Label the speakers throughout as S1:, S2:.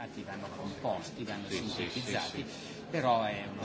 S1: Ah, ti vanno con posti, vanno sì, sintetizzati, sì, sì, sì. però è uno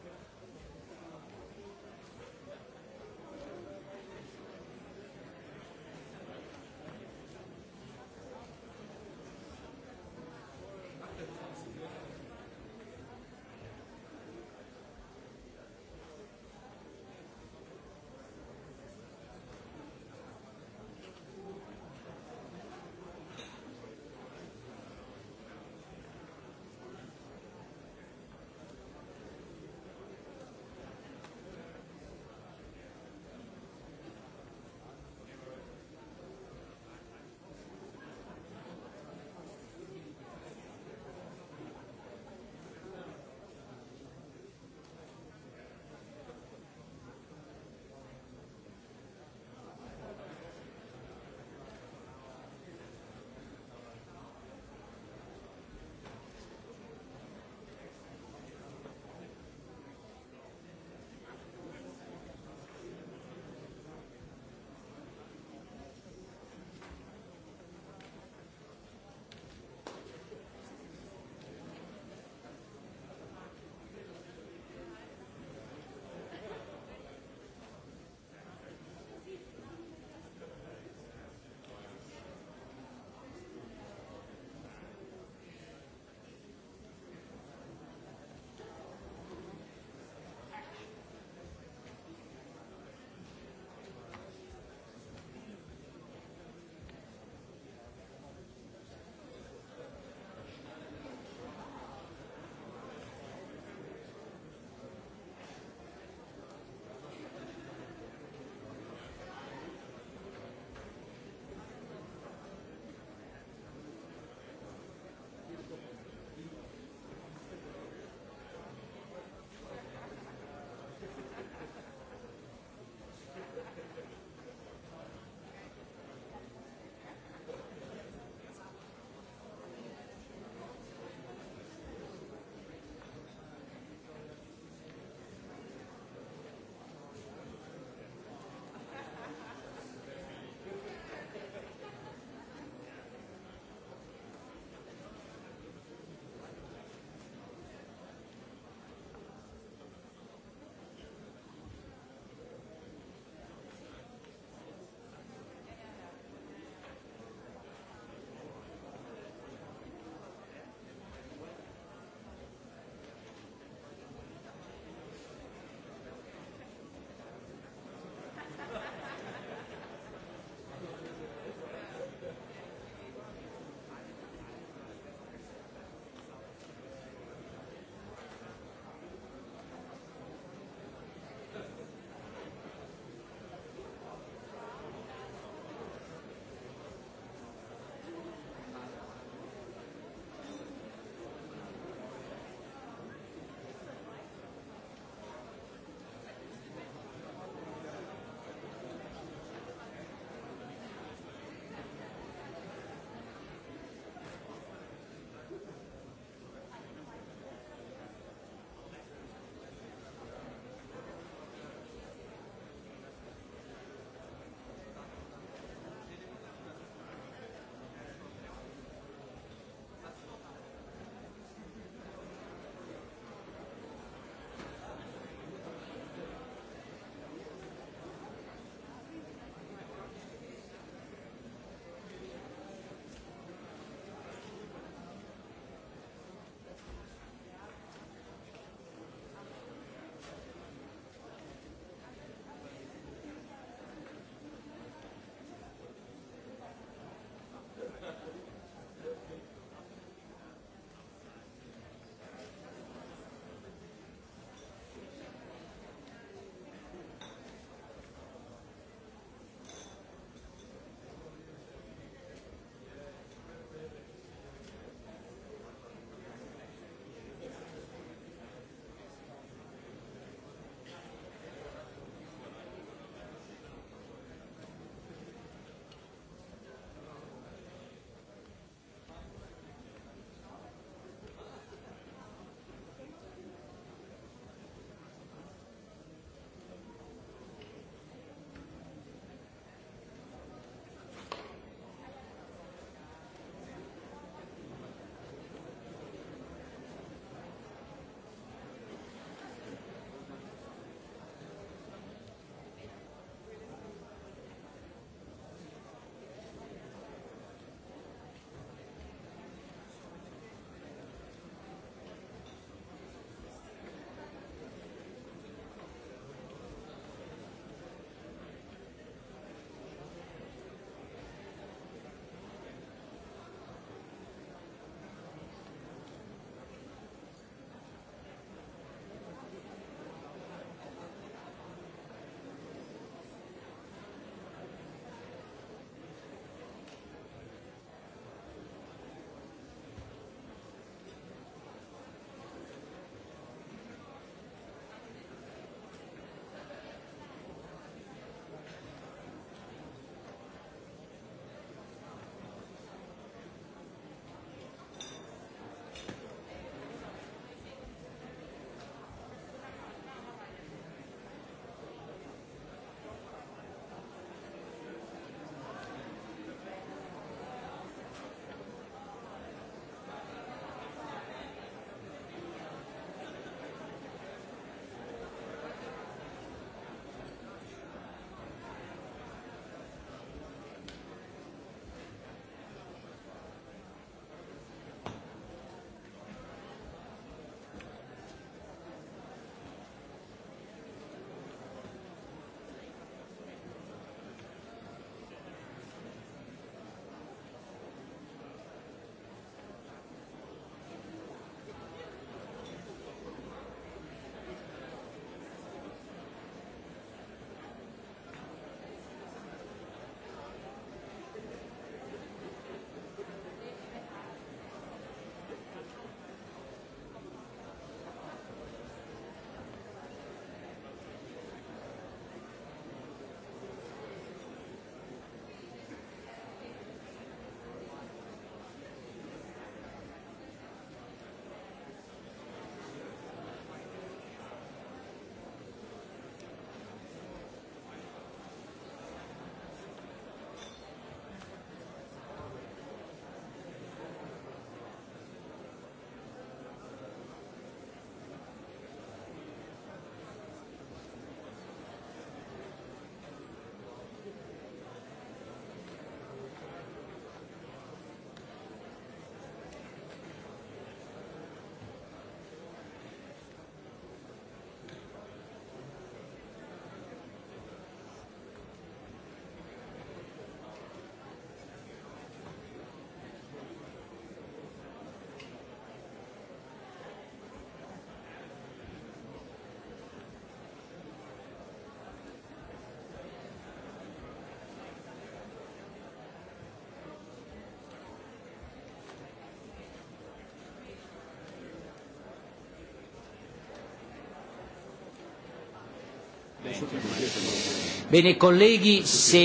S1: Bene, colleghi,
S2: se...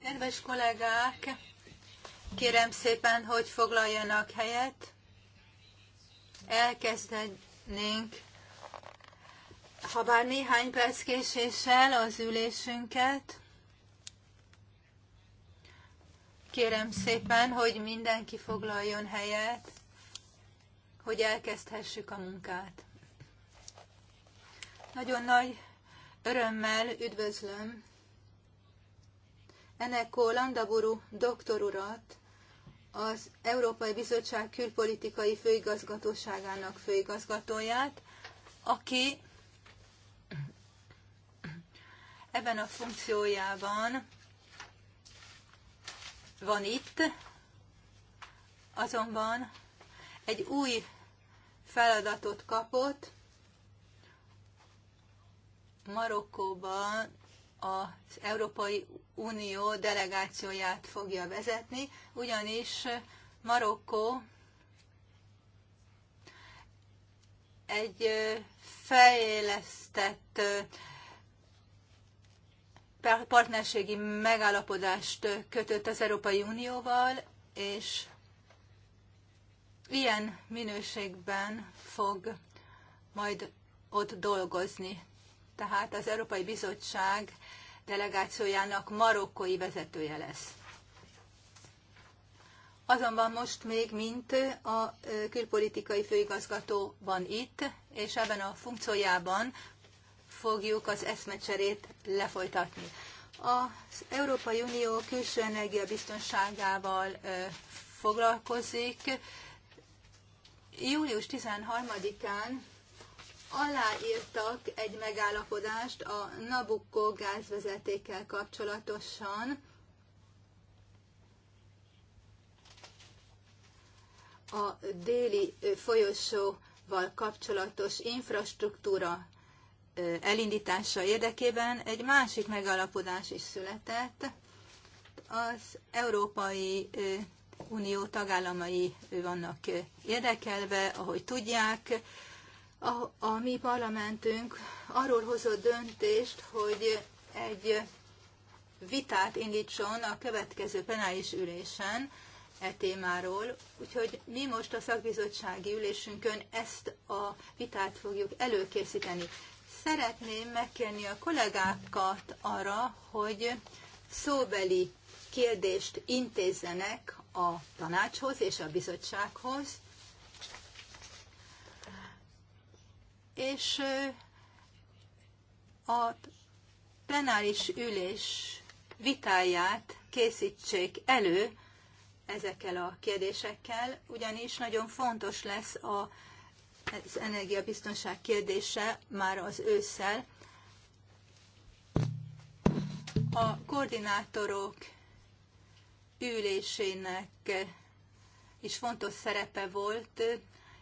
S3: Kedves kollégák, kérem szépen, hogy foglaljanak helyet. Elkezdenénk, ha bár néhány perc késéssel az ülésünket. Kérem szépen, hogy mindenki foglaljon helyet, hogy elkezdhessük a munkát. Nagyon nagy Örömmel üdvözlöm Eneko Landaburu doktorurat, az Európai Bizottság külpolitikai főigazgatóságának főigazgatóját, aki ebben a funkciójában van itt, azonban egy új feladatot kapott, Marokkóban az Európai Unió delegációját fogja vezetni, ugyanis Marokkó egy fejlesztett partnerségi megállapodást kötött az Európai Unióval, és ilyen minőségben fog majd ott dolgozni tehát az Európai Bizottság delegációjának marokkói vezetője lesz. Azonban most még, mint a külpolitikai főigazgató van itt, és ebben a funkciójában fogjuk az eszmecserét lefolytatni. Az Európai Unió külső biztonságával foglalkozik. Július 13-án aláírtak egy megállapodást a Nabucco gázvezetékkel kapcsolatosan. A déli folyosóval kapcsolatos infrastruktúra elindítása érdekében egy másik megállapodás is született. Az Európai Unió tagállamai vannak érdekelve, ahogy tudják, a, a mi parlamentünk arról hozott döntést, hogy egy vitát indítson a következő penális ülésen e témáról, úgyhogy mi most a szakbizottsági ülésünkön ezt a vitát fogjuk előkészíteni. Szeretném megkérni a kollégákat arra, hogy szóbeli kérdést intézzenek a tanácshoz és a bizottsághoz, és a plenáris ülés vitáját készítsék elő ezekkel a kérdésekkel, ugyanis nagyon fontos lesz a, az energiabiztonság kérdése már az ősszel. A koordinátorok ülésének is fontos szerepe volt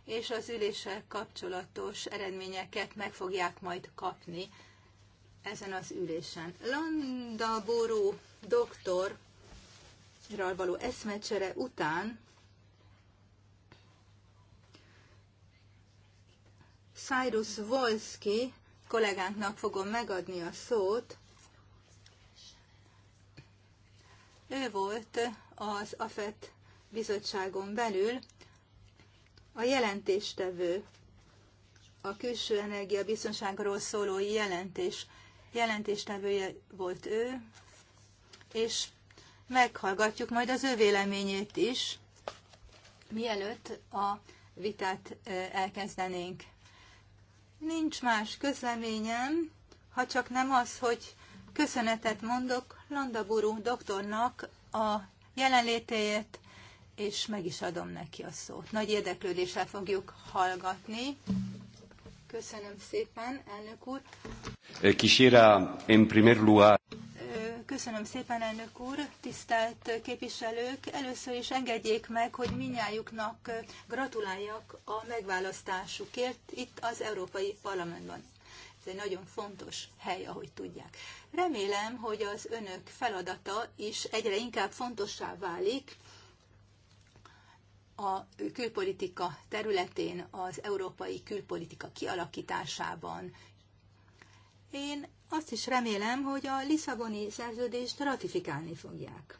S3: és az üléssel kapcsolatos eredményeket meg fogják majd kapni ezen az ülésen. Landa Boró doktorral való eszmecsere után Cyrus Wolski kollégánknak fogom megadni a szót. Ő volt az AFET bizottságon belül a jelentéstevő, a külső energiabiztonságról szóló jelentés, jelentéstevője volt ő, és meghallgatjuk majd az ő véleményét is, mielőtt a vitát elkezdenénk. Nincs más közleményem, ha csak nem az, hogy köszönetet mondok Landaburu doktornak a jelenlétéért, és meg is adom neki a szót. Nagy érdeklődéssel fogjuk hallgatni. Köszönöm szépen, elnök úr.
S1: Kisira, eh, en primer lugar...
S3: Köszönöm szépen, elnök úr, tisztelt képviselők! Először is engedjék meg, hogy minnyájuknak gratuláljak a megválasztásukért itt az Európai Parlamentben. Ez egy nagyon fontos hely, ahogy tudják. Remélem, hogy az önök feladata is egyre inkább fontossá válik, a külpolitika területén, az európai külpolitika kialakításában. Én azt is remélem, hogy a Lisszaboni szerződést ratifikálni fogják.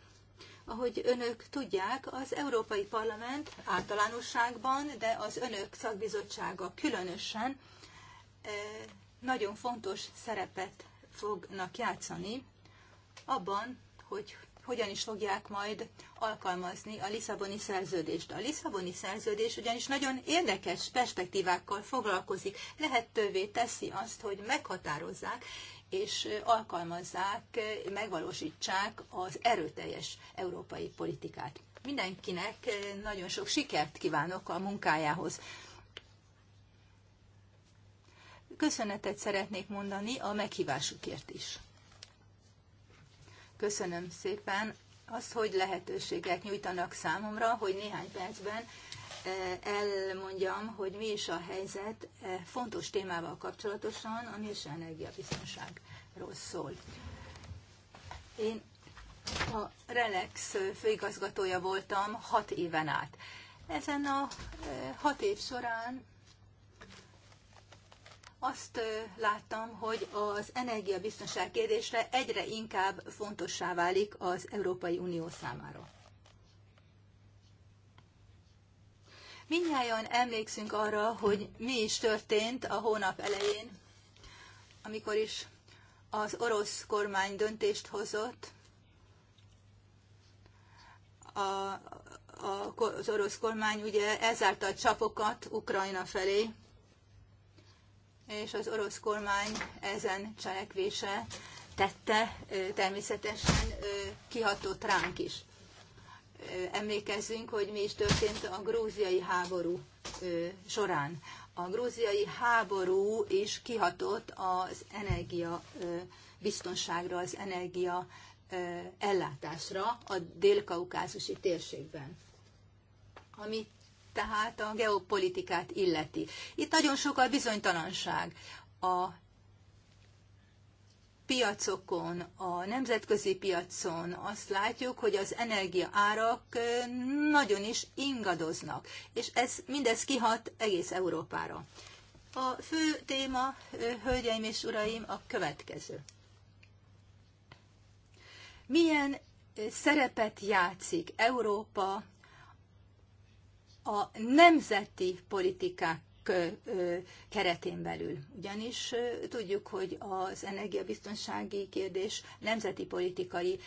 S3: Ahogy önök tudják, az Európai Parlament általánosságban, de az önök szakbizottsága különösen eh, nagyon fontos szerepet fognak játszani abban, hogy hogyan is fogják majd alkalmazni a Lisszaboni szerződést. A Lisszaboni szerződés ugyanis nagyon érdekes perspektívákkal foglalkozik, lehetővé teszi azt, hogy meghatározzák és alkalmazzák, megvalósítsák az erőteljes európai politikát. Mindenkinek nagyon sok sikert kívánok a munkájához köszönetet szeretnék mondani a meghívásukért is. Köszönöm szépen azt, hogy lehetőséget nyújtanak számomra, hogy néhány percben eh, elmondjam, hogy mi is a helyzet eh, fontos témával kapcsolatosan, ami is energiabiztonságról szól. Én a Relex főigazgatója voltam hat éven át. Ezen a eh, hat év során azt láttam, hogy az energiabiztonság kérdésre egyre inkább fontossá válik az Európai Unió számára. Mindnyáján emlékszünk arra, hogy mi is történt a hónap elején, amikor is az orosz kormány döntést hozott a, a, az orosz kormány ugye elzárta a csapokat Ukrajna felé, és az orosz kormány ezen cselekvése tette természetesen kihatott ránk is. Emlékezzünk, hogy mi is történt a grúziai háború során. A grúziai háború is kihatott az energia biztonságra, az energia ellátásra a dél-kaukázusi térségben. Amit tehát a geopolitikát illeti. Itt nagyon sok a bizonytalanság. A piacokon, a nemzetközi piacon azt látjuk, hogy az energiaárak nagyon is ingadoznak, és ez mindez kihat egész Európára. A fő téma, hölgyeim és uraim, a következő. Milyen szerepet játszik Európa a nemzeti politikák keretén belül. Ugyanis tudjuk, hogy az energiabiztonsági kérdés nemzeti politikai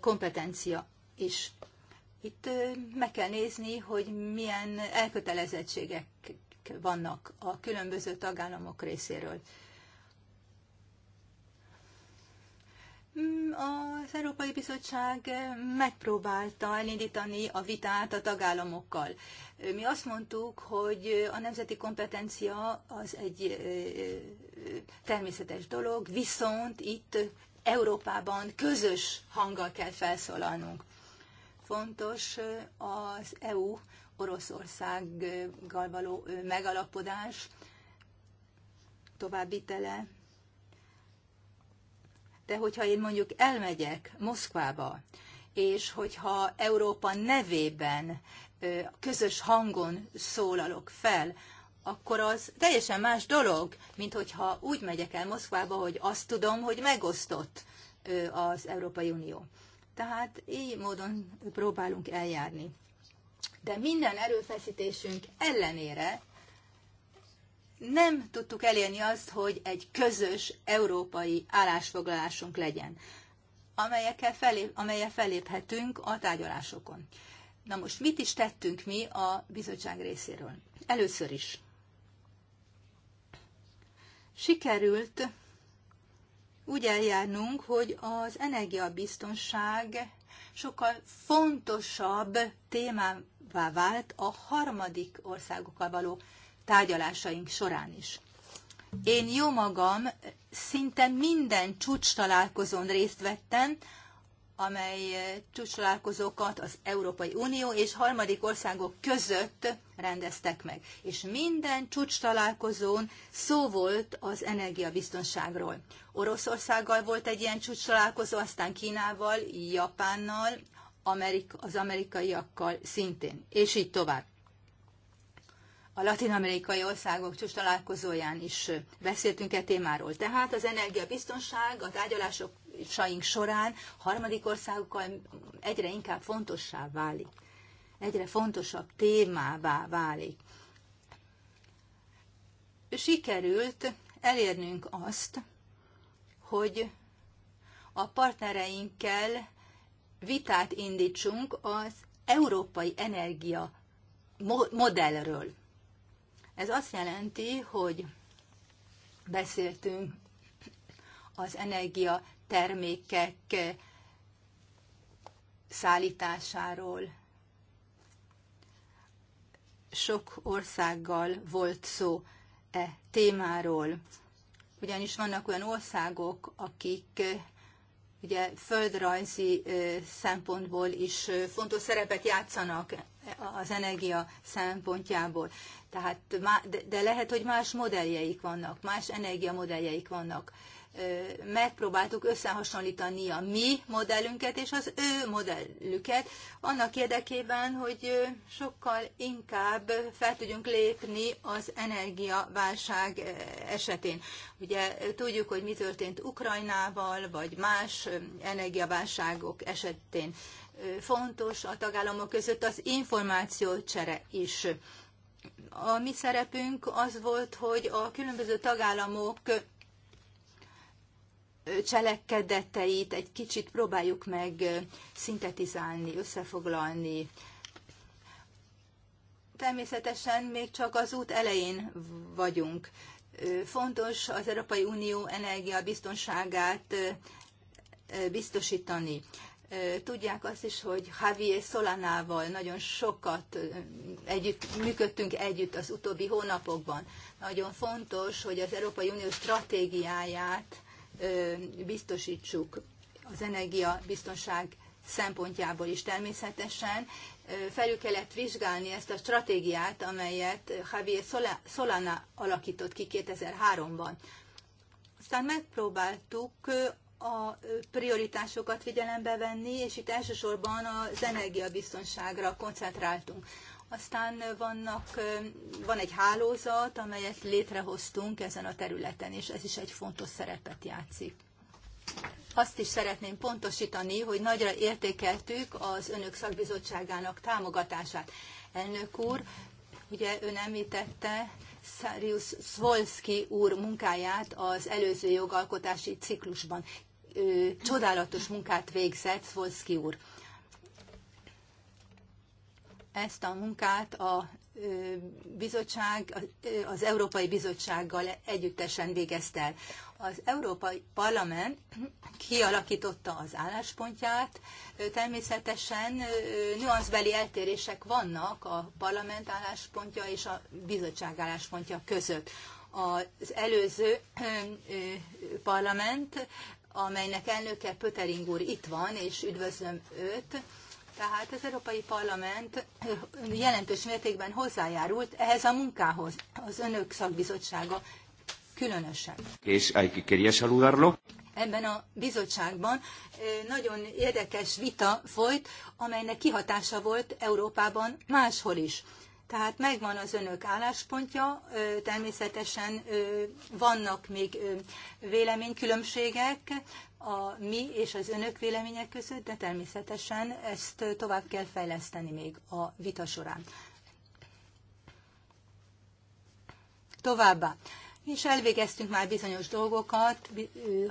S3: kompetencia is. Itt meg kell nézni, hogy milyen elkötelezettségek vannak a különböző tagállamok részéről. Mm, az Európai Bizottság eh, megpróbálta elindítani a vitát a tagállamokkal. Eh, mi azt mondtuk, hogy eh, a nemzeti kompetencia az egy természetes dolog, viszont itt Európában közös hanggal kell felszólalnunk. Fontos az EU Oroszországgal való megalapodás tele de hogyha én mondjuk elmegyek Moszkvába, és hogyha Európa nevében közös hangon szólalok fel, akkor az teljesen más dolog, mint hogyha úgy megyek el Moszkvába, hogy azt tudom, hogy megosztott az Európai Unió. Tehát így módon próbálunk eljárni. De minden erőfeszítésünk ellenére nem tudtuk elérni azt, hogy egy közös európai állásfoglalásunk legyen, amelyekkel felép, amelyel feléphetünk a tárgyalásokon. Na most mit is tettünk mi a bizottság részéről? Először is sikerült úgy eljárnunk, hogy az energiabiztonság sokkal fontosabb témává vált a harmadik országokkal való tárgyalásaink során is. Én jó magam szinte minden csúcs találkozón részt vettem, amely eh, találkozókat az Európai Unió és harmadik országok között rendeztek meg. És minden csúcs találkozón szó volt az energiabiztonságról. Oroszországgal volt egy ilyen csúcs találkozó, aztán Kínával, Japánnal, Amerika, az amerikaiakkal szintén, és így tovább a latin-amerikai országok csúcs találkozóján is beszéltünk e témáról. Tehát az energiabiztonság a saink során harmadik országokkal egyre inkább fontossá válik, egyre fontosabb témává válik. Sikerült elérnünk azt, hogy a partnereinkkel vitát indítsunk az európai energia modellről. Ez azt jelenti, hogy beszéltünk az energia termékek szállításáról. Sok országgal volt szó e témáról, ugyanis vannak olyan országok, akik ugye földrajzi szempontból is fontos szerepet játszanak az energia szempontjából. Tehát, de lehet, hogy más modelljeik vannak, más energiamodelljeik vannak. Megpróbáltuk összehasonlítani a mi modellünket és az ő modellüket, annak érdekében, hogy sokkal inkább fel tudjunk lépni az energiaválság esetén. Ugye tudjuk, hogy mi történt Ukrajnával, vagy más energiaválságok esetén fontos a tagállamok között az információcsere is. A mi szerepünk az volt, hogy a különböző tagállamok cselekedeteit egy kicsit próbáljuk meg szintetizálni, összefoglalni. Természetesen még csak az út elején vagyunk. Fontos az Európai Unió energiabiztonságát biztosítani. Tudják azt is, hogy Javier Solanával nagyon sokat együtt, működtünk együtt az utóbbi hónapokban. Nagyon fontos, hogy az Európai Unió stratégiáját biztosítsuk az energiabiztonság szempontjából is természetesen. Felül kellett vizsgálni ezt a stratégiát, amelyet Javier Solana alakított ki 2003-ban. Aztán megpróbáltuk a prioritásokat figyelembe venni, és itt elsősorban az energiabiztonságra koncentráltunk. Aztán vannak, van egy hálózat, amelyet létrehoztunk ezen a területen, és ez is egy fontos szerepet játszik. Azt is szeretném pontosítani, hogy nagyra értékeltük az Önök szakbizottságának támogatását. Elnök úr, ugye ön említette Szarius Szvolszki úr munkáját az előző jogalkotási ciklusban ö, csodálatos munkát végzett Szvolszki úr. Ezt a munkát a bizottság, az Európai Bizottsággal együttesen végezte el. Az Európai Parlament kialakította az álláspontját. Természetesen nüanszbeli eltérések vannak a parlament álláspontja és a bizottság álláspontja között. Az előző parlament amelynek elnöke Pötering úr itt van, és üdvözlöm őt. Tehát az Európai Parlament jelentős mértékben hozzájárult ehhez a munkához, az önök szakbizottsága különösen.
S1: És Aiki kérje saludarlo.
S3: Ebben a bizottságban nagyon érdekes vita folyt, amelynek kihatása volt Európában máshol is. Tehát megvan az önök álláspontja, természetesen vannak még véleménykülönbségek a mi és az önök vélemények között, de természetesen ezt tovább kell fejleszteni még a vita során. Továbbá, mi is elvégeztünk már bizonyos dolgokat,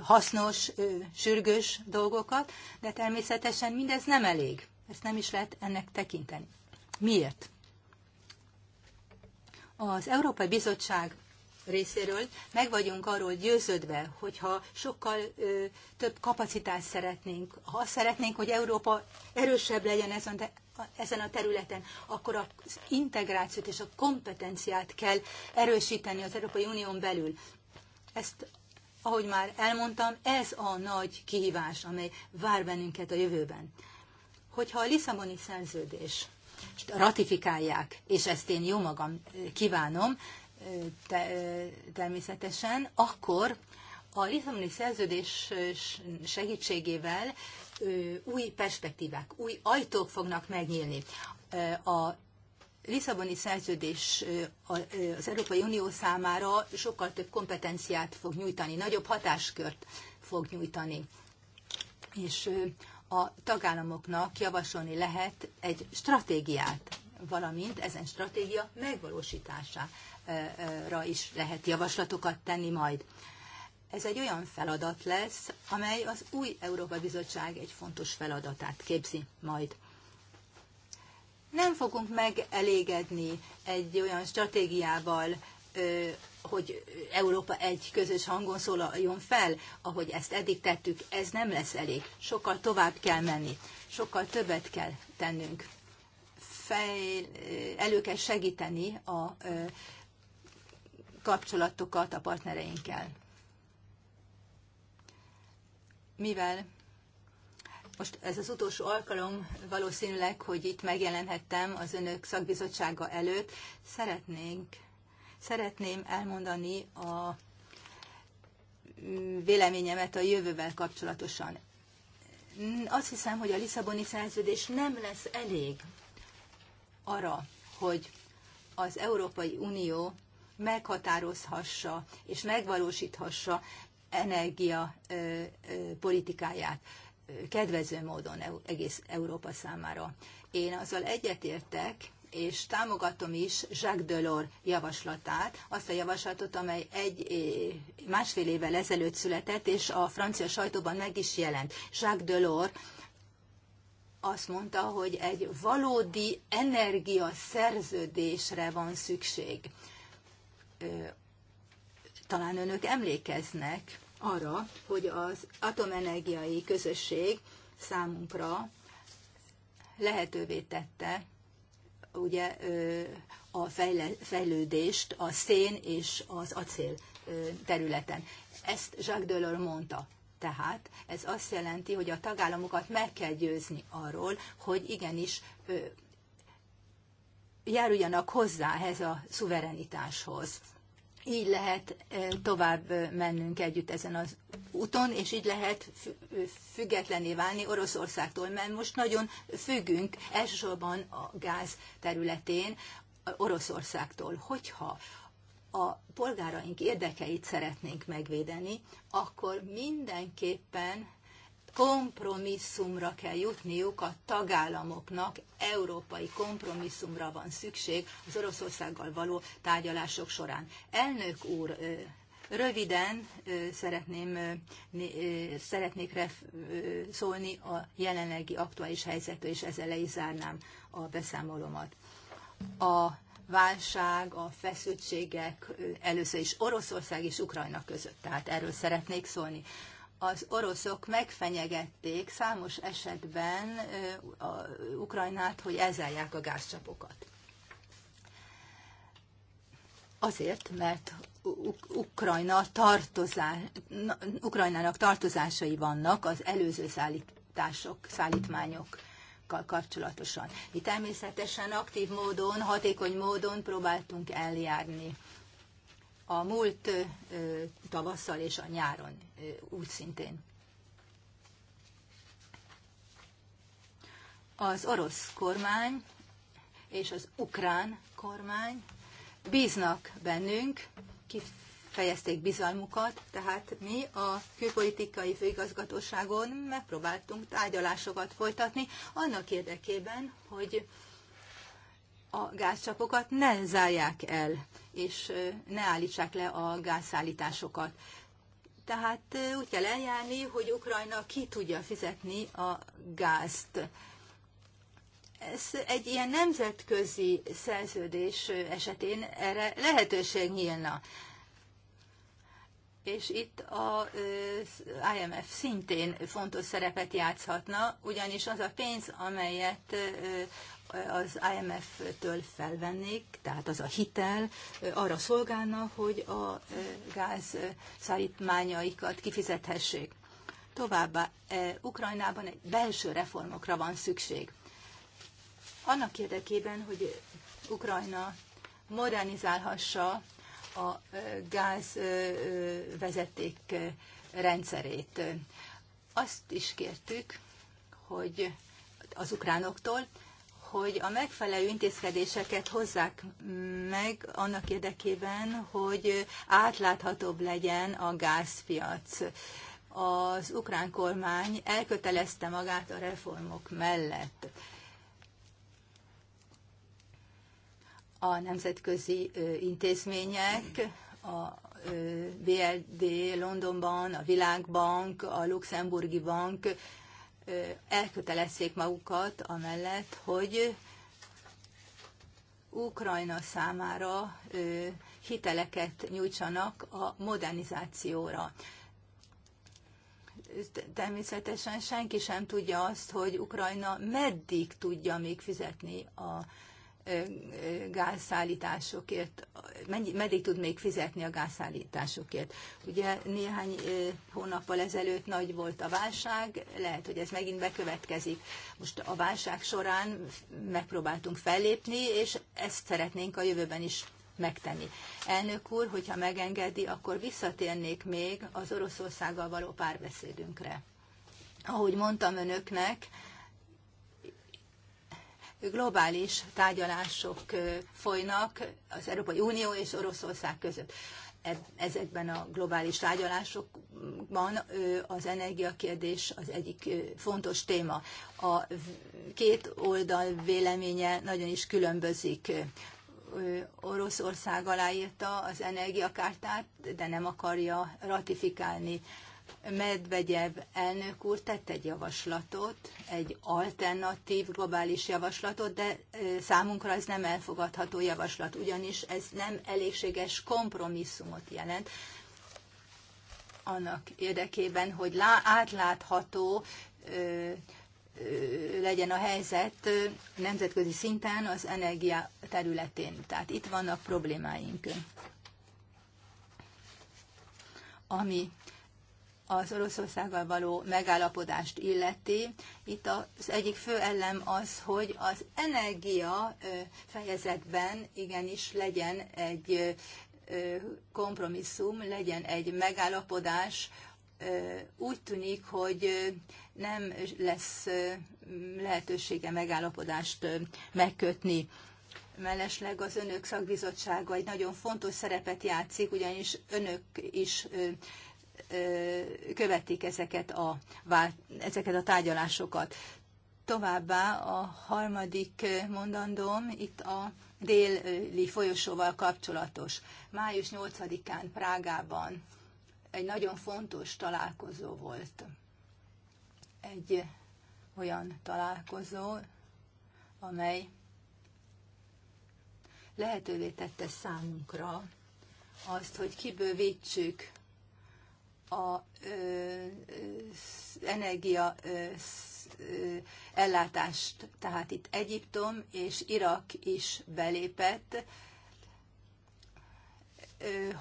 S3: hasznos, sürgős dolgokat, de természetesen mindez nem elég. Ezt nem is lehet ennek tekinteni. Miért? Az Európai Bizottság részéről meg vagyunk arról győződve, hogyha sokkal ö, több kapacitást szeretnénk, ha azt szeretnénk, hogy Európa erősebb legyen ezen, de, ezen a területen, akkor az integrációt és a kompetenciát kell erősíteni az Európai Unión belül. Ezt, ahogy már elmondtam, ez a nagy kihívás, amely vár bennünket a jövőben. Hogyha a Lisszaboni szerződés ratifikálják, és ezt én jó magam kívánom te, természetesen, akkor a Lisszaboni szerződés segítségével új perspektívák, új ajtók fognak megnyílni. A Lisszaboni szerződés az Európai Unió számára sokkal több kompetenciát fog nyújtani, nagyobb hatáskört fog nyújtani. És a tagállamoknak javasolni lehet egy stratégiát, valamint ezen stratégia megvalósítására is lehet javaslatokat tenni majd. Ez egy olyan feladat lesz, amely az új Európa Bizottság egy fontos feladatát képzi majd. Nem fogunk megelégedni egy olyan stratégiával, hogy Európa egy közös hangon szólaljon fel, ahogy ezt eddig tettük, ez nem lesz elég. Sokkal tovább kell menni, sokkal többet kell tennünk. Fejl, eh, elő kell segíteni a eh, kapcsolatokat a partnereinkkel. Mivel most ez az utolsó alkalom valószínűleg, hogy itt megjelenhettem az önök szakbizottsága előtt, szeretnénk Szeretném elmondani a véleményemet a jövővel kapcsolatosan. Azt hiszem, hogy a Lisszaboni szerződés nem lesz elég arra, hogy az Európai Unió meghatározhassa és megvalósíthassa energia politikáját kedvező módon e-, egész Európa számára. Én azzal egyetértek, és támogatom is Jacques Delors javaslatát, azt a javaslatot, amely egy eh, másfél évvel ezelőtt született, és a francia sajtóban meg is jelent. Jacques Delors azt mondta, hogy egy valódi energiaszerződésre van szükség. Eh, talán önök emlékeznek arra, hogy az atomenergiai közösség számunkra lehetővé tette ugye a fejlődést a szén és az acél területen. Ezt Jacques Delors mondta. Tehát ez azt jelenti, hogy a tagállamokat meg kell győzni arról, hogy igenis járuljanak hozzá ehhez a szuverenitáshoz. Így lehet tovább mennünk együtt ezen az úton, és így lehet függetlené válni Oroszországtól, mert most nagyon függünk elsősorban a gáz területén Oroszországtól. Hogyha a polgáraink érdekeit szeretnénk megvédeni, akkor mindenképpen kompromisszumra kell jutniuk a tagállamoknak, európai kompromisszumra van szükség az Oroszországgal való tárgyalások során. Elnök úr, röviden szeretném, szeretnék ref, szólni a jelenlegi aktuális helyzetről, és ezzel le is zárnám a beszámolómat. A válság, a feszültségek először is Oroszország és Ukrajna között, tehát erről szeretnék szólni az oroszok megfenyegették számos esetben a Ukrajnát, hogy elzárják a gázcsapokat. Azért, mert Ukrajna tartozá, Ukrajnának tartozásai vannak az előző szállítások, szállítmányokkal kapcsolatosan. Mi természetesen aktív módon, hatékony módon próbáltunk eljárni a múlt tavasszal és a nyáron úgy szintén. Az orosz kormány és az ukrán kormány bíznak bennünk, kifejezték bizalmukat, tehát mi a külpolitikai főigazgatóságon megpróbáltunk tárgyalásokat folytatni annak érdekében, hogy a gázcsapokat ne zárják el, és ne állítsák le a gázszállításokat. Tehát úgy kell eljárni, hogy Ukrajna ki tudja fizetni a gázt. Ez egy ilyen nemzetközi szerződés esetén erre lehetőség nyílna és itt az IMF szintén fontos szerepet játszhatna, ugyanis az a pénz, amelyet az IMF-től felvennék, tehát az a hitel arra szolgálna, hogy a gáz szállítmányaikat kifizethessék. Továbbá Ukrajnában egy belső reformokra van szükség. Annak érdekében, hogy Ukrajna modernizálhassa a gázvezeték rendszerét. Azt is kértük, hogy az ukránoktól, hogy a megfelelő intézkedéseket hozzák meg annak érdekében, hogy átláthatóbb legyen a gázpiac. Az ukrán kormány elkötelezte magát a reformok mellett. a nemzetközi intézmények, a BLD Londonban, a Világbank, a Luxemburgi Bank elkötelezték magukat amellett, hogy Ukrajna számára hiteleket nyújtsanak a modernizációra. Természetesen senki sem tudja azt, hogy Ukrajna meddig tudja még fizetni a gázszállításokért, meddig tud még fizetni a gázszállításokért. Ugye néhány hónappal ezelőtt nagy volt a válság, lehet, hogy ez megint bekövetkezik. Most a válság során megpróbáltunk fellépni, és ezt szeretnénk a jövőben is megtenni. Elnök úr, hogyha megengedi, akkor visszatérnék még az Oroszországgal való párbeszédünkre. Ahogy mondtam önöknek, globális tárgyalások folynak az Európai Unió és Oroszország között. E-, ezekben a globális tárgyalásokban az energiakérdés az egyik fontos téma. A két oldal véleménye nagyon is különbözik. Oroszország aláírta az energiakártát, de nem akarja ratifikálni Medvegyev elnök úr tett egy javaslatot, egy alternatív globális javaslatot, de számunkra ez nem elfogadható javaslat, ugyanis ez nem elégséges kompromisszumot jelent annak érdekében, hogy átlátható legyen a helyzet nemzetközi szinten az energia területén. Tehát itt vannak problémáink. Ami az Oroszországgal való megállapodást illeti. Itt az egyik fő ellem az, hogy az energia fejezetben igenis legyen egy kompromisszum, legyen egy megállapodás. Úgy tűnik, hogy nem lesz lehetősége megállapodást megkötni. Mellesleg az önök szakbizottsága egy nagyon fontos szerepet játszik, ugyanis önök is követik ezeket a, ezeket a tárgyalásokat. Továbbá a harmadik mondandóm itt a déli folyosóval kapcsolatos. Május 8-án Prágában egy nagyon fontos találkozó volt. Egy olyan találkozó, amely lehetővé tette számunkra azt, hogy kibővítsük az energia ellátást. Tehát itt Egyiptom és Irak is belépett.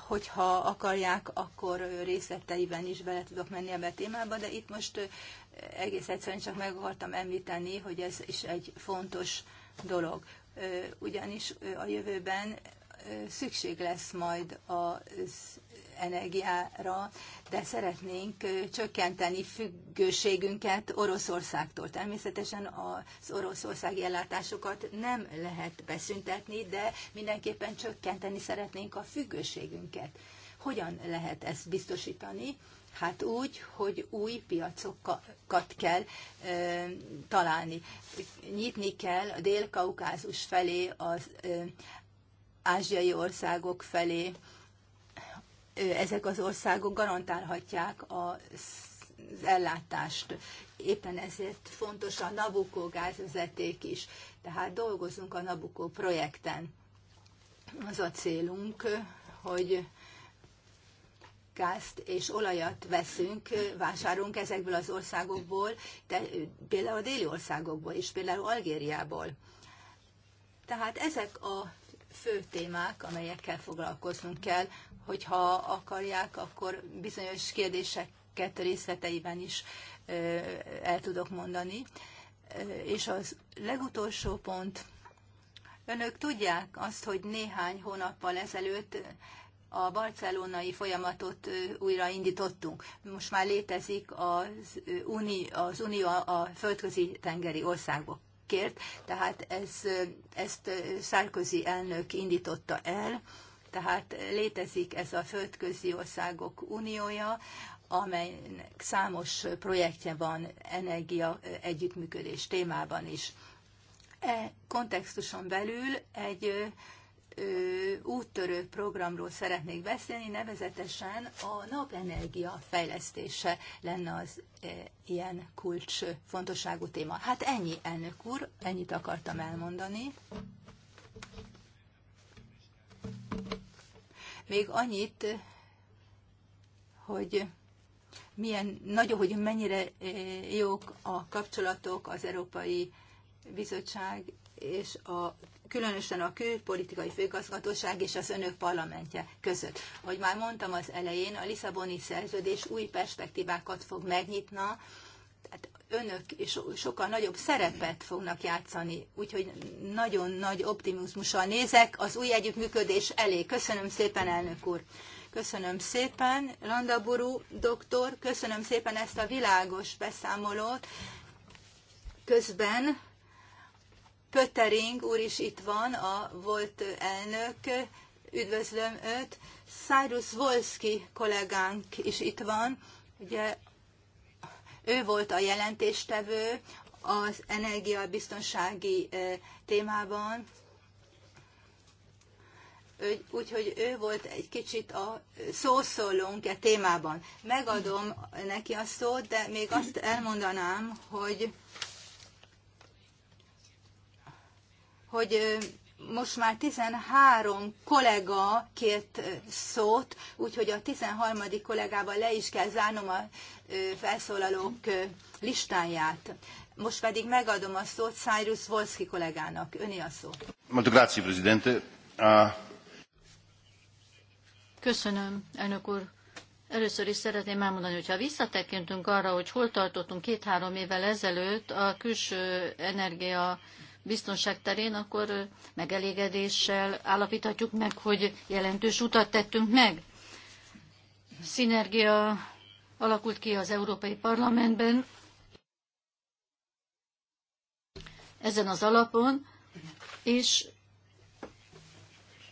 S3: Hogyha akarják, akkor részleteiben is bele tudok menni ebbe a témába, de itt most egész egyszerűen csak meg akartam említeni, hogy ez is egy fontos dolog. Ugyanis a jövőben szükség lesz majd az energiára, de szeretnénk csökkenteni függőségünket Oroszországtól. Természetesen az oroszországi ellátásokat nem lehet beszüntetni, de mindenképpen csökkenteni szeretnénk a függőségünket. Hogyan lehet ezt biztosítani? Hát úgy, hogy új piacokat kell ö, találni. Nyitni kell a dél-kaukázus felé, az ö, ázsiai országok felé, ezek az országok garantálhatják az ellátást. Éppen ezért fontos a Nabucco gázvezeték is. Tehát dolgozunk a Nabucco projekten. Az a célunk, hogy gázt és olajat veszünk, vásárolunk ezekből az országokból, de például a déli országokból is, például Algériából. Tehát ezek a fő témák, amelyekkel foglalkoznunk kell hogyha akarják, akkor bizonyos kérdéseket részleteiben is el tudok mondani. És az legutolsó pont, önök tudják azt, hogy néhány hónappal ezelőtt a barcelonai folyamatot újra indítottunk. Most már létezik az Unió, az Unió a földközi tengeri országokért, tehát ez, ezt Szárközi elnök indította el, tehát létezik ez a Földközi Országok Uniója, amelynek számos projektje van energia együttműködés témában is. E kontextuson belül egy úttörő programról szeretnék beszélni, nevezetesen a napenergia fejlesztése lenne az ilyen kulcs fontosságú téma. Hát ennyi, elnök úr, ennyit akartam elmondani. Még annyit, hogy milyen nagyon, hogy mennyire eh, jók a kapcsolatok az Európai Bizottság és a, különösen a külpolitikai főgazgatóság és az önök parlamentje között. Ahogy már mondtam az elején, a Lisszaboni szerződés új perspektívákat fog megnyitna, önök so- sokkal nagyobb szerepet fognak játszani, úgyhogy nagyon nagy optimizmussal nézek az új együttműködés elé. Köszönöm szépen, elnök úr! Köszönöm szépen, Landaburu doktor, köszönöm szépen ezt a világos beszámolót. Közben Pöttering úr is itt van, a volt elnök, üdvözlöm őt. Cyrus Wolski kollégánk is itt van, ugye ő volt a jelentéstevő az energiabiztonsági témában, úgyhogy ő volt egy kicsit a szószólónk e témában. Megadom neki a szót, de még azt elmondanám, hogy hogy most már 13 kollega kért szót, úgyhogy a 13. kollégával le is kell zárnom a felszólalók listáját. Most pedig megadom a szót Cyrus Volszki kollégának. Öné a szó. Presidente. Köszönöm, elnök úr. Először
S2: is szeretném elmondani, hogy ha visszatekintünk arra, hogy hol tartottunk két-három évvel ezelőtt a külső energia biztonság terén, akkor megelégedéssel állapíthatjuk meg, hogy jelentős utat tettünk meg. Szinergia alakult ki az Európai Parlamentben. Ezen az alapon, és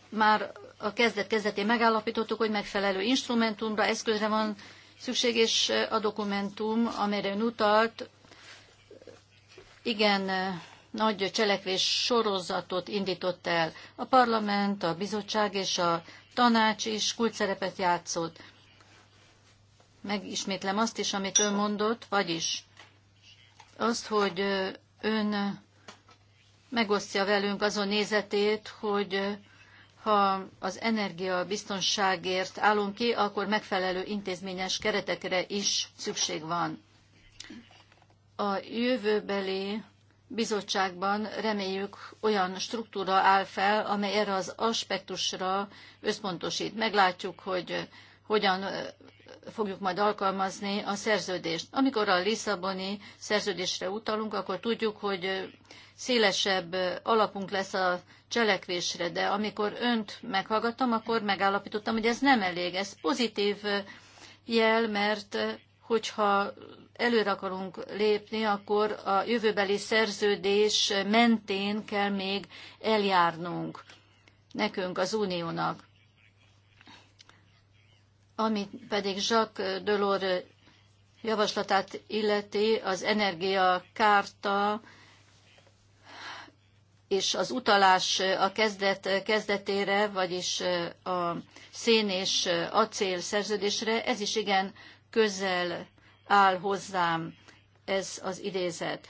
S2: már a kezdet-kezdetén megállapítottuk, hogy megfelelő instrumentumra, eszközre van szükség, és a dokumentum, amire ön utalt, igen nagy cselekvés sorozatot indított el. A parlament, a bizottság és a tanács is kulcsszerepet játszott. Megismétlem azt is, amit ön mondott, vagyis azt, hogy ön megosztja velünk azon nézetét, hogy ha az energiabiztonságért állunk ki, akkor megfelelő intézményes keretekre is szükség van. A jövőbeli bizottságban reméljük olyan struktúra áll fel, amely erre az aspektusra összpontosít. Meglátjuk, hogy hogyan fogjuk majd alkalmazni a szerződést. Amikor a Lisszaboni szerződésre utalunk, akkor tudjuk, hogy szélesebb alapunk lesz a cselekvésre, de amikor önt meghallgattam, akkor megállapítottam, hogy ez nem elég. Ez pozitív jel, mert hogyha előre akarunk lépni, akkor a jövőbeli szerződés mentén kell még eljárnunk nekünk, az uniónak. Amit pedig Jacques Delors javaslatát illeti, az energiakárta és az utalás a kezdet, kezdetére, vagyis a szén és acél szerződésre, ez is igen közel áll hozzám ez az idézet.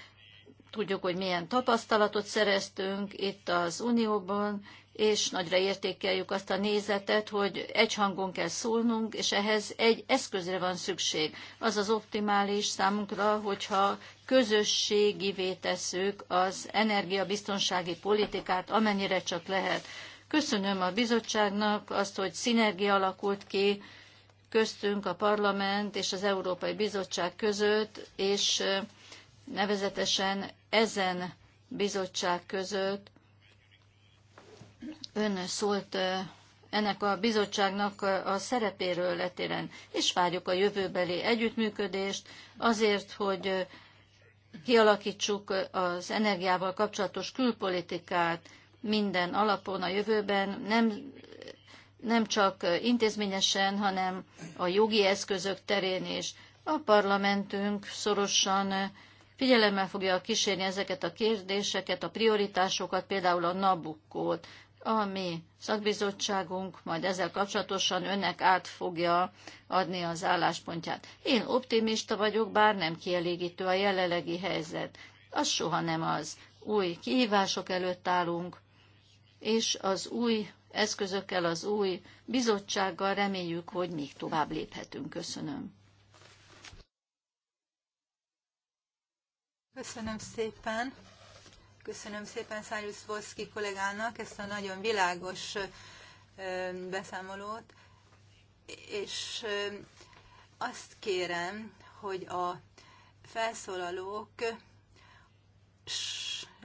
S2: Tudjuk, hogy milyen tapasztalatot szereztünk itt az Unióban, és nagyra értékeljük azt a nézetet, hogy egy hangon kell szólnunk, és ehhez egy eszközre van szükség. Az az optimális számunkra, hogyha közösségivé tesszük az energiabiztonsági politikát, amennyire csak lehet. Köszönöm a bizottságnak azt, hogy szinergia alakult ki köztünk, a parlament és az Európai Bizottság között, és nevezetesen ezen bizottság között ön szólt ennek a bizottságnak a szerepéről letéren, és várjuk a jövőbeli együttműködést azért, hogy kialakítsuk az energiával kapcsolatos külpolitikát minden alapon a jövőben, nem nem csak intézményesen, hanem a jogi eszközök terén is. A parlamentünk szorosan figyelemmel fogja kísérni ezeket a kérdéseket, a prioritásokat, például a Nabukkót. A mi szakbizottságunk majd ezzel kapcsolatosan önnek át fogja adni az álláspontját. Én optimista vagyok, bár nem kielégítő a jelenlegi helyzet. Az soha nem az. Új kihívások előtt állunk, és az új eszközökkel, az új bizottsággal reméljük, hogy még tovább léphetünk. Köszönöm.
S3: Köszönöm szépen. Köszönöm szépen Szájusz Voszki kollégának ezt a nagyon világos beszámolót, és azt kérem, hogy a felszólalók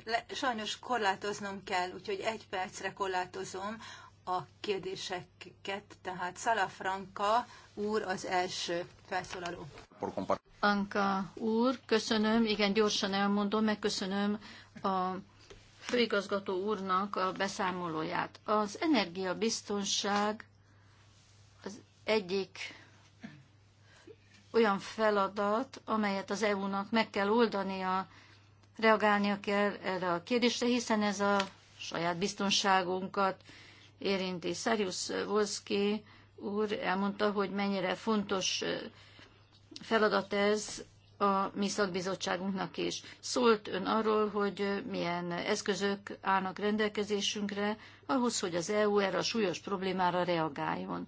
S3: le, sajnos korlátoznom kell, úgyhogy egy percre korlátozom a kérdéseket, tehát Szalafranka úr az első felszólaló.
S2: Anka úr, köszönöm, igen, gyorsan elmondom, megköszönöm a főigazgató úrnak a beszámolóját. Az energiabiztonság az egyik olyan feladat, amelyet az EU-nak meg kell oldania reagálnia kell erre a kérdésre, hiszen ez a saját biztonságunkat érinti. Szerius Volszki úr elmondta, hogy mennyire fontos feladat ez a mi szakbizottságunknak is. Szólt ön arról, hogy milyen eszközök állnak rendelkezésünkre ahhoz, hogy az EU erre a súlyos problémára reagáljon.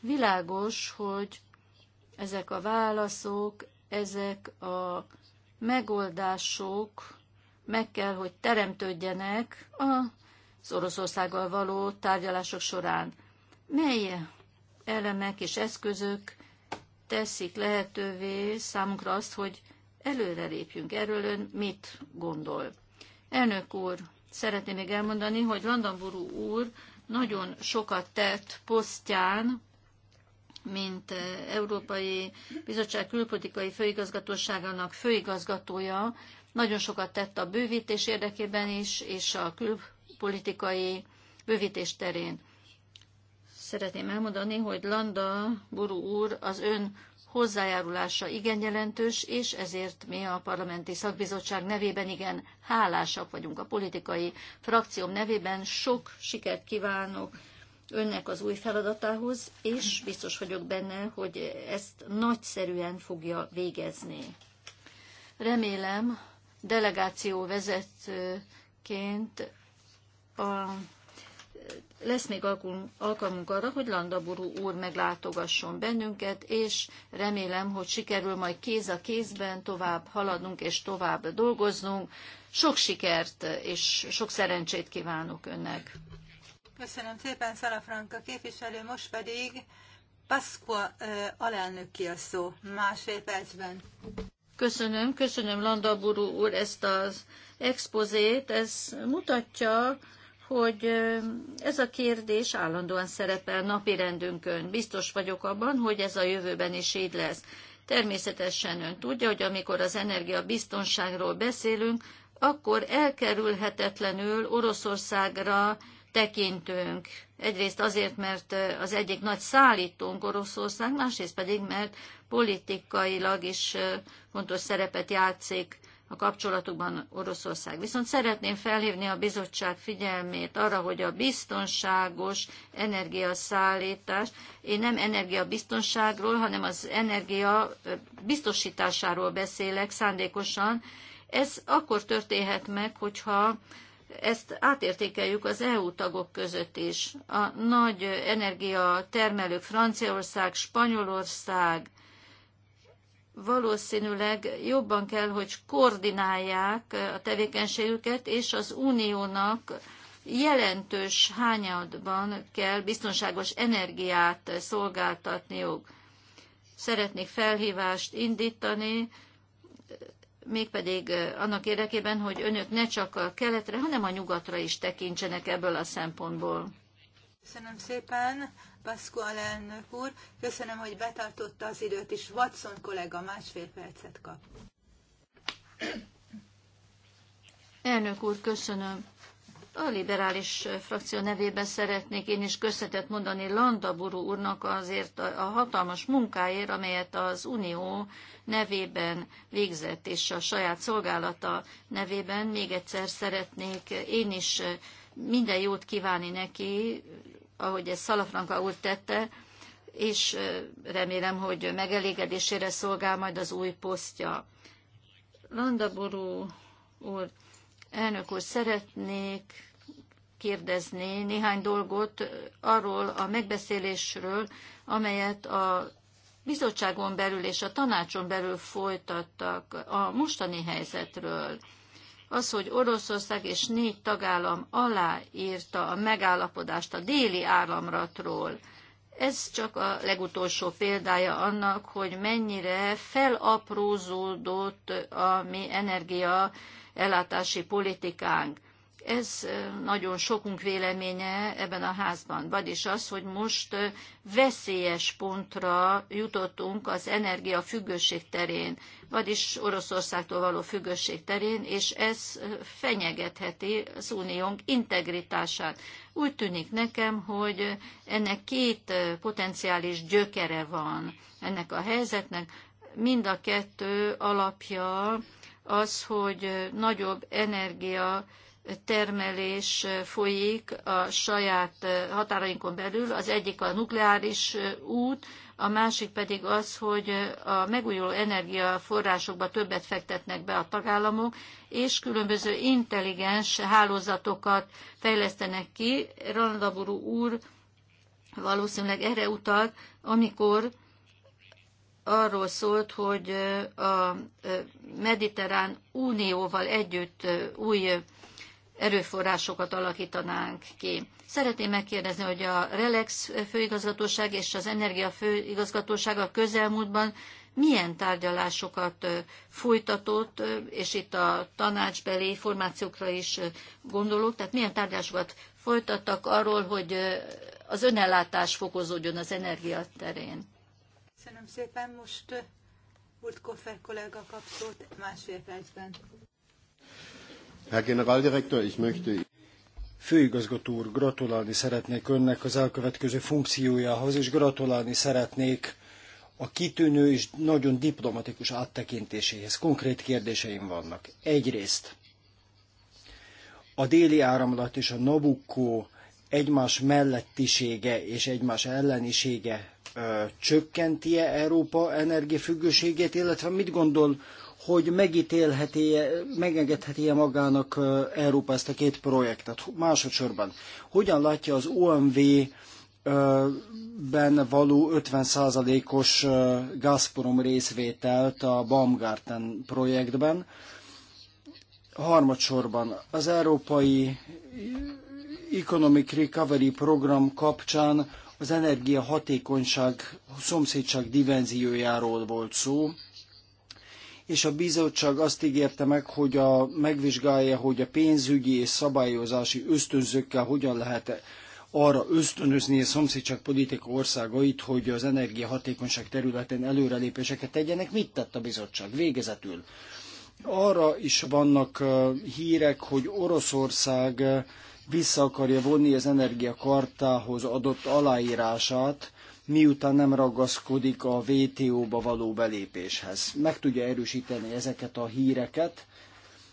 S2: Világos, hogy ezek a válaszok, ezek a megoldások meg kell, hogy teremtődjenek az Oroszországgal való tárgyalások során. Mely elemek és eszközök teszik lehetővé számunkra azt, hogy előre lépjünk. Erről ön mit gondol? Elnök úr, szeretném még elmondani, hogy Landamburu úr nagyon sokat tett posztján mint eh, Európai Bizottság Külpolitikai Főigazgatóságának főigazgatója, nagyon sokat tett a bővítés érdekében is, és a külpolitikai bővítés terén. Szeretném elmondani, hogy Landa Buru úr az ön hozzájárulása igen jelentős, és ezért mi a parlamenti szakbizottság nevében igen hálásak vagyunk a politikai frakcióm nevében. Sok sikert kívánok önnek az új feladatához, és biztos vagyok benne, hogy ezt nagyszerűen fogja végezni. Remélem, delegáció vezetőként a, lesz még alkalmunk arra, hogy Landaburu úr meglátogasson bennünket, és remélem, hogy sikerül majd kéz a kézben tovább haladnunk és tovább dolgoznunk. Sok sikert és sok szerencsét kívánok önnek!
S3: Köszönöm szépen, Franka képviselő, most pedig Pasqua ki a szó másfél percben.
S2: Köszönöm, köszönöm Landaburu úr ezt az expozét. Ez mutatja, hogy ez a kérdés állandóan szerepel napi rendünkön. Biztos vagyok abban, hogy ez a jövőben is így lesz. Természetesen ön tudja, hogy amikor az energiabiztonságról beszélünk, akkor elkerülhetetlenül Oroszországra tekintünk. Egyrészt azért, mert eh, az egyik nagy szállítónk Oroszország, másrészt pedig, mert politikailag is eh, fontos szerepet játszik a kapcsolatukban Oroszország. Viszont szeretném felhívni a bizottság figyelmét arra, hogy a biztonságos energiaszállítás, én nem energiabiztonságról, hanem az energia eh, biztosításáról beszélek szándékosan, ez akkor történhet meg, hogyha ezt átértékeljük az EU tagok között is. A nagy energiatermelők Franciaország, Spanyolország valószínűleg jobban kell, hogy koordinálják a tevékenységüket, és az uniónak jelentős hányadban kell biztonságos energiát szolgáltatniuk. Szeretnék felhívást indítani, mégpedig annak érdekében, hogy önök ne csak a keletre, hanem a nyugatra is tekintsenek ebből a szempontból.
S3: Köszönöm szépen, Paszko alelnök úr. Köszönöm, hogy betartotta az időt, és Watson kollega másfél percet kap.
S2: Elnök úr, köszönöm. A liberális frakció nevében szeretnék én is köszönetet mondani Landaburu úrnak azért a hatalmas munkáért, amelyet az Unió nevében végzett, és a saját szolgálata nevében még egyszer szeretnék én is minden jót kívánni neki, ahogy ezt Szalafranka úr tette, és remélem, hogy megelégedésére szolgál majd az új posztja. Landaburu úr, elnök úr, szeretnék kérdezni néhány dolgot arról a megbeszélésről, amelyet a bizottságon belül és a tanácson belül folytattak a mostani helyzetről. Az, hogy Oroszország és négy tagállam aláírta a megállapodást a déli államratról, ez csak a legutolsó példája annak, hogy mennyire felaprózódott a mi energia ellátási politikánk ez nagyon sokunk véleménye ebben a házban. Vagyis az, hogy most veszélyes pontra jutottunk az energia függőség terén, vagyis Oroszországtól való függőség terén, és ez fenyegetheti az uniónk integritását. Úgy tűnik nekem, hogy ennek két potenciális gyökere van ennek a helyzetnek. Mind a kettő alapja az, hogy nagyobb energia termelés folyik a saját határainkon belül. Az egyik a nukleáris út, a másik pedig az, hogy a megújuló energiaforrásokba többet fektetnek be a tagállamok, és különböző intelligens hálózatokat fejlesztenek ki. Randaburú úr valószínűleg erre utalt, amikor arról szólt, hogy a Mediterrán Unióval együtt új erőforrásokat alakítanánk ki. Szeretném megkérdezni, hogy a Relex főigazgatóság és az Energia főigazgatóság a közelmúltban milyen tárgyalásokat folytatott, és itt a tanácsbeli formációkra is gondolok, tehát milyen tárgyalásokat folytattak arról, hogy az önellátás fokozódjon az energia terén.
S3: Köszönöm szépen, most Burtkoffer kollega kapszót másfél percben. Herr Generaldirektor, ich möchte...
S1: Főigazgató úr, gratulálni szeretnék önnek az elkövetkező funkciójához, és gratulálni szeretnék a kitűnő és nagyon diplomatikus áttekintéséhez. Konkrét kérdéseim vannak. Egyrészt a déli áramlat és a Nabucco egymás mellettisége és egymás ellenisége ö, csökkenti-e Európa energiafüggőségét, illetve mit gondol hogy megítélheti, megengedheti-e magának Európa ezt a két projektet. Másodszorban, hogyan látja az OMV ben való 50%-os Gazprom részvételt a Baumgarten projektben. Harmadsorban az Európai Economic Recovery Program kapcsán az energiahatékonyság szomszédság dimenziójáról volt szó, és a bizottság azt ígérte meg, hogy a, megvizsgálja, hogy a pénzügyi és szabályozási ösztönzőkkel hogyan lehet -e arra ösztönözni a szomszédság politika országait, hogy az energiahatékonyság területén előrelépéseket tegyenek. Mit tett a bizottság végezetül? Arra is vannak hírek, hogy Oroszország vissza akarja vonni az energiakartához adott aláírását, miután nem ragaszkodik a WTO-ba való belépéshez. Meg tudja erősíteni ezeket a híreket,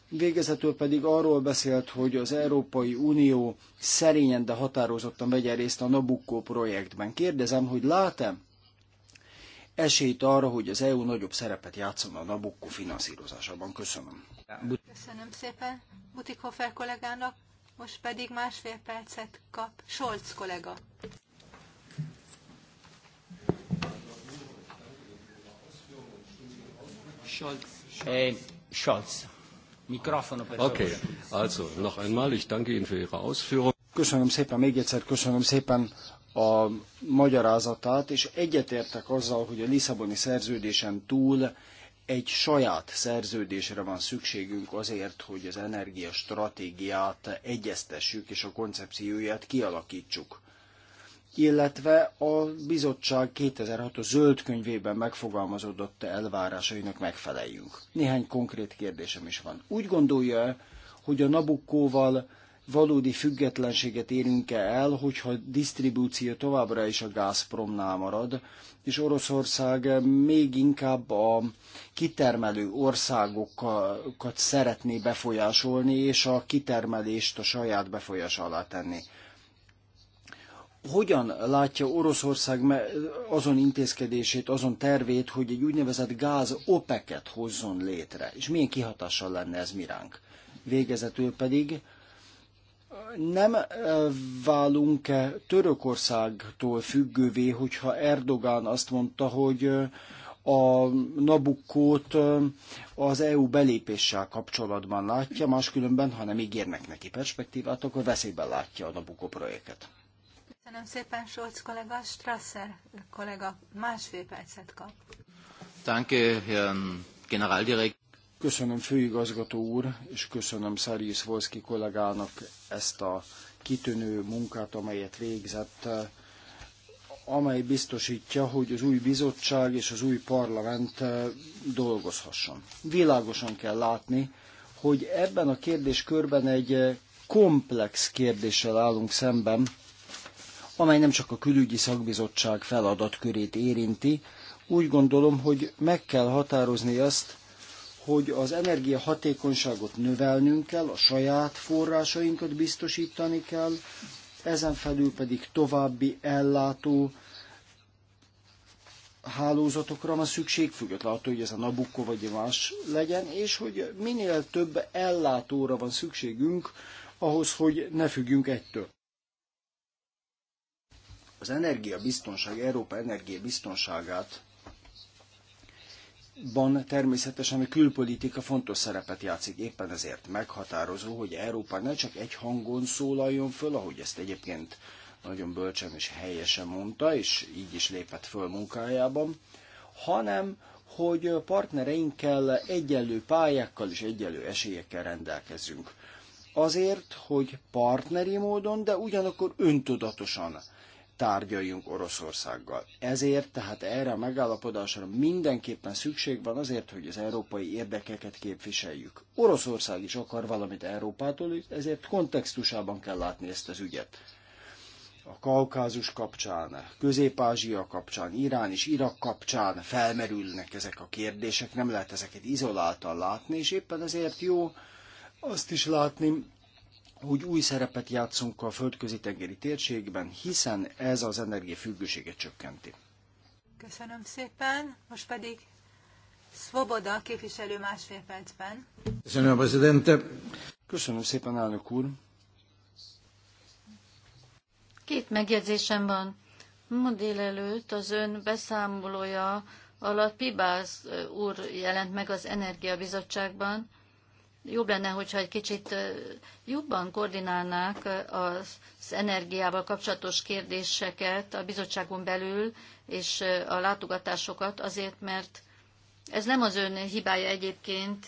S1: Végezetül pedig arról beszélt, hogy az Európai Unió szerényen, de határozottan vegye részt a Nabucco projektben. Kérdezem, hogy lát-e esélyt arra, hogy az EU nagyobb szerepet játszon a Nabucco finanszírozásában? Köszönöm.
S3: Köszönöm szépen Butikhofer kollégának, most pedig másfél percet kap Scholz kollega.
S1: Scholz. Äh, okay,
S3: also noch einmal, ich danke Ihnen für Ihre
S1: Ausführung. Köszönöm szépen, még egyszer köszönöm szépen a magyarázatát, és egyetértek azzal, hogy a Lisszaboni szerződésen túl egy saját szerződésre van szükségünk azért, hogy az energiastratégiát egyeztessük és a koncepcióját kialakítsuk illetve a bizottság 2006 a zöld könyvében megfogalmazódott elvárásainak megfeleljünk. Néhány konkrét kérdésem is van. Úgy gondolja, hogy a Nabukkóval valódi függetlenséget érünk -e el, hogyha a disztribúció továbbra is a Gazpromnál marad, és Oroszország még inkább a kitermelő országokat szeretné befolyásolni, és a kitermelést a saját befolyás alá tenni hogyan látja Oroszország azon intézkedését, azon tervét, hogy egy úgynevezett gáz OPEC-et hozzon létre, és milyen kihatással lenne ez miránk? Végezetül pedig nem eh, válunk -e Törökországtól függővé, hogyha Erdogán azt mondta, hogy eh, a Nabukkót eh, az EU belépéssel kapcsolatban látja, máskülönben, ha nem ígérnek neki perspektívát, akkor veszélyben látja a Nabukó projektet.
S3: Köszönöm szépen, Solc kollega. Strasser kollega másfél percet kap.
S1: Danke, Herrn Generaldirektor. Köszönöm főigazgató úr, és köszönöm Szarius Volszki kollégának ezt a kitűnő munkát, amelyet végzett, amely biztosítja, hogy az új bizottság és az új parlament dolgozhasson. Világosan kell látni, hogy ebben a kérdéskörben egy komplex kérdéssel állunk szemben, amely nem csak a külügyi szakbizottság feladatkörét érinti. Úgy gondolom, hogy meg kell határozni azt, hogy az energiahatékonyságot növelnünk kell, a saját forrásainkat biztosítani kell, ezen felül pedig további ellátó hálózatokra van szükség, függetlenül attól, hogy ez a Nabucco vagy más legyen, és hogy minél több ellátóra van szükségünk ahhoz, hogy ne függjünk egytől az energiabiztonság, Európa energiabiztonságát Ban természetesen a külpolitika fontos szerepet játszik, éppen ezért meghatározó, hogy Európa ne csak egy hangon szólaljon föl, ahogy ezt egyébként nagyon bölcsen és helyesen mondta, és így is lépett föl munkájában, hanem hogy partnereinkkel egyenlő pályákkal és egyenlő esélyekkel rendelkezünk. Azért, hogy partneri módon, de ugyanakkor öntudatosan tárgyaljunk Oroszországgal. Ezért tehát erre a megállapodásra mindenképpen szükség van azért, hogy az európai érdekeket képviseljük. Oroszország is akar valamit Európától, ezért kontextusában kell látni ezt az ügyet. A Kaukázus kapcsán, Közép-Ázsia kapcsán, Irán és Irak kapcsán felmerülnek ezek a kérdések, nem lehet ezeket izoláltan látni, és éppen ezért jó azt is látni, hogy új szerepet játszunk a földközi tengeri térségben, hiszen ez az energiafüggőséget csökkenti.
S3: Köszönöm szépen, most pedig Svoboda képviselő másfél percben.
S1: Köszönöm, prezidente. Köszönöm szépen, elnök úr.
S3: Két
S2: megjegyzésem van. Ma délelőtt az ön beszámolója alatt Pibász úr jelent meg az Energiabizottságban, jobb lenne, hogyha egy kicsit jobban koordinálnák az energiával kapcsolatos kérdéseket a bizottságon belül, és a látogatásokat, azért mert ez nem az ön hibája egyébként,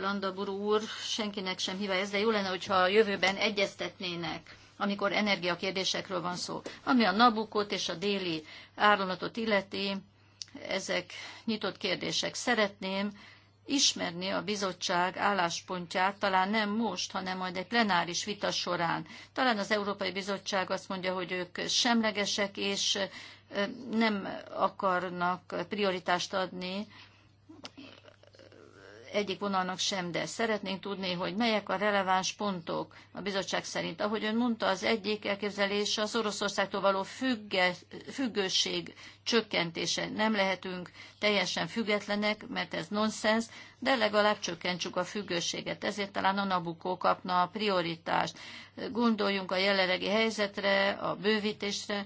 S2: Landabur úr, senkinek sem hibája ez, de jó lenne, hogyha a jövőben egyeztetnének amikor energiakérdésekről van szó. Ami a Nabukot és a déli áramlatot illeti, ezek nyitott kérdések. Szeretném, ismerni a bizottság álláspontját, talán nem most, hanem majd egy plenáris vita során. Talán az Európai Bizottság azt mondja, hogy ők semlegesek, és nem akarnak prioritást adni egyik vonalnak sem, de szeretnénk tudni, hogy melyek a releváns pontok a bizottság szerint. Ahogy ön mondta, az egyik elképzelés az Oroszországtól való függe, függőség csökkentése. Nem lehetünk teljesen függetlenek, mert ez nonsens, de legalább csökkentsük a függőséget. Ezért talán a Nabukó kapna a prioritást. Gondoljunk a jelenlegi helyzetre, a bővítésre,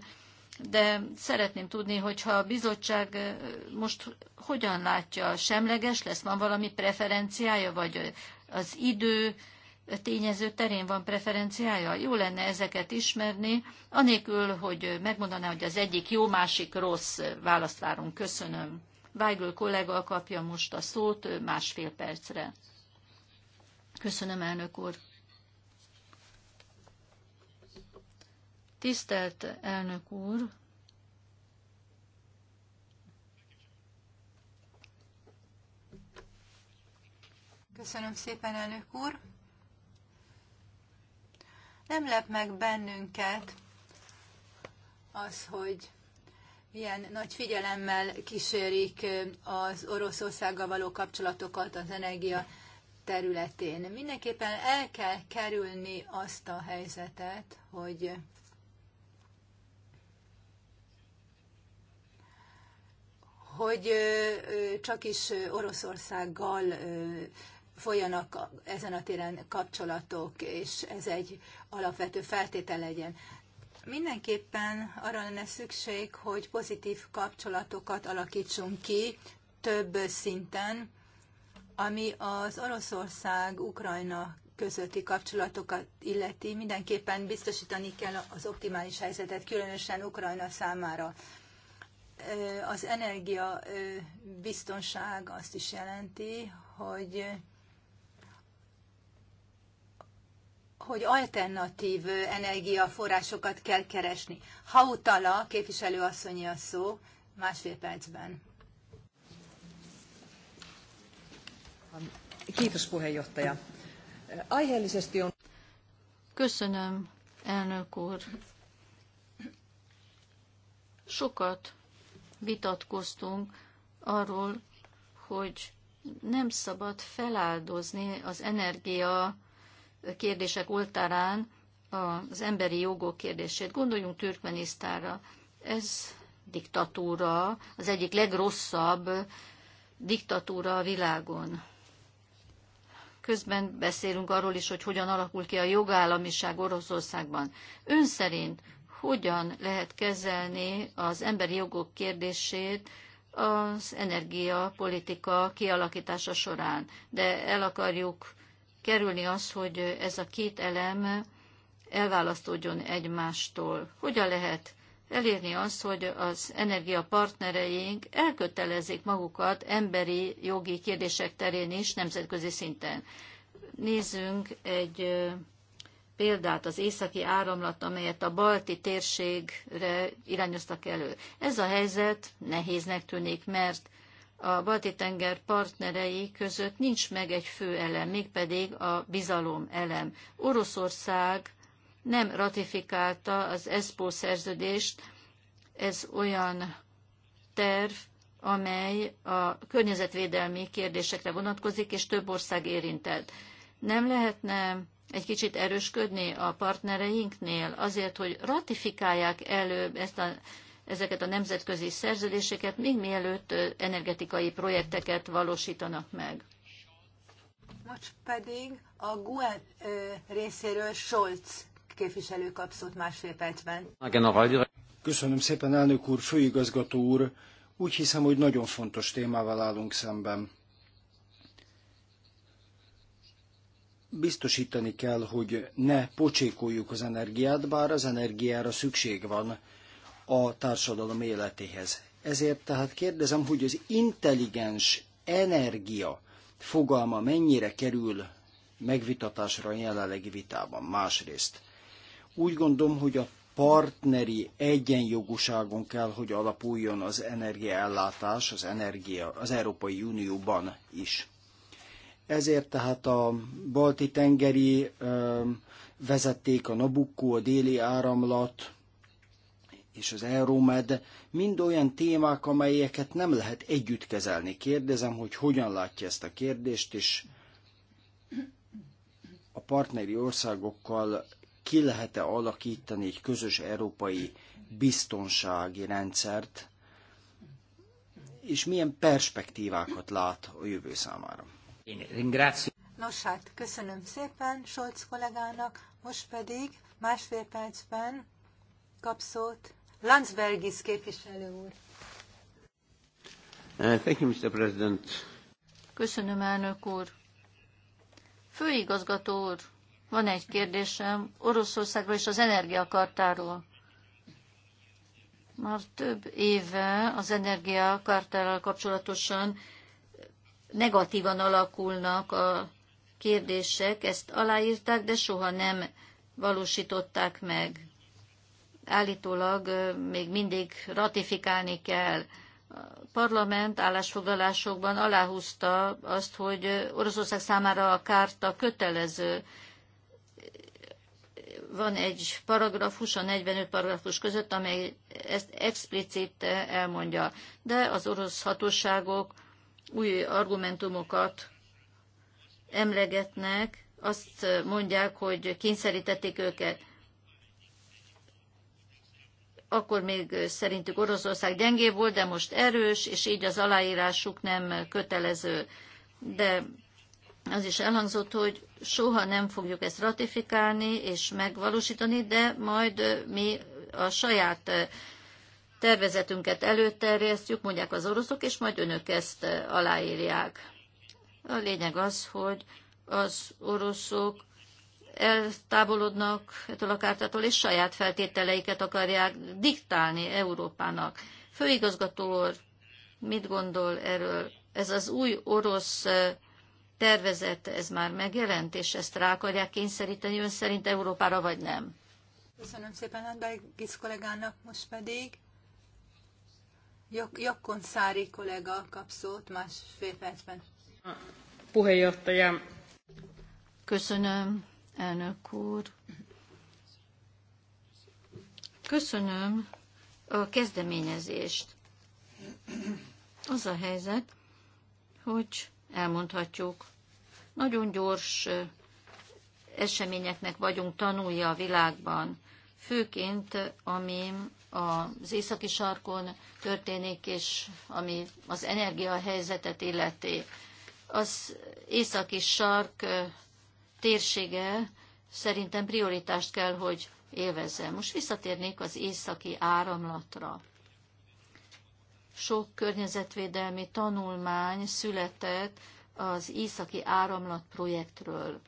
S2: de szeretném tudni, hogyha a bizottság most hogyan látja, semleges lesz, van valami preferenciája, vagy az idő tényező terén van preferenciája? Jó lenne ezeket ismerni, anélkül, hogy megmondaná, hogy az egyik jó, másik rossz választ várunk. Köszönöm. Weigl kollega kapja most a szót másfél percre. Köszönöm, elnök úr. Tisztelt elnök úr!
S3: Köszönöm szépen, elnök úr! Nem lep meg bennünket az, hogy milyen nagy figyelemmel kísérik az Oroszországgal való kapcsolatokat az energia területén. Mindenképpen el kell kerülni azt a helyzetet, hogy hogy csak is Oroszországgal folyanak ezen a téren kapcsolatok, és ez egy alapvető feltétel legyen. Mindenképpen arra lenne szükség, hogy pozitív kapcsolatokat alakítsunk ki több szinten, ami az Oroszország-Ukrajna közötti kapcsolatokat illeti, mindenképpen biztosítani kell az optimális helyzetet, különösen Ukrajna számára az energia biztonság azt is jelenti, hogy hogy alternatív energiaforrásokat kell keresni. Hautala képviselőasszonyi a szó másfél percben. Kiitos puheenjohtaja.
S2: Aiheellisesti on... Köszönöm, elnök úr. Sokat vitatkoztunk arról, hogy nem szabad feláldozni az energia kérdések oltárán az emberi jogok kérdését. Gondoljunk Türkmenisztára. Ez diktatúra, az egyik legrosszabb diktatúra a világon. Közben beszélünk arról is, hogy hogyan alakul ki a jogállamiság Oroszországban. Ön szerint hogyan lehet kezelni az emberi jogok kérdését az energiapolitika kialakítása során. De el akarjuk kerülni azt, hogy ez a két elem elválasztódjon egymástól. Hogyan lehet elérni azt, hogy az energiapartnereink elkötelezik magukat emberi jogi kérdések terén is nemzetközi szinten. Nézzünk egy példát, az északi áramlat, amelyet a balti térségre irányoztak elő. Ez a helyzet nehéznek tűnik, mert a Balti-tenger partnerei között nincs meg egy fő elem, mégpedig a bizalom elem. Oroszország nem ratifikálta az ESPO szerződést, ez olyan terv, amely a környezetvédelmi kérdésekre vonatkozik, és több ország érintett. Nem lehetne egy kicsit erősködni a partnereinknél azért, hogy ratifikálják előbb ezt a, ezeket a nemzetközi szerződéseket, még mielőtt energetikai projekteket valósítanak meg.
S3: Most pedig a GUE részéről Scholz képviselő kapszott másfél percben.
S1: Köszönöm szépen, elnök úr, főigazgató úr. Úgy hiszem, hogy nagyon fontos témával állunk szemben biztosítani kell, hogy ne pocsékoljuk az energiát, bár az energiára szükség van a társadalom életéhez. Ezért tehát kérdezem, hogy az intelligens energia fogalma mennyire kerül megvitatásra a jelenlegi vitában. Másrészt úgy gondolom, hogy a partneri egyenjogúságon kell, hogy alapuljon az energiaellátás az, energia, az Európai Unióban is. Ezért tehát a balti tengeri vezették a Nabukku, a déli áramlat és az Euromed mind olyan témák, amelyeket nem lehet együtt kezelni. Kérdezem, hogy hogyan látja ezt a kérdést, és a partneri országokkal ki lehet-e alakítani egy közös európai biztonsági rendszert, és milyen perspektívákat lát a jövő számára.
S3: Nos hát, köszönöm szépen Solc kollégának, most pedig másfél percben kap szót Landsbergis képviselő úr.
S2: Uh, thank you, Mr. President. Köszönöm, elnök úr. Főigazgató úr, van egy kérdésem Oroszországról és az energiakartáról. Már több éve az energiakartával kapcsolatosan negatívan alakulnak a kérdések, ezt aláírták, de soha nem valósították meg. Állítólag még mindig ratifikálni kell. A parlament állásfoglalásokban aláhúzta azt, hogy Oroszország számára a kárta kötelező. Van egy paragrafus, a 45 paragrafus között, amely ezt explicit elmondja. De az orosz hatóságok új argumentumokat emlegetnek, azt mondják, hogy kényszerítették őket. Akkor még szerintük Oroszország gyengé volt, de most erős, és így az aláírásuk nem kötelező. De az is elhangzott, hogy soha nem fogjuk ezt ratifikálni és megvalósítani, de majd mi a saját tervezetünket előterjesztjük, mondják az oroszok, és majd önök ezt eh, aláírják. A lényeg az, hogy az oroszok eltávolodnak ettől a kártától, és saját feltételeiket akarják diktálni Európának. Főigazgató úr, mit gondol erről? Ez az új orosz eh, tervezet, ez már megjelent, és ezt rá akarják kényszeríteni ön szerint Európára, vagy nem?
S3: Köszönöm szépen Andbály Giz kollégának, most pedig Jakkon Szári kollega kap szót másfél percben.
S2: Köszönöm, elnök úr. Köszönöm a kezdeményezést. Az a helyzet, hogy elmondhatjuk, nagyon gyors eseményeknek vagyunk tanulja a világban, főként ami az északi sarkon történik, és ami az energiahelyzetet illeti. Az északi sark térsége szerintem prioritást kell, hogy élvezze. Most visszatérnék az északi áramlatra. Sok környezetvédelmi tanulmány született az északi áramlat projektről.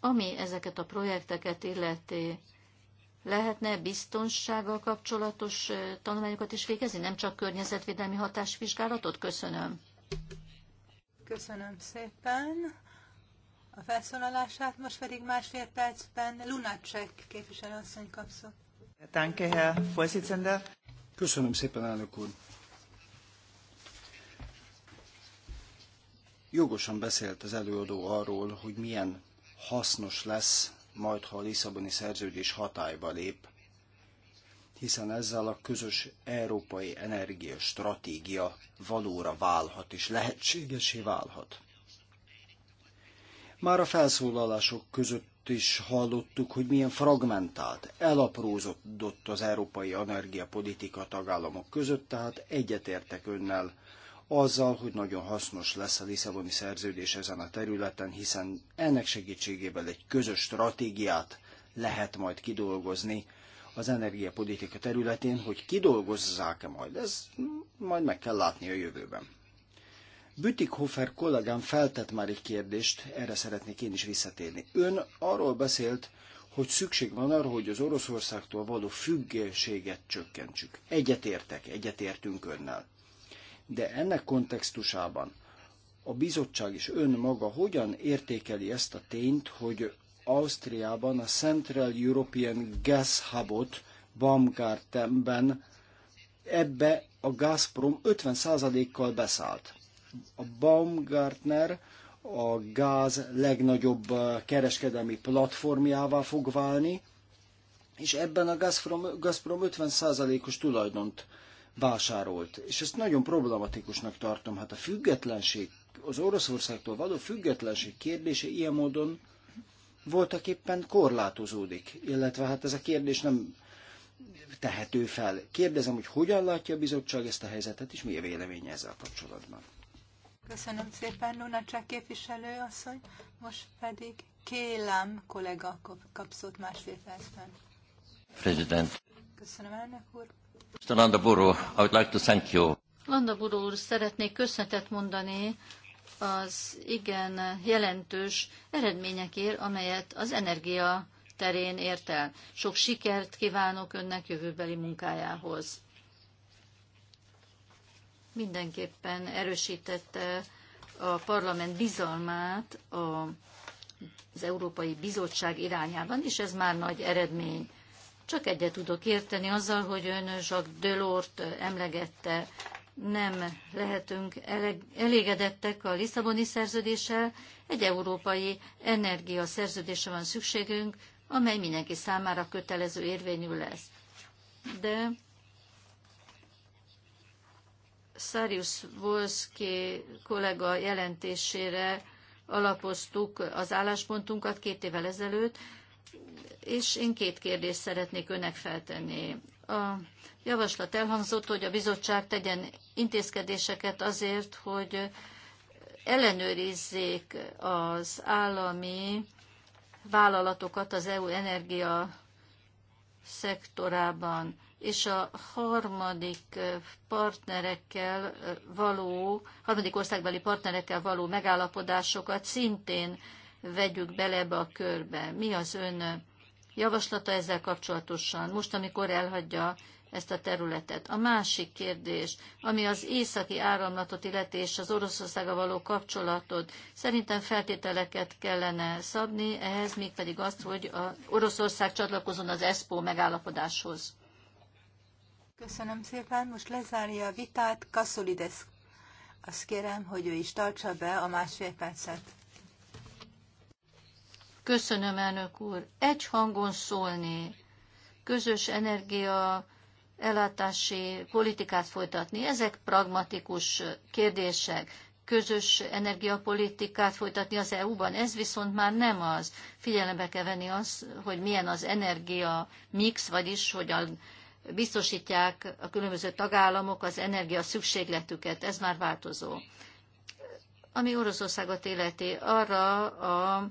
S2: Ami ezeket a projekteket illeti, lehetne biztonsággal kapcsolatos tanulmányokat is végezni, nem csak környezetvédelmi hatásvizsgálatot? Köszönöm.
S3: Köszönöm szépen a felszólalását, most pedig másfél percben Lunacek képviselőasszony kapszott.
S1: Danke, Herr Vorsitzender. Köszönöm szépen, elnök úr. Jogosan beszélt az előadó arról, hogy milyen hasznos lesz majd ha a Lisszaboni szerződés hatályba lép, hiszen ezzel a közös európai energia stratégia valóra válhat és lehetségesé válhat. Már a felszólalások között is hallottuk, hogy milyen fragmentált, elaprózott az európai energiapolitika tagállamok között, tehát egyetértek önnel azzal, hogy nagyon hasznos lesz a Lisszaboni szerződés ezen a területen, hiszen ennek segítségével egy közös stratégiát lehet majd kidolgozni az energiapolitika területén, hogy kidolgozzák-e majd, ez majd meg kell látni a jövőben. Bütikhofer kollégám feltett már egy kérdést, erre szeretnék én is visszatérni. Ön arról beszélt, hogy szükség van arra, hogy az Oroszországtól való függőséget csökkentsük. Egyetértek, egyetértünk önnel de ennek kontextusában a bizottság is önmaga hogyan értékeli ezt a tényt, hogy Ausztriában a Central European Gas Hubot Baumgartenben ebbe a Gazprom 50%-kal beszállt. A Baumgartner a gáz legnagyobb eh, kereskedelmi platformjává fog válni, és ebben a Gazprom, Gazprom 50%-os tulajdont vásárolt. És ezt nagyon problematikusnak tartom. Hát a függetlenség, az Oroszországtól való függetlenség kérdése ilyen módon voltak éppen korlátozódik, illetve hát ez a kérdés nem tehető fel. Kérdezem, hogy hogyan látja a bizottság ezt a helyzetet, és mi a véleménye ezzel kapcsolatban.
S3: Köszönöm szépen, Csák képviselő asszony. Most pedig Kélem kollega kap szót másfél percben. Köszönöm, elnök úr.
S2: Mr. Landaburu, I would like to thank you. Landaburu úr, szeretnék köszönetet mondani az igen jelentős eredményekért, amelyet az energia terén ért el. Sok sikert kívánok önnek jövőbeli munkájához. Mindenképpen erősítette a parlament bizalmát az Európai Bizottság irányában, és ez már nagy eredmény. Csak egyet tudok érteni azzal, hogy ön Jacques Delort emlegette, nem lehetünk elégedettek a Lisszaboni szerződéssel, egy európai energia szerződése van szükségünk, amely mindenki számára kötelező érvényű lesz. De Szárius Volszki kollega jelentésére alapoztuk az álláspontunkat két évvel ezelőtt, és én két kérdést szeretnék önnek feltenni. A javaslat elhangzott, hogy a bizottság tegyen intézkedéseket azért, hogy ellenőrizzék az állami vállalatokat az EU energia szektorában, és a harmadik partnerekkel való, harmadik országbeli partnerekkel való megállapodásokat szintén vegyük bele ebbe a körbe. Mi az ön javaslata ezzel kapcsolatosan, most, amikor elhagyja ezt a területet. A másik kérdés, ami az északi áramlatot illeti és az Oroszországa való kapcsolatot, szerintem feltételeket kellene szabni, ehhez mégpedig azt, hogy a Oroszország csatlakozon az ESPO megállapodáshoz.
S3: Köszönöm szépen. Most lezárja a vitát Kaszolides. Azt kérem, hogy ő is tartsa be a másfél percet.
S2: Köszönöm, elnök úr. Egy hangon szólni, közös energia ellátási politikát folytatni, ezek pragmatikus kérdések. Közös energiapolitikát folytatni az EU-ban, ez viszont már nem az. Figyelembe kell venni az, hogy milyen az energia mix, vagyis hogyan biztosítják a különböző tagállamok az energia szükségletüket. Ez már változó. Ami Oroszországot életi, arra a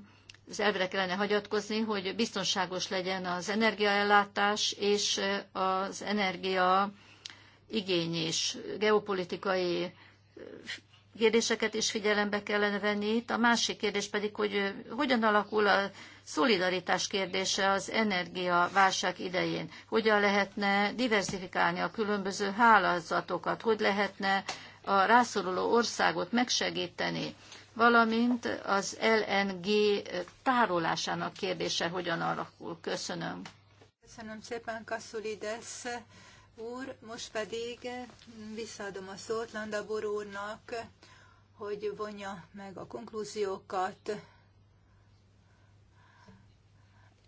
S2: az elvre kellene hagyatkozni, hogy biztonságos legyen az energiaellátás és az energia igény is. Geopolitikai kérdéseket is figyelembe kellene venni itt. A másik kérdés pedig, hogy hogyan alakul a szolidaritás kérdése az energiaválság idején. Hogyan lehetne diversifikálni a különböző hálózatokat, hogy lehetne a rászoruló országot megsegíteni valamint az LNG tárolásának kérdése hogyan alakul. Köszönöm.
S3: Köszönöm szépen, Kasszulides úr. Most pedig visszaadom a szót Landabor úrnak, hogy vonja meg a konklúziókat,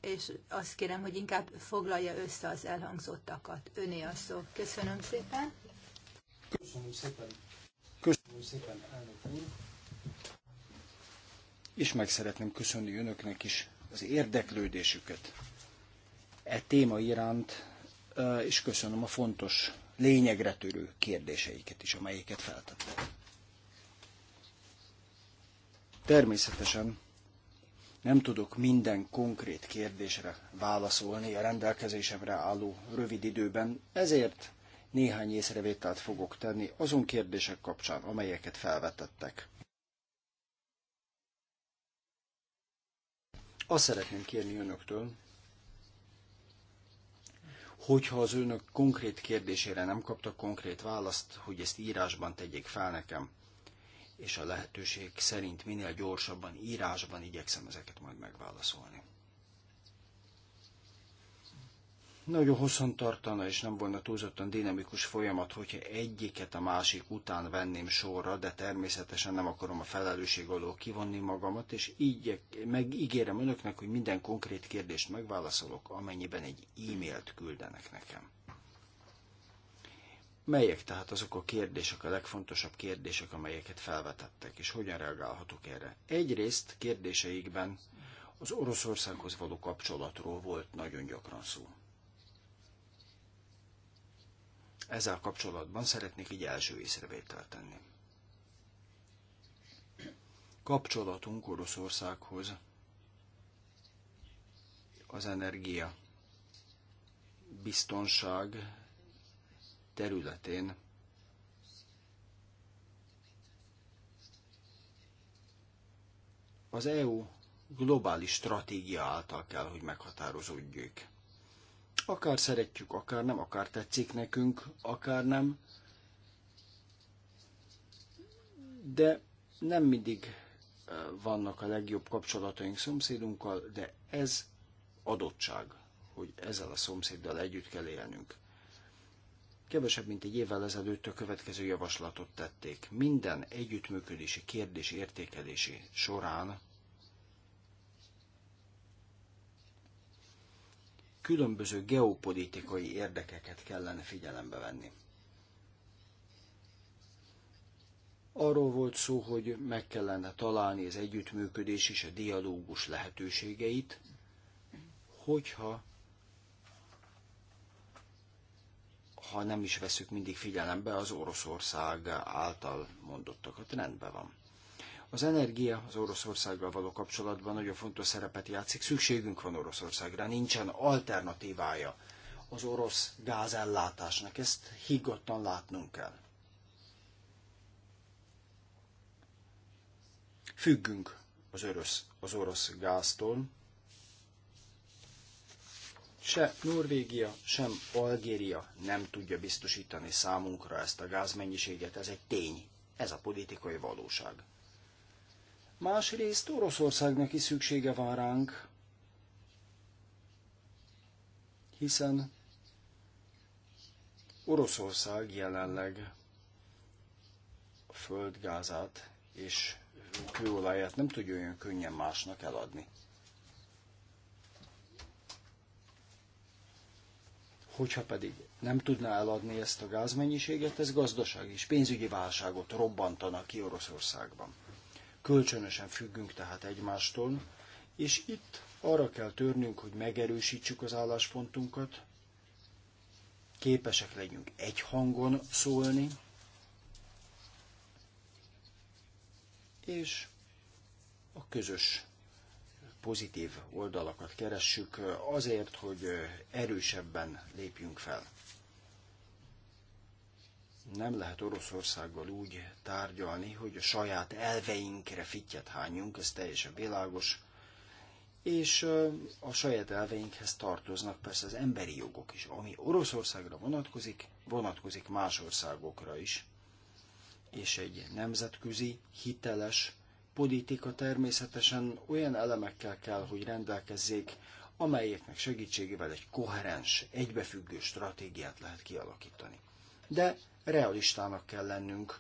S3: és azt kérem, hogy inkább foglalja össze az elhangzottakat. Öné a szó. Köszönöm szépen.
S1: Köszönöm szépen. Köszönöm szépen, elnök úr és meg szeretném köszönni önöknek is az érdeklődésüket e téma iránt, és köszönöm a fontos, lényegre törő kérdéseiket is, amelyeket feltettek. Természetesen nem tudok minden konkrét kérdésre válaszolni a rendelkezésemre álló rövid időben, ezért néhány észrevételt fogok tenni azon kérdések kapcsán, amelyeket felvetettek. Azt szeretném kérni önöktől, hogyha az önök konkrét kérdésére nem kaptak konkrét választ, hogy ezt írásban tegyék fel nekem, és a lehetőség szerint minél gyorsabban írásban igyekszem ezeket majd megválaszolni. nagyon hosszan tartana, és nem volna túlzottan dinamikus folyamat, hogyha egyiket a másik után venném sorra, de természetesen nem akarom a felelősség alól kivonni magamat, és így megígérem önöknek, hogy minden konkrét kérdést megválaszolok, amennyiben egy e-mailt küldenek nekem. Melyek tehát azok a kérdések, a legfontosabb kérdések, amelyeket felvetettek, és hogyan reagálhatok erre? Egyrészt kérdéseikben az Oroszországhoz való kapcsolatról volt nagyon gyakran szó. Ezzel kapcsolatban szeretnék így első észrevételt tenni. Kapcsolatunk Oroszországhoz az energia biztonság területén az EU globális stratégia által kell, hogy meghatározódjék akár szeretjük, akár nem, akár tetszik nekünk, akár nem, de nem mindig vannak a legjobb kapcsolataink szomszédunkkal, de ez adottság, hogy ezzel a szomszéddal együtt kell élnünk. Kevesebb, mint egy évvel ezelőtt a következő javaslatot tették. Minden együttműködési kérdés értékelési során különböző geopolitikai érdekeket kellene figyelembe venni. Arról volt szó, hogy meg kellene találni az együttműködés és a dialógus lehetőségeit, hogyha ha nem is veszük mindig figyelembe az Oroszország által mondottakat, rendben van. Az energia az Oroszországgal való kapcsolatban nagyon fontos szerepet játszik, szükségünk van Oroszországra, nincsen alternatívája az orosz gázellátásnak, ezt higgadtan látnunk kell. Függünk az orosz, az orosz gáztól, se Norvégia, sem Algéria nem tudja biztosítani számunkra ezt a gázmennyiséget, ez egy tény, ez a politikai valóság. Másrészt Oroszországnak is szüksége van ránk, hiszen Oroszország jelenleg a földgázát és kőolaját nem tudja olyan könnyen másnak eladni. Hogyha pedig nem tudná eladni ezt a gázmennyiséget, ez gazdaság és pénzügyi válságot robbantana ki Oroszországban. Kölcsönösen függünk tehát egymástól, és itt arra kell törnünk, hogy megerősítsük az álláspontunkat, képesek legyünk egy hangon szólni, és a közös pozitív oldalakat keressük azért, hogy erősebben lépjünk fel nem lehet Oroszországgal úgy tárgyalni, hogy a saját elveinkre fittyet hányunk, ez teljesen világos, és a saját elveinkhez tartoznak persze az emberi jogok is, ami Oroszországra vonatkozik, vonatkozik más országokra is. És egy nemzetközi, hiteles politika természetesen olyan elemekkel kell, hogy rendelkezzék, amelyeknek segítségével egy koherens, egybefüggő stratégiát lehet kialakítani de realistának kell lennünk.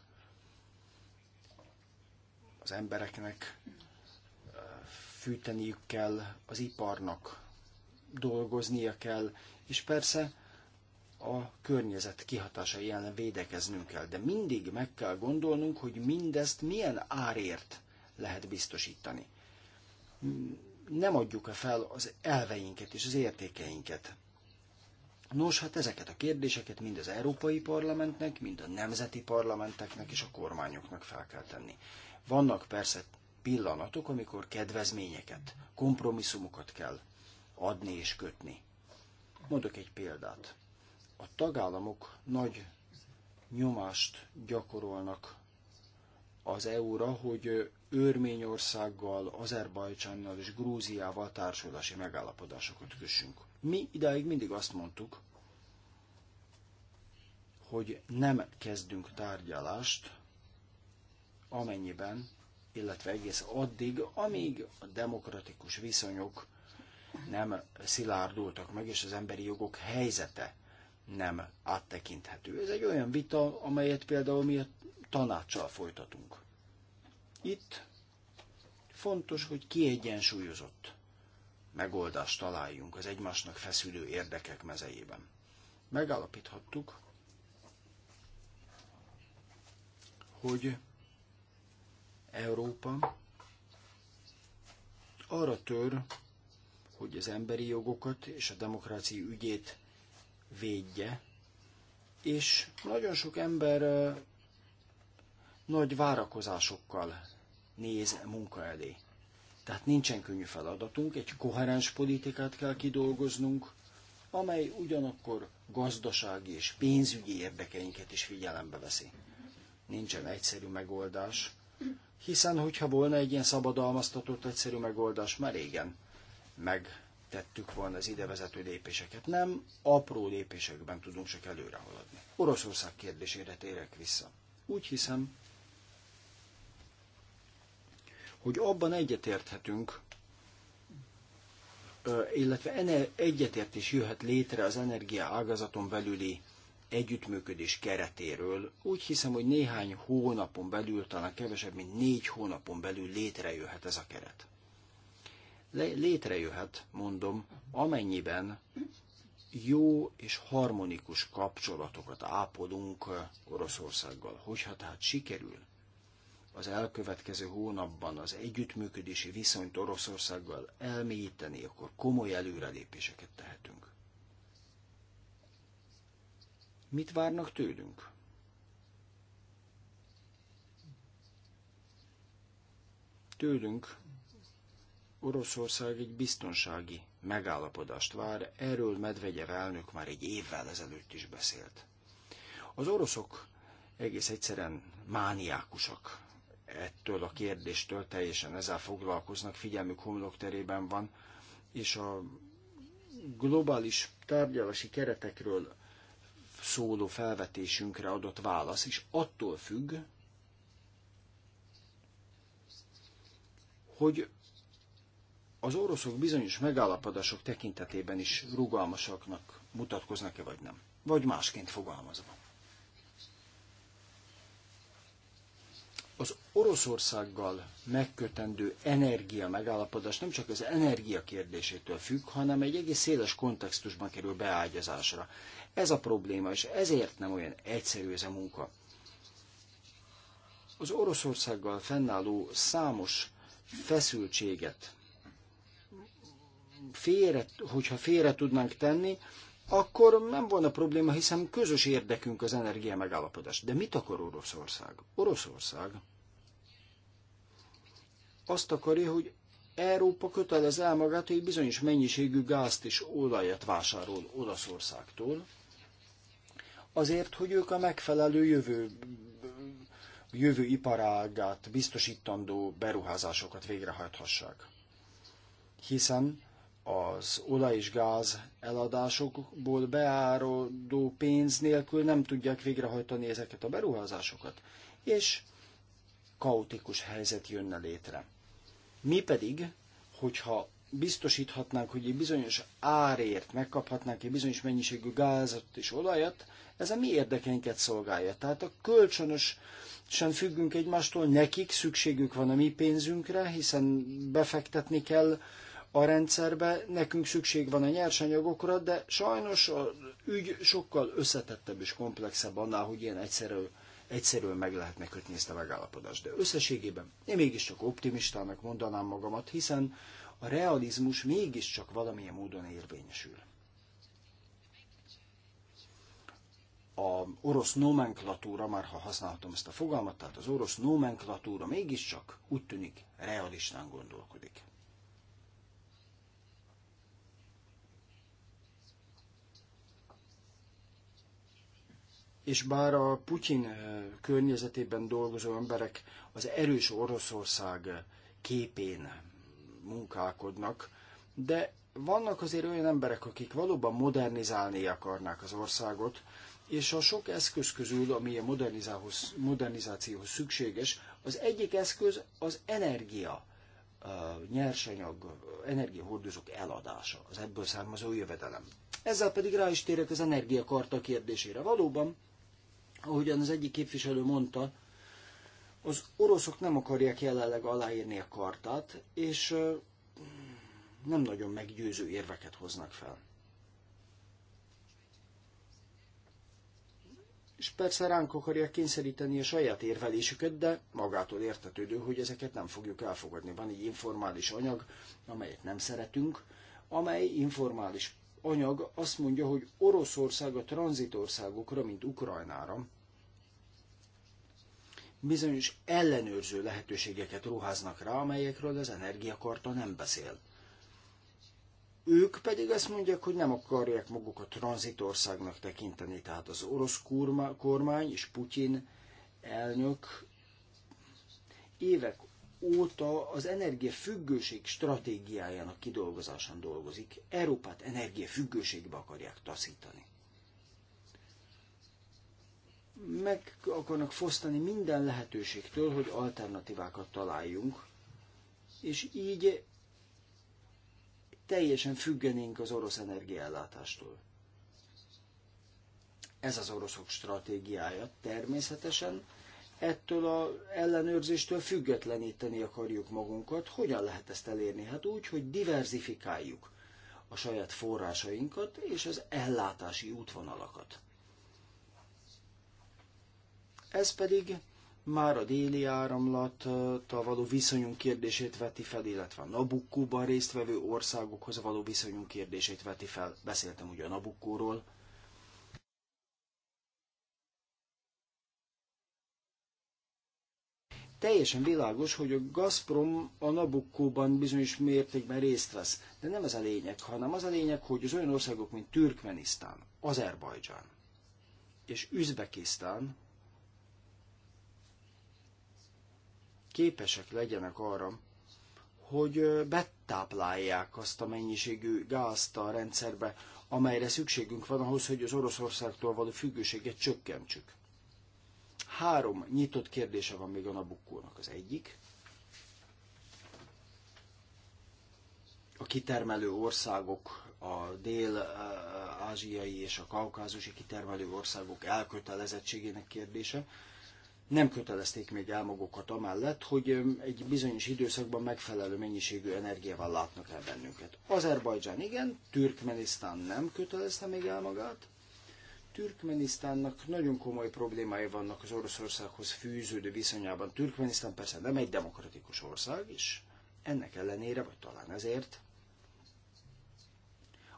S1: Az embereknek eh, fűteniük kell, az iparnak dolgoznia kell, és persze a környezet kihatása ellen védekeznünk kell, de mindig meg kell gondolnunk, hogy mindezt milyen árért lehet biztosítani. Nem adjuk -e fel az elveinket és az értékeinket. Nos, hát ezeket a kérdéseket mind az Európai Parlamentnek, mind a nemzeti parlamenteknek és a kormányoknak fel kell tenni. Vannak persze pillanatok, amikor kedvezményeket, kompromisszumokat kell adni és kötni. Mondok egy példát. A tagállamok nagy nyomást gyakorolnak az EU-ra, hogy Örményországgal, Azerbajcsánnal és Grúziával társulási megállapodásokat kössünk. Mi idáig mindig azt mondtuk, hogy nem kezdünk tárgyalást, amennyiben, illetve egész addig, amíg a demokratikus viszonyok nem szilárdultak meg, és az emberi jogok helyzete nem áttekinthető. Ez egy olyan vita, amelyet például mi a tanácssal folytatunk. Itt fontos, hogy kiegyensúlyozott megoldást találjunk az egymásnak feszülő érdekek mezejében. Megállapíthattuk, hogy Európa arra tör, hogy az emberi jogokat és a demokrácia ügyét védje, és nagyon sok ember nagy várakozásokkal néz munka elé. Tehát nincsen könnyű feladatunk, egy koherens politikát kell kidolgoznunk, amely ugyanakkor gazdasági és pénzügyi érdekeinket is figyelembe veszi. Nincsen egyszerű megoldás, hiszen hogyha volna egy ilyen szabadalmaztatott egyszerű megoldás, már régen megtettük volna az idevezető lépéseket. Nem apró lépésekben tudunk csak előre haladni. Oroszország kérdésére térek vissza. Úgy hiszem, hogy abban egyetérthetünk, illetve egyetértés jöhet létre az energia ágazaton belüli együttműködés keretéről. Úgy hiszem, hogy néhány hónapon belül, talán kevesebb, mint négy hónapon belül létrejöhet ez a keret. létrejöhet, mondom, amennyiben jó és harmonikus kapcsolatokat ápolunk Oroszországgal. Hogyha tehát sikerül az elkövetkező hónapban az együttműködési viszonyt Oroszországgal elmélyíteni, akkor komoly előrelépéseket tehetünk. Mit várnak tőlünk? Tőlünk Oroszország egy biztonsági megállapodást vár, erről Medvegyev elnök már egy évvel ezelőtt is beszélt. Az oroszok egész egyszerűen mániákusak ettől a kérdéstől teljesen ezzel foglalkoznak, figyelmük terében van, és a globális tárgyalási keretekről szóló felvetésünkre adott válasz is attól függ, hogy az oroszok bizonyos megállapodások tekintetében is rugalmasaknak mutatkoznak-e vagy nem. Vagy másként fogalmazva. az Oroszországgal megkötendő energia megállapodás nem csak az energia kérdésétől függ, hanem egy egész széles kontextusban kerül beágyazásra. Ez a probléma, és ezért nem olyan egyszerű ez a munka. Az Oroszországgal fennálló számos feszültséget félre, hogyha félre tudnánk tenni, akkor nem volna probléma, hiszen közös érdekünk az energia megállapodás. De mit akar Oroszország? Oroszország azt akarja, hogy Európa kötelez el magát, hogy bizonyos mennyiségű gázt és olajat vásárol Olaszországtól, azért, hogy ők a megfelelő jövő, jövő iparágát biztosítandó beruházásokat végrehajthassák. Hiszen az olaj és gáz eladásokból beáradó pénz nélkül nem tudják végrehajtani ezeket a beruházásokat, és kaotikus helyzet jönne létre. Mi pedig, hogyha biztosíthatnánk, hogy egy bizonyos árért megkaphatnánk egy bizonyos mennyiségű gázat és olajat, ez a mi érdekeinket szolgálja. Tehát a kölcsönös sem függünk egymástól, nekik szükségük van a mi pénzünkre, hiszen befektetni kell a rendszerbe, nekünk szükség van a nyersanyagokra, de sajnos a ügy sokkal összetettebb és komplexebb annál, hogy ilyen egyszerű, egyszerűen meg lehetne kötni ezt a megállapodást. De összességében én mégiscsak optimistának mondanám magamat, hiszen a realizmus mégiscsak valamilyen módon érvényesül. a orosz nomenklatúra, már ha használhatom ezt a fogalmat, tehát az orosz nomenklatúra mégiscsak úgy tűnik realistán gondolkodik. és bár a Putyin eh, környezetében dolgozó emberek az erős Oroszország eh, képén eh, munkálkodnak, de vannak azért olyan emberek, akik valóban modernizálni akarnák az országot, és a sok eszköz közül, ami a modernizációhoz szükséges, az egyik eszköz az energia, nyersanyag, energiahordozók eladása, az ebből származó jövedelem. Ezzel pedig rá is térek az energiakarta kérdésére. Valóban Ahogyan az egyik képviselő mondta, az oroszok nem akarják jelenleg aláírni a kartát, és nem nagyon meggyőző érveket hoznak fel. És persze ránk akarják kényszeríteni a saját érvelésüket, de magától értetődő, hogy ezeket nem fogjuk elfogadni. Van egy informális anyag, amelyet nem szeretünk, amely informális anyag azt mondja, hogy Oroszország a tranzitországokra, mint Ukrajnára, bizonyos ellenőrző lehetőségeket ruháznak rá, amelyekről az energiakarta nem beszél. Ők pedig azt mondják, hogy nem akarják magukat tranzitországnak tekinteni, tehát az orosz kormány és Putyin elnök évek óta az energiafüggőség stratégiájának kidolgozásán dolgozik. Európát energiafüggőségbe akarják taszítani. Meg akarnak fosztani minden lehetőségtől, hogy alternatívákat találjunk, és így teljesen függenénk az orosz energiállátástól. Ez az oroszok stratégiája természetesen, ettől az ellenőrzéstől függetleníteni akarjuk magunkat. Hogyan lehet ezt elérni? Hát úgy, hogy diverzifikáljuk a saját forrásainkat és az ellátási útvonalakat. Ez pedig már a déli áramlattal való viszonyunk kérdését veti fel, illetve a Nabukkóban résztvevő országokhoz való viszonyunk kérdését veti fel. Beszéltem ugye a Nabukkóról. teljesen világos, hogy a Gazprom a Nabukkóban bizonyos mértékben részt vesz. De nem ez a lényeg, hanem az a lényeg, hogy az olyan országok, mint Türkmenisztán, Azerbajdzsán és Üzbekisztán képesek legyenek arra, hogy betáplálják azt a mennyiségű gázt a rendszerbe, amelyre szükségünk van ahhoz, hogy az Oroszországtól való függőséget csökkentsük. Három nyitott kérdése van még a Nabukkónak. Az egyik, a kitermelő országok, a dél-ázsiai és a kaukázusi kitermelő országok elkötelezettségének kérdése. Nem kötelezték még el magukat amellett, hogy egy bizonyos időszakban megfelelő mennyiségű energiával látnak el bennünket. Azerbajdzsán igen, Türkmenisztán nem kötelezte még el magát, Türkmenisztánnak nagyon komoly problémái vannak az Oroszországhoz fűződő viszonyában. Türkmenisztán persze nem egy demokratikus ország, és ennek ellenére, vagy talán ezért,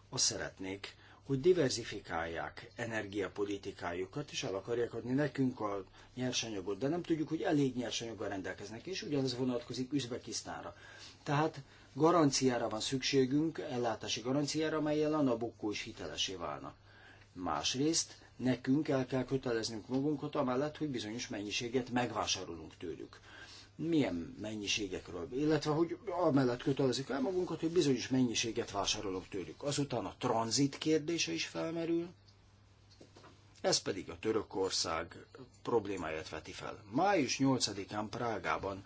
S1: azt szeretnék, hogy diversifikálják energiapolitikájukat, és el akarják adni nekünk a nyersanyagot, de nem tudjuk, hogy elég nyersanyaggal rendelkeznek, és ugyanez vonatkozik Üzbekisztánra. Tehát garanciára van szükségünk, ellátási garanciára, amelyel a Nabucco is hitelesé válna. Másrészt nekünk el kell köteleznünk magunkat amellett, hogy bizonyos mennyiséget megvásárolunk tőlük. Milyen mennyiségekről, illetve hogy amellett kötelezik el magunkat, hogy bizonyos mennyiséget vásárolunk tőlük. Azután a tranzit kérdése is felmerül, ez pedig a Törökország problémáját veti fel. Május 8-án Prágában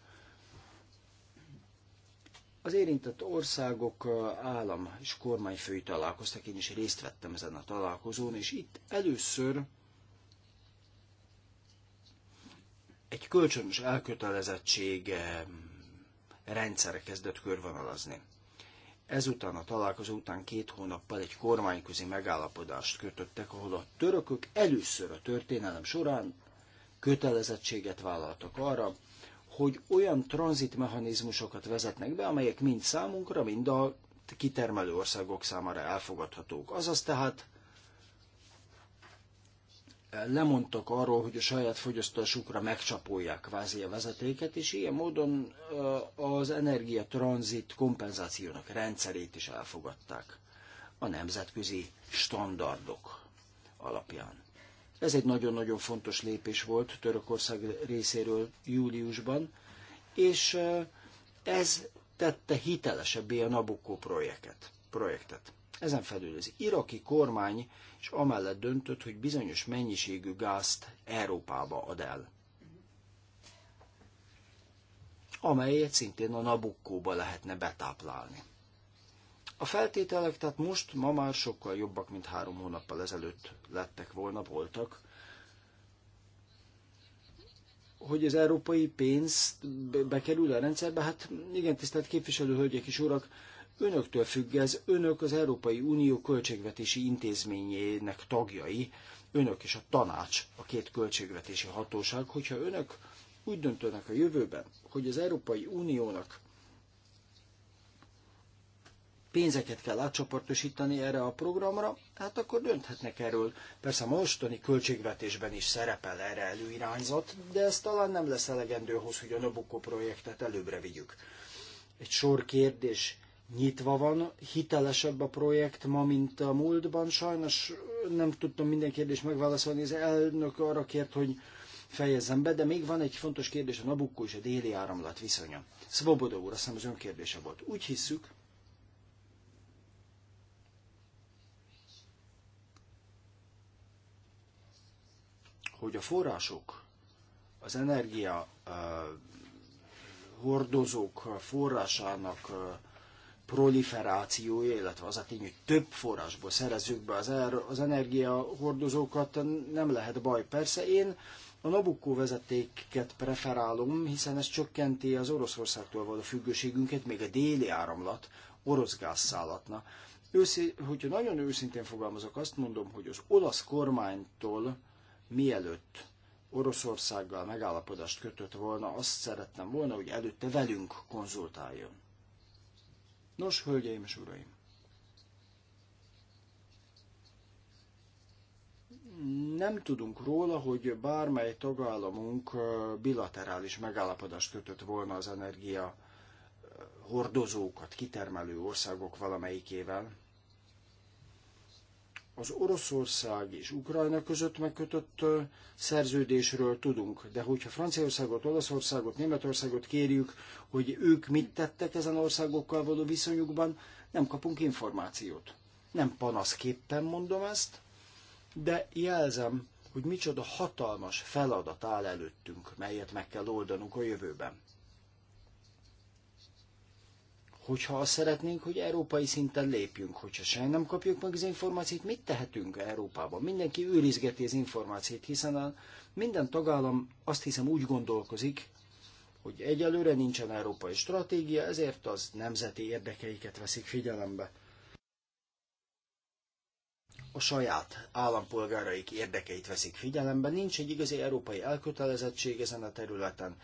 S1: az érintett országok állam és kormányfői találkoztak, én is részt vettem ezen a találkozón, és itt először egy kölcsönös elkötelezettség mm, rendszer kezdett körvonalazni. Ezután a találkozó után két hónappal egy kormányközi megállapodást kötöttek, ahol a törökök először a történelem során kötelezettséget vállaltak arra, hogy olyan tranzitmechanizmusokat vezetnek be, amelyek mind számunkra, mind a kitermelő országok számára elfogadhatók. Azaz tehát lemondtak arról, hogy a saját fogyasztásukra megcsapolják kvázi a vezetéket, és ilyen módon az energiatranzit kompenzációnak rendszerét is elfogadták a nemzetközi standardok alapján. Ez egy nagyon-nagyon fontos lépés volt Törökország részéről júliusban, és ez tette hitelesebbé a Nabucco projektet. projektet. Ezen felül az iraki kormány is amellett döntött, hogy bizonyos mennyiségű gázt Európába ad el, amelyet szintén a Nabukkóba lehetne betáplálni. A feltételek tehát most, ma már sokkal jobbak, mint három hónappal ezelőtt lettek volna, voltak. Hogy az európai pénz bekerül a rendszerbe, hát igen, tisztelt képviselő hölgyek és urak, önöktől függ ez, önök az Európai Unió költségvetési intézményének tagjai, önök és a tanács, a két költségvetési hatóság, hogyha önök úgy döntönek a jövőben, hogy az Európai Uniónak pénzeket kell átcsoportosítani erre a programra, hát akkor dönthetnek erről. Persze a mostani költségvetésben is szerepel erre előirányzat, de ez talán nem lesz elegendő ahhoz, hogy a Nabucco projektet előbbre vigyük. Egy sor kérdés nyitva van, hitelesebb a projekt ma, mint a múltban. Sajnos nem tudtam minden kérdést megválaszolni, az elnök arra kért, hogy fejezzem be, de még van egy fontos kérdés, a Nabucco és a déli áramlat viszonya. Szvoboda úr, azt hiszem az kérdése volt. Úgy hisszük, hogy a források, az energia hordozók forrásának proliferációja, illetve az a tény, hogy több forrásból szerezzük be az, er- az hordozókat, nem lehet baj. Persze én a Nabucco vezetéket preferálom, hiszen ez csökkenti az Oroszországtól való függőségünket, még a déli áramlat orosz gázszállatna. Őszi, hogyha nagyon őszintén fogalmazok, azt mondom, hogy az olasz kormánytól mielőtt Oroszországgal megállapodást kötött volna, azt szerettem volna, hogy előtte velünk konzultáljon. Nos, hölgyeim és uraim! Nem tudunk róla, hogy bármely tagállamunk bilaterális megállapodást kötött volna az energia hordozókat kitermelő országok valamelyikével az Oroszország és Ukrajna között megkötött szerződésről tudunk, de hogyha Franciaországot, Olaszországot, Németországot kérjük, hogy ők mit tettek ezen országokkal való viszonyukban, nem kapunk információt. Nem panaszképpen mondom ezt, de jelzem, hogy micsoda hatalmas feladat áll előttünk, melyet meg kell oldanunk a jövőben. Hogyha azt szeretnénk, hogy európai szinten lépjünk, hogyha se nem kapjuk meg az információt, mit tehetünk Európában? Mindenki őrizgeti az információt, hiszen a minden tagállam azt hiszem úgy gondolkozik, hogy egyelőre nincsen európai stratégia, ezért az nemzeti érdekeiket veszik figyelembe. A saját állampolgáraik érdekeit veszik figyelembe, nincs egy igazi európai elkötelezettség ezen a területen,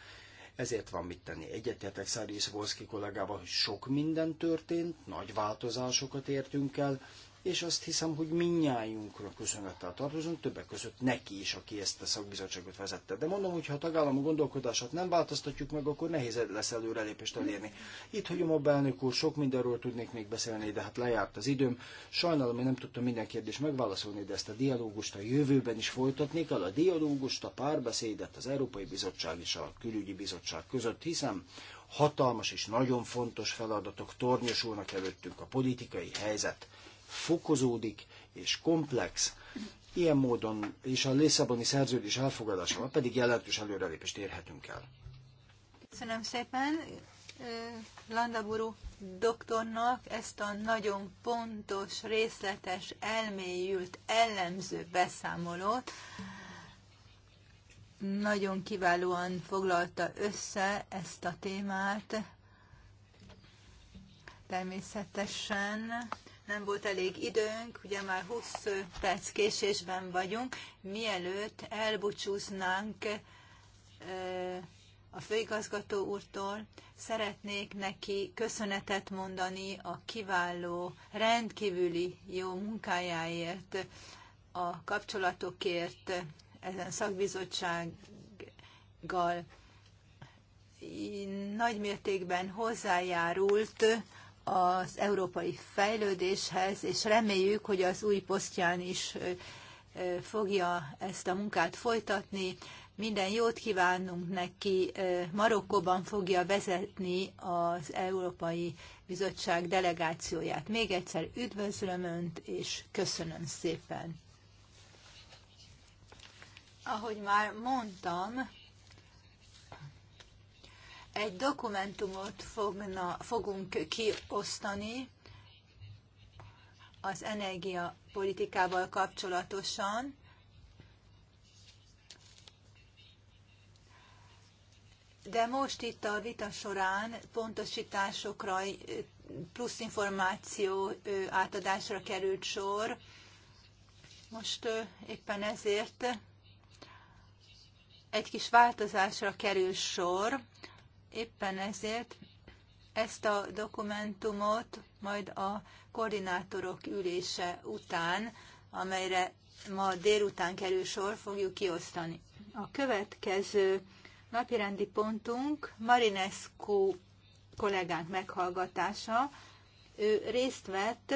S1: ezért van mit tenni. Egyetértek Szarius Volszki kollégával, hogy sok minden történt, nagy változásokat értünk el, és azt hiszem, hogy minnyájunkra köszönettel tartozunk, többek között neki is, aki ezt a szakbizottságot vezette. De mondom, hogy ha a tagállamok gondolkodását nem változtatjuk meg, akkor nehéz lesz előrelépést elérni. Itt, hogy a elnök úr, sok mindenről tudnék még beszélni, de hát lejárt az időm. Sajnálom, hogy nem tudtam minden kérdést megválaszolni, de ezt a dialógust a jövőben is folytatni kell, a dialógust, a párbeszédet az Európai Bizottság és a Külügyi Bizottság között, Hiszem, hatalmas és nagyon fontos feladatok tornyosulnak előttünk. A politikai helyzet fokozódik és komplex, ilyen módon és a Lisszaboni szerződés elfogadásával pedig jelentős előrelépést érhetünk el.
S3: Köszönöm szépen Landaburu doktornak ezt a nagyon pontos, részletes, elmélyült, ellenző beszámolót. Nagyon kiválóan foglalta össze ezt a témát. Természetesen nem volt elég időnk, ugye már 20 perc késésben vagyunk, mielőtt elbúcsúznánk a főigazgató úrtól, szeretnék neki köszönetet mondani a kiváló, rendkívüli jó munkájáért, a kapcsolatokért ezen szakbizottsággal nagymértékben hozzájárult az európai fejlődéshez, és reméljük, hogy az új posztján is fogja ezt a munkát folytatni. Minden jót kívánunk neki. Marokkóban fogja vezetni az Európai Bizottság delegációját. Még egyszer üdvözlöm Önt, és köszönöm szépen. Ahogy már mondtam, egy dokumentumot fogna, fogunk kiosztani az energiapolitikával kapcsolatosan. De most itt a vita során pontosításokra, plusz információ átadásra került sor. Most éppen ezért egy kis változásra kerül sor Éppen ezért ezt a dokumentumot majd a koordinátorok ülése után, amelyre ma délután kerül sor, fogjuk kiosztani. A következő napirendi pontunk Marinescu kollégánk meghallgatása. Ő részt vett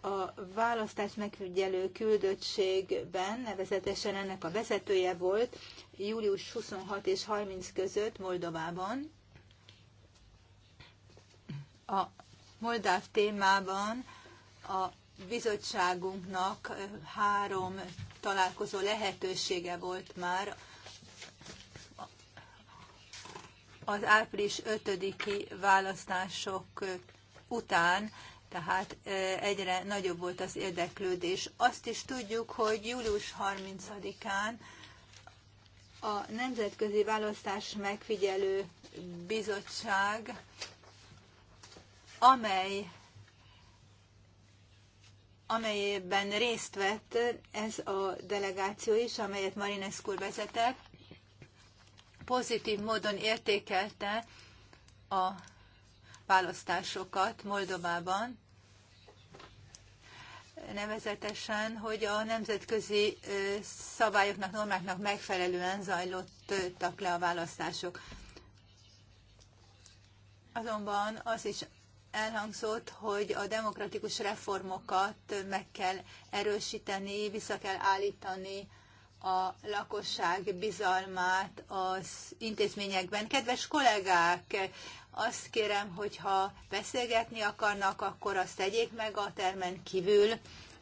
S3: a választás megfigyelő küldöttségben, nevezetesen ennek a vezetője volt július 26 és 30 között Moldovában. A moldáv témában a bizottságunknak három találkozó lehetősége volt már az április 5-i választások után tehát egyre nagyobb volt az érdeklődés. Azt is tudjuk, hogy július 30-án a Nemzetközi Választás Megfigyelő Bizottság, amely amelyben részt vett ez a delegáció is, amelyet Marinescu vezetett, pozitív módon értékelte a választásokat Moldovában nevezetesen, hogy a nemzetközi szabályoknak, normáknak megfelelően zajlottak le a választások. Azonban az is elhangzott, hogy a demokratikus reformokat meg kell erősíteni, vissza kell állítani a lakosság bizalmát az intézményekben. Kedves kollégák, azt kérem, hogyha beszélgetni akarnak, akkor azt tegyék meg a termen kívül,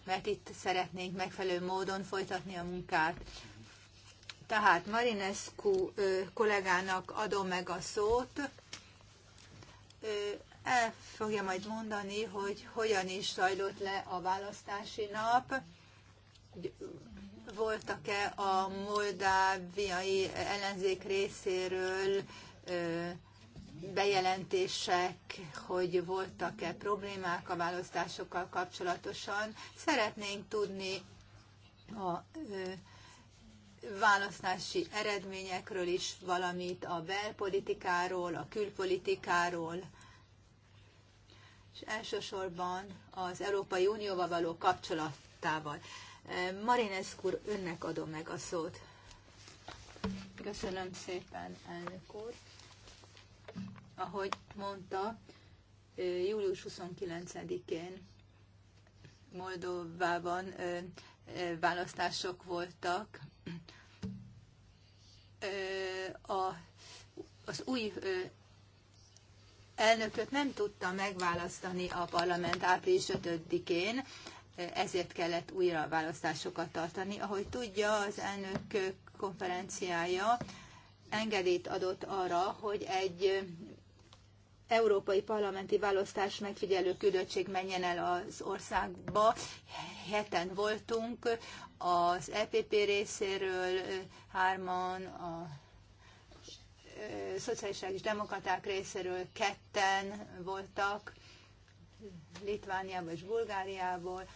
S3: mert itt szeretnénk megfelelő módon folytatni a munkát. Tehát Marinescu kollégának adom meg a szót. El fogja majd mondani, hogy hogyan is zajlott le a választási nap. Voltak-e a moldáviai ellenzék részéről bejelentések, hogy voltak-e problémák a választásokkal kapcsolatosan. Szeretnénk tudni a választási eredményekről is valamit, a belpolitikáról, a külpolitikáról, és elsősorban az Európai Unióval való kapcsolatával. Marinescu úr, önnek adom meg a szót. Köszönöm szépen, elnök úr ahogy mondta, július 29-én Moldovában választások voltak. A, az új elnököt nem tudta megválasztani a parlament április 5-én, ezért kellett újra választásokat tartani. Ahogy tudja, az elnök konferenciája engedélyt adott arra, hogy egy európai parlamenti választás megfigyelő küldöttség menjen el az országba. Heten voltunk, az EPP részéről hárman, a szocialisták és demokraták részéről ketten voltak, Litvániából és Bulgáriából.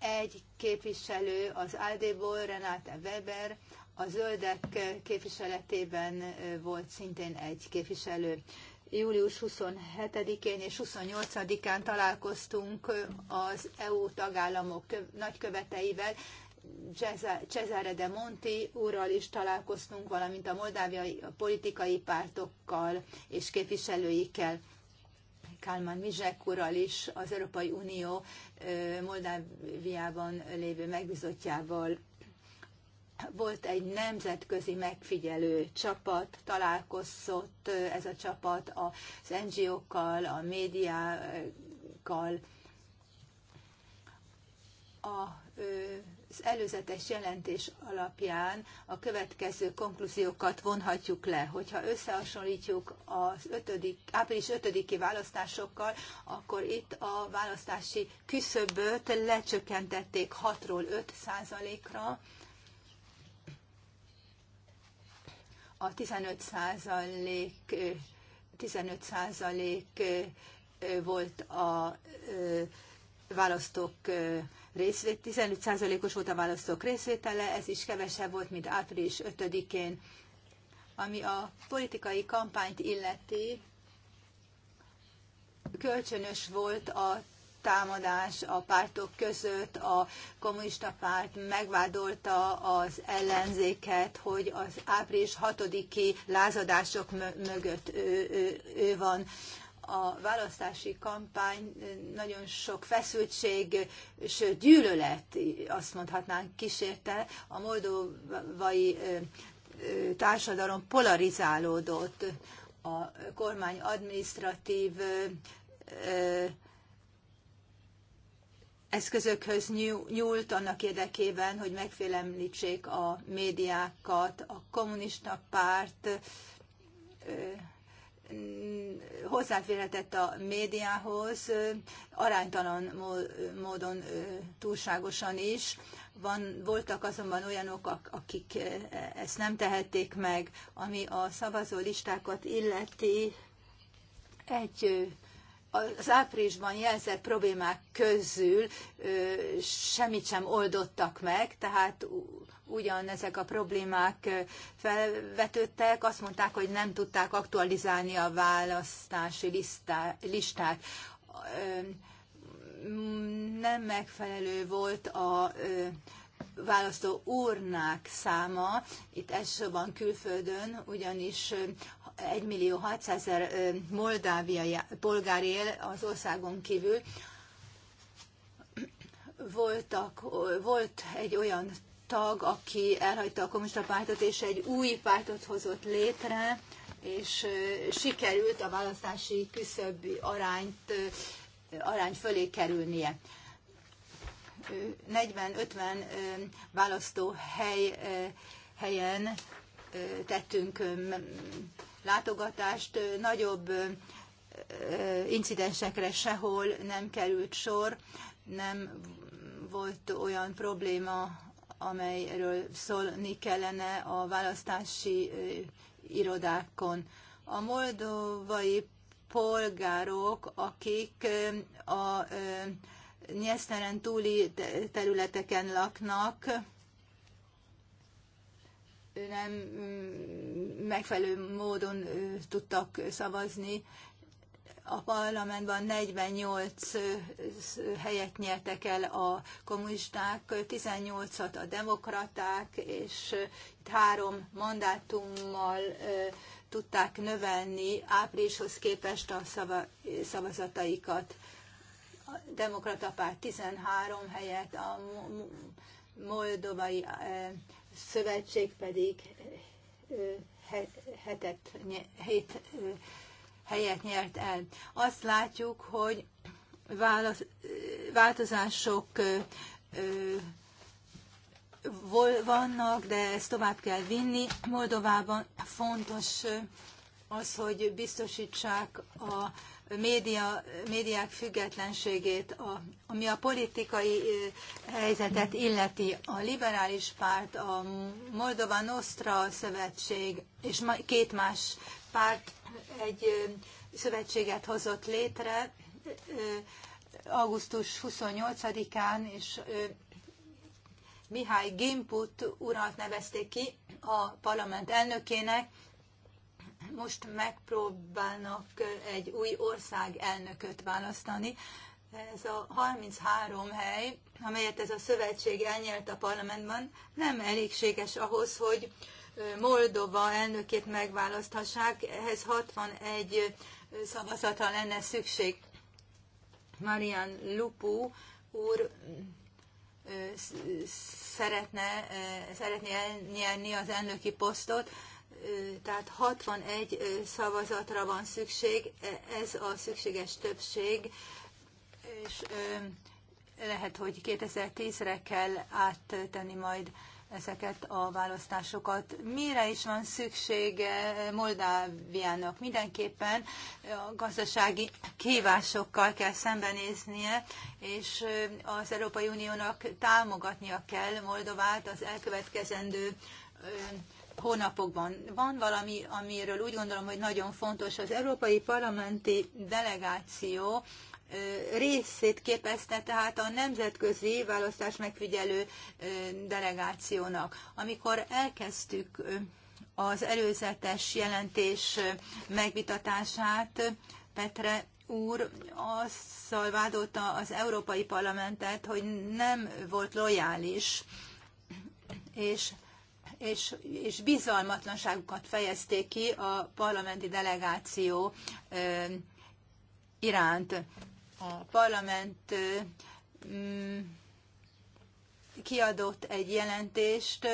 S3: Egy képviselő az Aldéból, ból Renate Weber, a zöldek képviseletében volt szintén egy képviselő július 27-én és 28-án találkoztunk az EU tagállamok nagyköveteivel, Cezare de Monti úrral is találkoztunk, valamint a moldáviai politikai pártokkal és képviselőikkel. Kálmán Mizsek úrral is, az Európai Unió Moldáviában lévő megbizotjával volt egy nemzetközi megfigyelő csapat, találkozott ez a csapat az NGO-kkal, a médiákkal. Az előzetes jelentés alapján a következő konklúziókat vonhatjuk le. Hogyha összehasonlítjuk az 5. április 5 választásokkal, akkor itt a választási küszöböt lecsökkentették 6-ról 5 százalékra, a 15 százalék 15 százalék volt a választók részvét, 15 százalékos volt a választók részvétele, ez is kevesebb volt, mint április 5-én. Ami a politikai kampányt illeti, kölcsönös volt a támadás a pártok között, a kommunista párt megvádolta az ellenzéket, hogy az április 6-i lázadások mögött ő, ő, ő van a választási kampány nagyon sok feszültség, sőt gyűlölet, azt mondhatnánk, kísérte. A moldovai társadalom polarizálódott. A kormány administratív eszközökhöz nyúlt annak érdekében, hogy megfélemlítsék a médiákat, a kommunista párt hozzáférhetett a médiához, aránytalan módon túlságosan is. Van, voltak azonban olyanok, akik ezt nem tehették meg, ami a szavazó listákat illeti egy az áprilisban jelzett problémák közül semmit sem oldottak meg, tehát ugyan ezek a problémák felvetődtek, azt mondták, hogy nem tudták aktualizálni a választási listát. Nem megfelelő volt a választó urnák száma, itt elsősorban külföldön, ugyanis 1 millió 600 ezer moldáviai polgár él az országon kívül. Voltak, volt egy olyan tag, aki elhagyta a kommunista pártot, és egy új pártot hozott létre, és sikerült a választási küszöb arányt, arány fölé kerülnie. 40-50 választó hely, helyen tettünk látogatást, nagyobb incidensekre sehol nem került sor, nem volt olyan probléma, amelyről szólni kellene a választási irodákon. A moldovai polgárok, akik a nyeszteren túli területeken laknak, nem mm, megfelelő módon tudtak szavazni. A parlamentban 48 helyet nyertek el a kommunisták, 18-at a demokraták, és itt három mandátummal tudták növelni áprilishoz képest a szava, szavazataikat. A demokrata párt 13 helyet, a moldovai szövetség pedig hetet, hét helyet nyert el. Azt látjuk, hogy változások vannak, de ezt tovább kell vinni. Moldovában fontos az, hogy biztosítsák a média, médiák függetlenségét, a, ami a politikai helyzetet illeti. A liberális párt, a Moldova Nostra szövetség és két más párt egy szövetséget hozott létre augusztus 28-án, és Mihály Gimput urat nevezték ki a parlament elnökének, most megpróbálnak egy új ország elnököt választani. Ez a 33 hely, amelyet ez a szövetség elnyert a parlamentben, nem elégséges ahhoz, hogy Moldova elnökét megválaszthassák, ehhez 61 szavazata lenne szükség. Marian Lupu úr szeretne, szeretné elnyerni az elnöki posztot, tehát 61 szavazatra van szükség, e, ez a szükséges többség, és lehet, hogy 2010-re kell áttenni majd ezeket a választásokat. Mire is van szüksége Moldáviának? Mindenképpen a gazdasági kívásokkal kell szembenéznie, és az Európai Uniónak támogatnia kell Moldovát az elkövetkezendő hónapokban. Van valami, amiről úgy gondolom, hogy nagyon fontos. Az Európai Parlamenti Delegáció részét képezte tehát a nemzetközi választás megfigyelő delegációnak. Amikor elkezdtük az előzetes jelentés megvitatását, Petre úr azzal vádolta az Európai Parlamentet, hogy nem volt lojális, és és, és bizalmatlanságukat fejezték ki a parlamenti delegáció iránt. A parlament mm, kiadott egy jelentést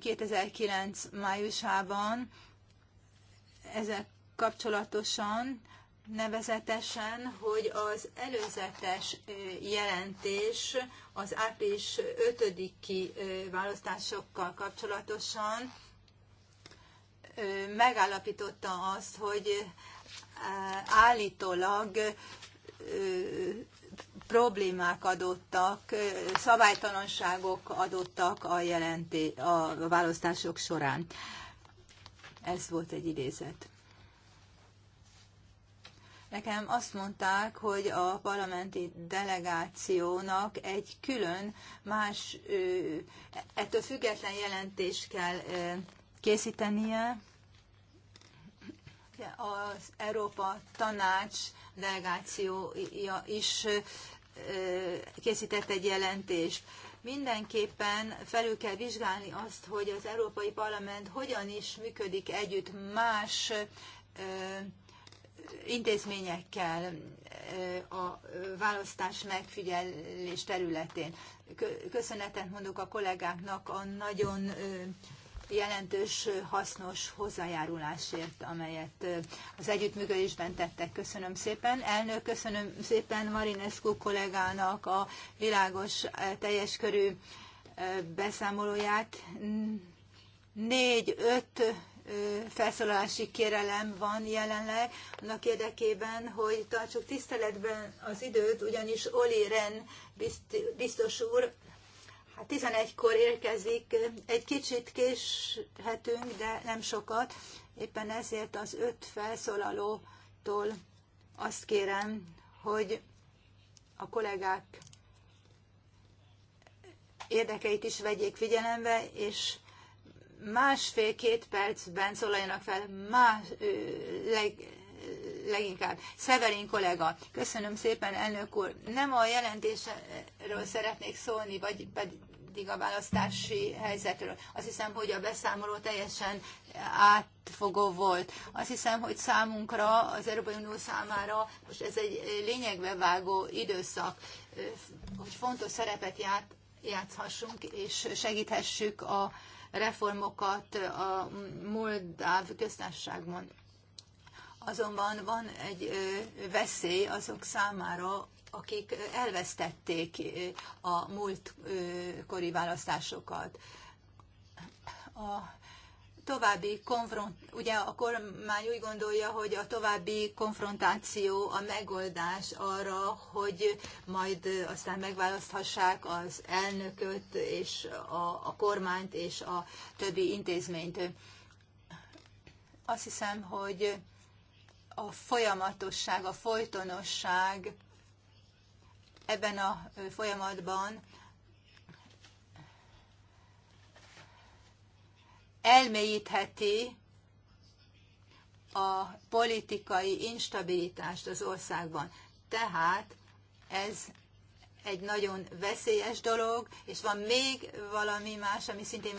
S3: 2009 májusában ezek kapcsolatosan, nevezetesen, hogy az előzetes jelentés az április 5-i választásokkal kapcsolatosan megállapította azt, hogy állítólag problémák adottak, szabálytalanságok adottak a, jelenté, a választások során. Ez volt egy idézet. Nekem azt mondták, hogy a parlamenti delegációnak egy külön, más, ettől független jelentést kell készítenie. Az Európa Tanács delegációja is készített egy jelentést. Mindenképpen felül kell vizsgálni azt, hogy az Európai Parlament hogyan is működik együtt más intézményekkel a választás megfigyelés területén. Köszönetet mondok a kollégáknak a nagyon jelentős, hasznos hozzájárulásért, amelyet az együttműködésben tettek. Köszönöm szépen. Elnök, köszönöm szépen Marinescu kollégának a világos, teljes körű beszámolóját. Négy-öt felszólalási kérelem van jelenleg, annak érdekében, hogy tartsuk tiszteletben az időt, ugyanis Oli Ren biztos úr hát 11-kor érkezik, egy kicsit késhetünk, de nem sokat, éppen ezért az öt felszólalótól azt kérem, hogy a kollégák érdekeit is vegyék figyelembe, és másfél-két percben szólaljanak fel más, leg, leginkább. Szeverin kollega, köszönöm szépen, elnök úr. Nem a jelentésről szeretnék szólni, vagy pedig a választási helyzetről. Azt hiszem, hogy a beszámoló teljesen átfogó volt. Azt hiszem, hogy számunkra, az Európai Unió számára most ez egy lényegbe vágó időszak, hogy fontos szerepet ját, játszhassunk, és segíthessük a reformokat a Moldáv köztársaságban. Azonban van egy veszély azok számára, akik elvesztették a múltkori választásokat. A további konfront, ugye a kormány úgy gondolja, hogy a további konfrontáció a megoldás arra, hogy majd aztán megválaszthassák az elnököt és a, a kormányt és a többi intézményt. Azt hiszem, hogy a folyamatosság, a folytonosság ebben a folyamatban elmélyítheti a politikai instabilitást az országban. Tehát ez egy nagyon veszélyes dolog, és van még valami más, ami szintén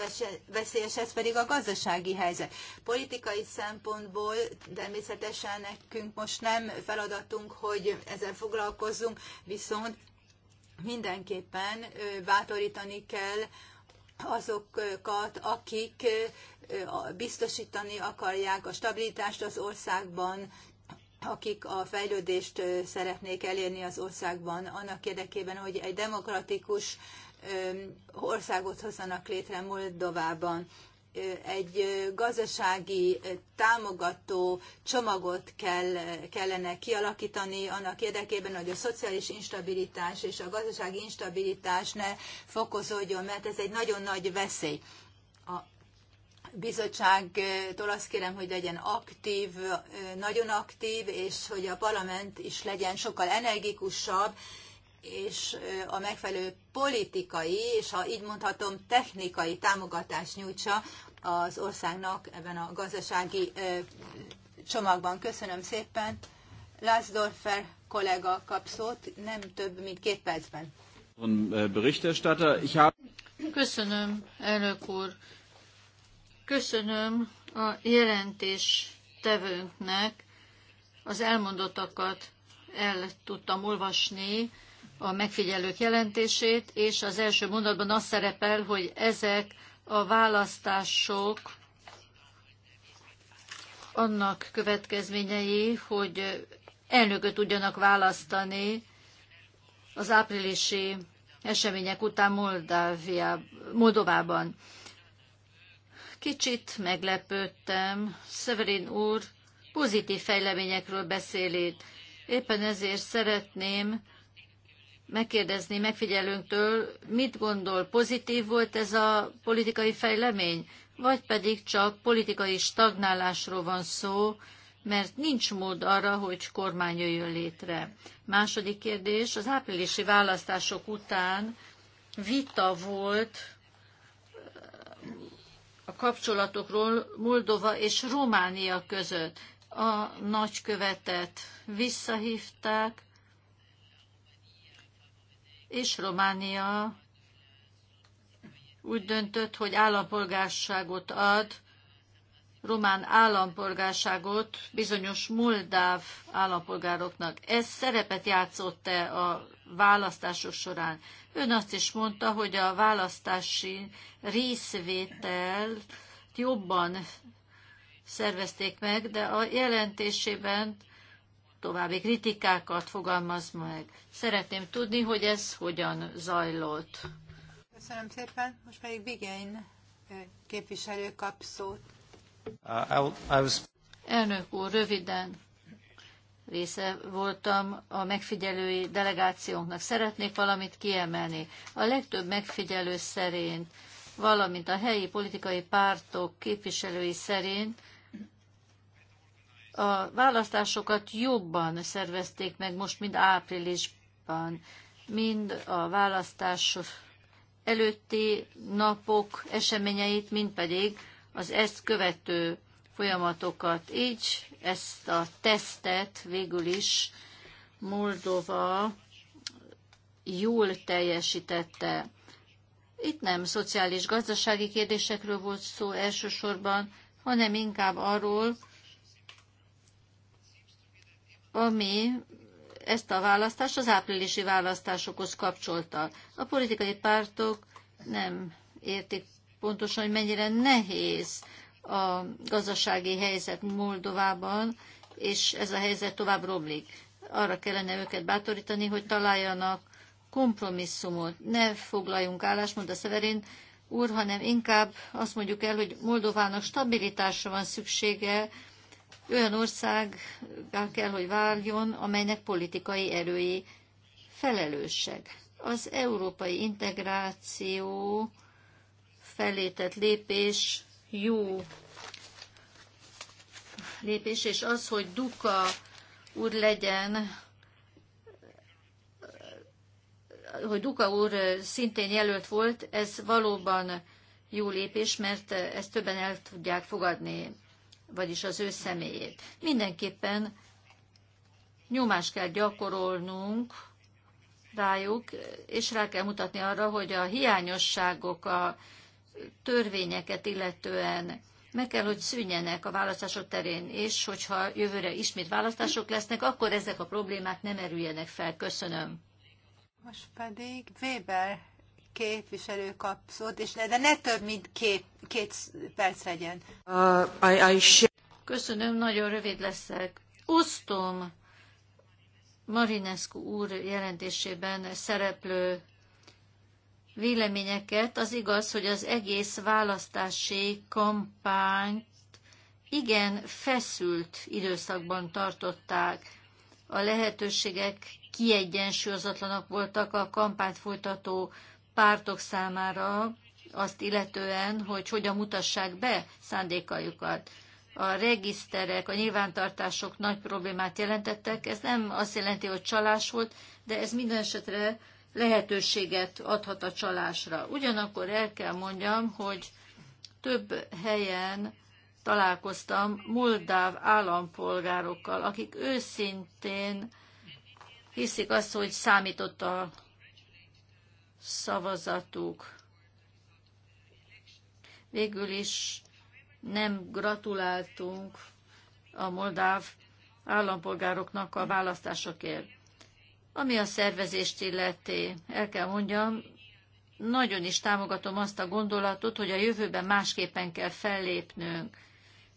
S3: veszélyes, ez pedig a gazdasági helyzet. Politikai szempontból természetesen nekünk most nem feladatunk, hogy ezzel foglalkozzunk, viszont mindenképpen bátorítani kell azokat, akik biztosítani akarják a stabilitást az országban, akik a fejlődést szeretnék elérni az országban, annak érdekében, hogy egy demokratikus országot hozzanak létre Moldovában egy gazdasági támogató csomagot kell, kellene kialakítani annak érdekében, hogy a szociális instabilitás és a gazdasági instabilitás ne fokozódjon, mert ez egy nagyon nagy veszély. A bizottságtól azt kérem, hogy legyen aktív, nagyon aktív, és hogy a parlament is legyen sokkal energikusabb, és a megfelelő politikai, és ha így mondhatom, technikai támogatást nyújtsa az országnak ebben a gazdasági csomagban. Köszönöm szépen. Lászdorfer kollega kap szót, nem több, mint két percben.
S2: Köszönöm, elnök úr. Köszönöm a jelentés tevőnknek az elmondottakat el tudtam olvasni, a megfigyelők jelentését, és az első mondatban az szerepel, hogy ezek a választások annak következményei, hogy elnököt tudjanak választani az áprilisi események után Moldávia, Moldovában. Kicsit meglepődtem. Severin úr pozitív fejleményekről beszélít. Éppen ezért szeretném megkérdezni megfigyelőnktől, mit gondol, pozitív volt ez a politikai fejlemény, vagy pedig csak politikai stagnálásról van szó, mert nincs mód arra, hogy kormány jöjjön létre. Második kérdés, az áprilisi választások után vita volt a kapcsolatokról Moldova és Románia között. A nagykövetet visszahívták, és Románia úgy döntött, hogy állampolgárságot ad, román állampolgárságot bizonyos moldáv állampolgároknak. Ez szerepet játszott-e a választások során? Ön azt is mondta, hogy a választási részvétel jobban szervezték meg, de a jelentésében további kritikákat fogalmaz meg. Szeretném tudni, hogy ez hogyan zajlott.
S3: Köszönöm szépen, most pedig Bigein képviselő kap szót.
S1: Uh, I was...
S2: Elnök úr, röviden része voltam a megfigyelői delegációnknak. Szeretnék valamit kiemelni. A legtöbb megfigyelő szerint, valamint a helyi politikai pártok képviselői szerint a választásokat jobban szervezték meg most, mint áprilisban, mind a választás előtti napok eseményeit, mind pedig az ezt követő folyamatokat. Így ezt a tesztet végül is Moldova jól teljesítette. Itt nem szociális-gazdasági kérdésekről volt szó elsősorban, hanem inkább arról, ami ezt a választást az áprilisi választásokhoz kapcsolta. A politikai pártok nem értik pontosan, hogy mennyire nehéz a gazdasági helyzet Moldovában, és ez a helyzet tovább romlik. Arra kellene őket bátorítani, hogy találjanak kompromisszumot. Ne foglaljunk állást, mondta Szeverén úr, hanem inkább azt mondjuk el, hogy Moldovának stabilitásra van szüksége, olyan országgá kell, hogy váljon, amelynek politikai erői felelősek. Az európai integráció felé tett lépés jó lépés, és az, hogy Duka úr legyen, hogy Duka úr szintén jelölt volt, ez valóban jó lépés, mert ezt többen el tudják fogadni vagyis az ő személyét. Mindenképpen nyomást kell gyakorolnunk rájuk, és rá kell mutatni arra, hogy a hiányosságok, a törvényeket illetően meg kell, hogy szűnjenek a választások terén, és hogyha jövőre ismét választások lesznek, akkor ezek a problémák nem erüljenek fel. Köszönöm.
S3: Most pedig Weber képviselő kap szót, és ne, de ne több, mint két, két perc legyen.
S2: Uh, I, I Köszönöm, nagyon rövid leszek. Osztom Marinescu úr jelentésében szereplő véleményeket. Az igaz, hogy az egész választási kampányt igen feszült időszakban tartották. A lehetőségek kiegyensúlyozatlanak voltak a kampányt folytató pártok számára azt illetően, hogy hogyan mutassák be szándékaikat. A regiszterek, a nyilvántartások nagy problémát jelentettek. Ez nem azt jelenti, hogy csalás volt, de ez minden esetre lehetőséget adhat a csalásra. Ugyanakkor el kell mondjam, hogy több helyen találkoztam moldáv állampolgárokkal, akik őszintén hiszik azt, hogy számított a szavazatuk végül is nem gratuláltunk a moldáv állampolgároknak a választásokért. Ami a szervezést illeti, el kell mondjam, nagyon is támogatom azt a gondolatot, hogy a jövőben másképpen kell fellépnünk.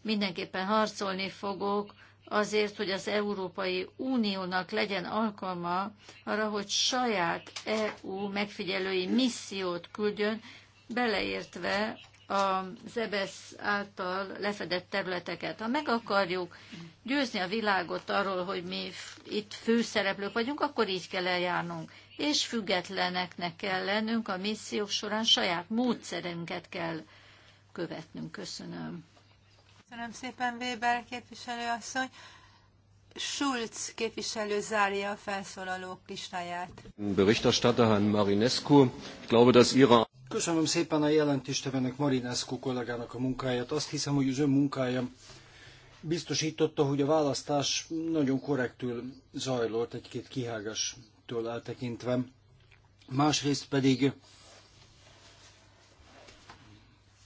S2: Mindenképpen harcolni fogok azért, hogy az Európai Uniónak legyen alkalma arra, hogy saját EU megfigyelői missziót küldjön, beleértve az EBESZ által lefedett területeket. Ha meg akarjuk győzni a világot arról, hogy mi itt főszereplők vagyunk, akkor így kell eljárnunk. És függetleneknek kell lennünk a missziók során, saját módszerünket kell követnünk. Köszönöm.
S3: Köszönöm szépen, Weber képviselő asszony. Schulz képviselő zárja a felszólalók listáját.
S2: Berichterstatter Herrn Marinescu, ich glaube, dass Ihre...
S3: Köszönöm szépen
S1: a jelentéstevenek Marinescu kollégának a munkáját. Azt hiszem, hogy az ön munkája biztosította, hogy a választás nagyon korrektül zajlott egy-két kihágástól eltekintve. Másrészt pedig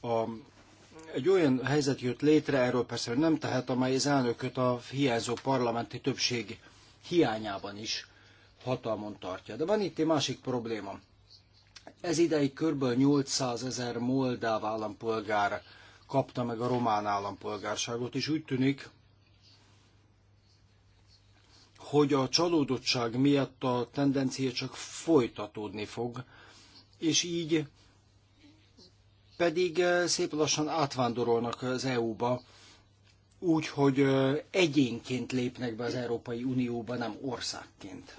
S1: a egy olyan helyzet jött létre, erről persze nem tehet, amely az elnököt a hiányzó parlamenti többség hiányában is hatalmon tartja. De van itt egy másik probléma. Ez ideig kb. 800 ezer moldáv állampolgár kapta meg a román állampolgárságot, és úgy tűnik, hogy a csalódottság miatt a tendencia csak folytatódni fog, és így pedig szép lassan átvándorolnak az EU-ba, úgy, hogy egyénként lépnek be az Európai Unióba, nem országként.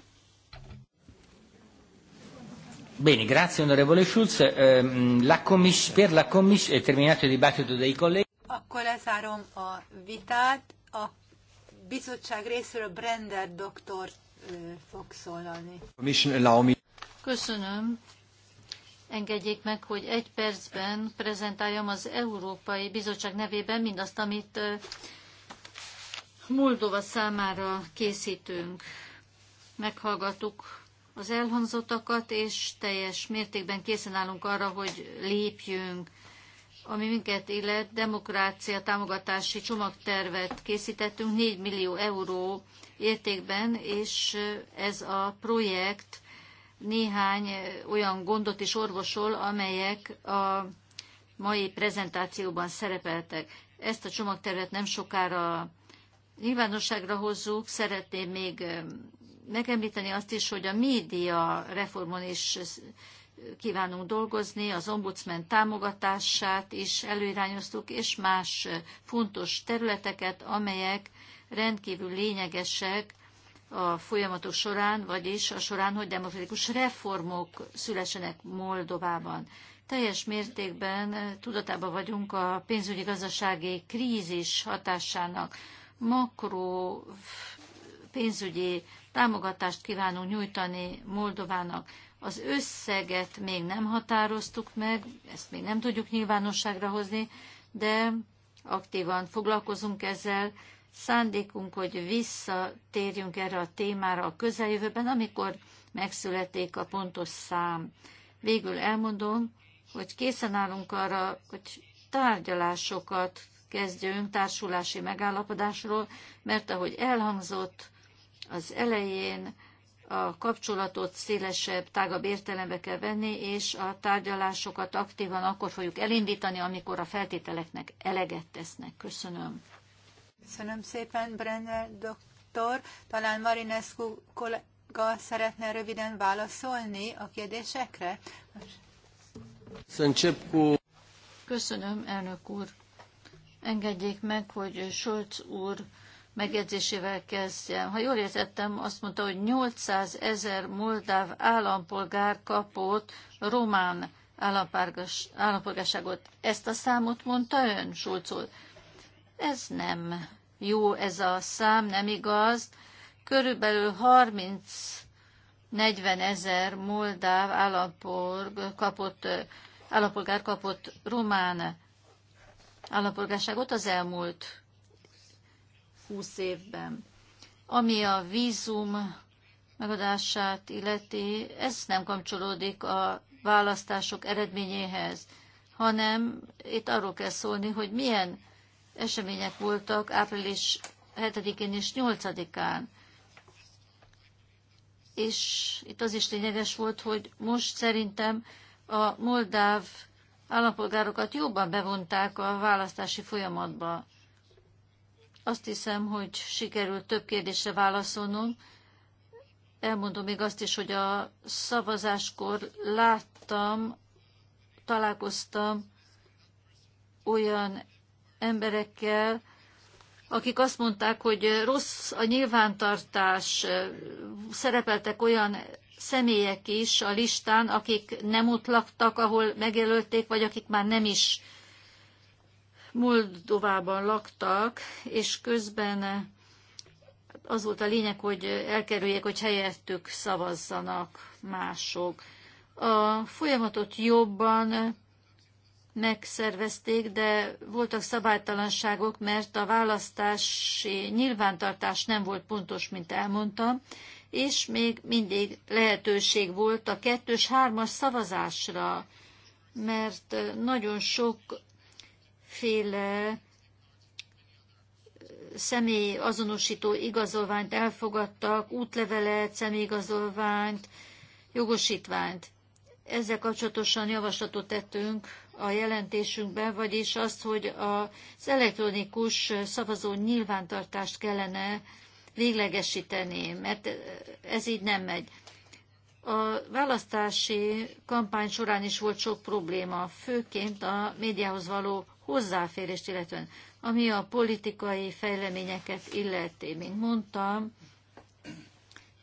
S1: Bene, grazie onorevole Schulz. Ehm, la commis, per la commis è terminato il dibattito dei colleghi.
S3: Akkor lezárom a vitát. A bizottság részéről Brender doktor fog szólalni.
S2: Köszönöm. Engedjék meg, hogy egy percben prezentáljam az Európai Bizottság nevében mindazt, amit Moldova számára készítünk. Meghallgattuk az elhangzottakat, és teljes mértékben készen állunk arra, hogy lépjünk ami minket illet, demokrácia támogatási csomagtervet készítettünk 4 millió euró értékben, és ez a projekt néhány olyan gondot is orvosol, amelyek a mai prezentációban szerepeltek. Ezt a csomagtervet nem sokára nyilvánosságra hozzuk. Szeretném még megemlíteni azt is, hogy a média reformon is kívánunk dolgozni, az ombudsman támogatását is előirányoztuk, és más fontos területeket, amelyek rendkívül lényegesek a folyamatok során, vagyis a során, hogy demokratikus reformok szülessenek Moldovában. Teljes mértékben tudatában vagyunk a pénzügyi gazdasági krízis hatásának. Makro pénzügyi támogatást kívánunk nyújtani Moldovának. Az összeget még nem határoztuk meg, ezt még nem tudjuk nyilvánosságra hozni, de aktívan foglalkozunk ezzel, szándékunk, hogy visszatérjünk erre a témára a közeljövőben, amikor megszületik a pontos szám. Végül elmondom, hogy készen állunk arra, hogy tárgyalásokat kezdjünk társulási megállapodásról, mert ahogy elhangzott az elején, a kapcsolatot szélesebb, tágabb értelembe kell venni, és a tárgyalásokat aktívan akkor fogjuk elindítani, amikor a feltételeknek eleget tesznek. Köszönöm.
S3: Köszönöm szépen, Brenner doktor. Talán Marinescu kollega szeretne röviden válaszolni a kérdésekre?
S2: Köszönöm, elnök úr. Engedjék meg, hogy Solc úr megjegyzésével kezdjem. Ha jól értettem, azt mondta, hogy 800 ezer moldáv állampolgár kapott román állampolgárságot. Ezt a számot mondta ön, Schulz úr? Ez nem jó ez a szám, nem igaz. Körülbelül 30 40 ezer moldáv kapott, állampolgár kapott román állampolgárságot az elmúlt 20 évben. Ami a vízum megadását illeti, ez nem kapcsolódik a választások eredményéhez, hanem itt arról kell szólni, hogy milyen események voltak április 7-én és 8-án. És itt az is lényeges volt, hogy most szerintem a moldáv állampolgárokat jobban bevonták a választási folyamatba. Azt hiszem, hogy sikerült több kérdésre válaszolnom. Elmondom még azt is, hogy a szavazáskor láttam, találkoztam olyan emberekkel, akik azt mondták, hogy rossz a nyilvántartás, szerepeltek olyan személyek is a listán, akik nem ott laktak, ahol megjelölték, vagy akik már nem is Moldovában laktak, és közben az volt a lényeg, hogy elkerüljék, hogy helyettük szavazzanak mások. A folyamatot jobban megszervezték, de voltak szabálytalanságok, mert a választási nyilvántartás nem volt pontos, mint elmondtam, és még mindig lehetőség volt a kettős hármas szavazásra, mert nagyon sokféle személy azonosító igazolványt elfogadtak, útlevelet, személyigazolványt, jogosítványt ezzel kapcsolatosan javaslatot tettünk a jelentésünkben, vagyis azt, hogy az elektronikus szavazó nyilvántartást kellene véglegesíteni, mert ez így nem megy. A választási kampány során is volt sok probléma, főként a médiához való hozzáférést illetően, ami a politikai fejleményeket illeti. Mint mondtam,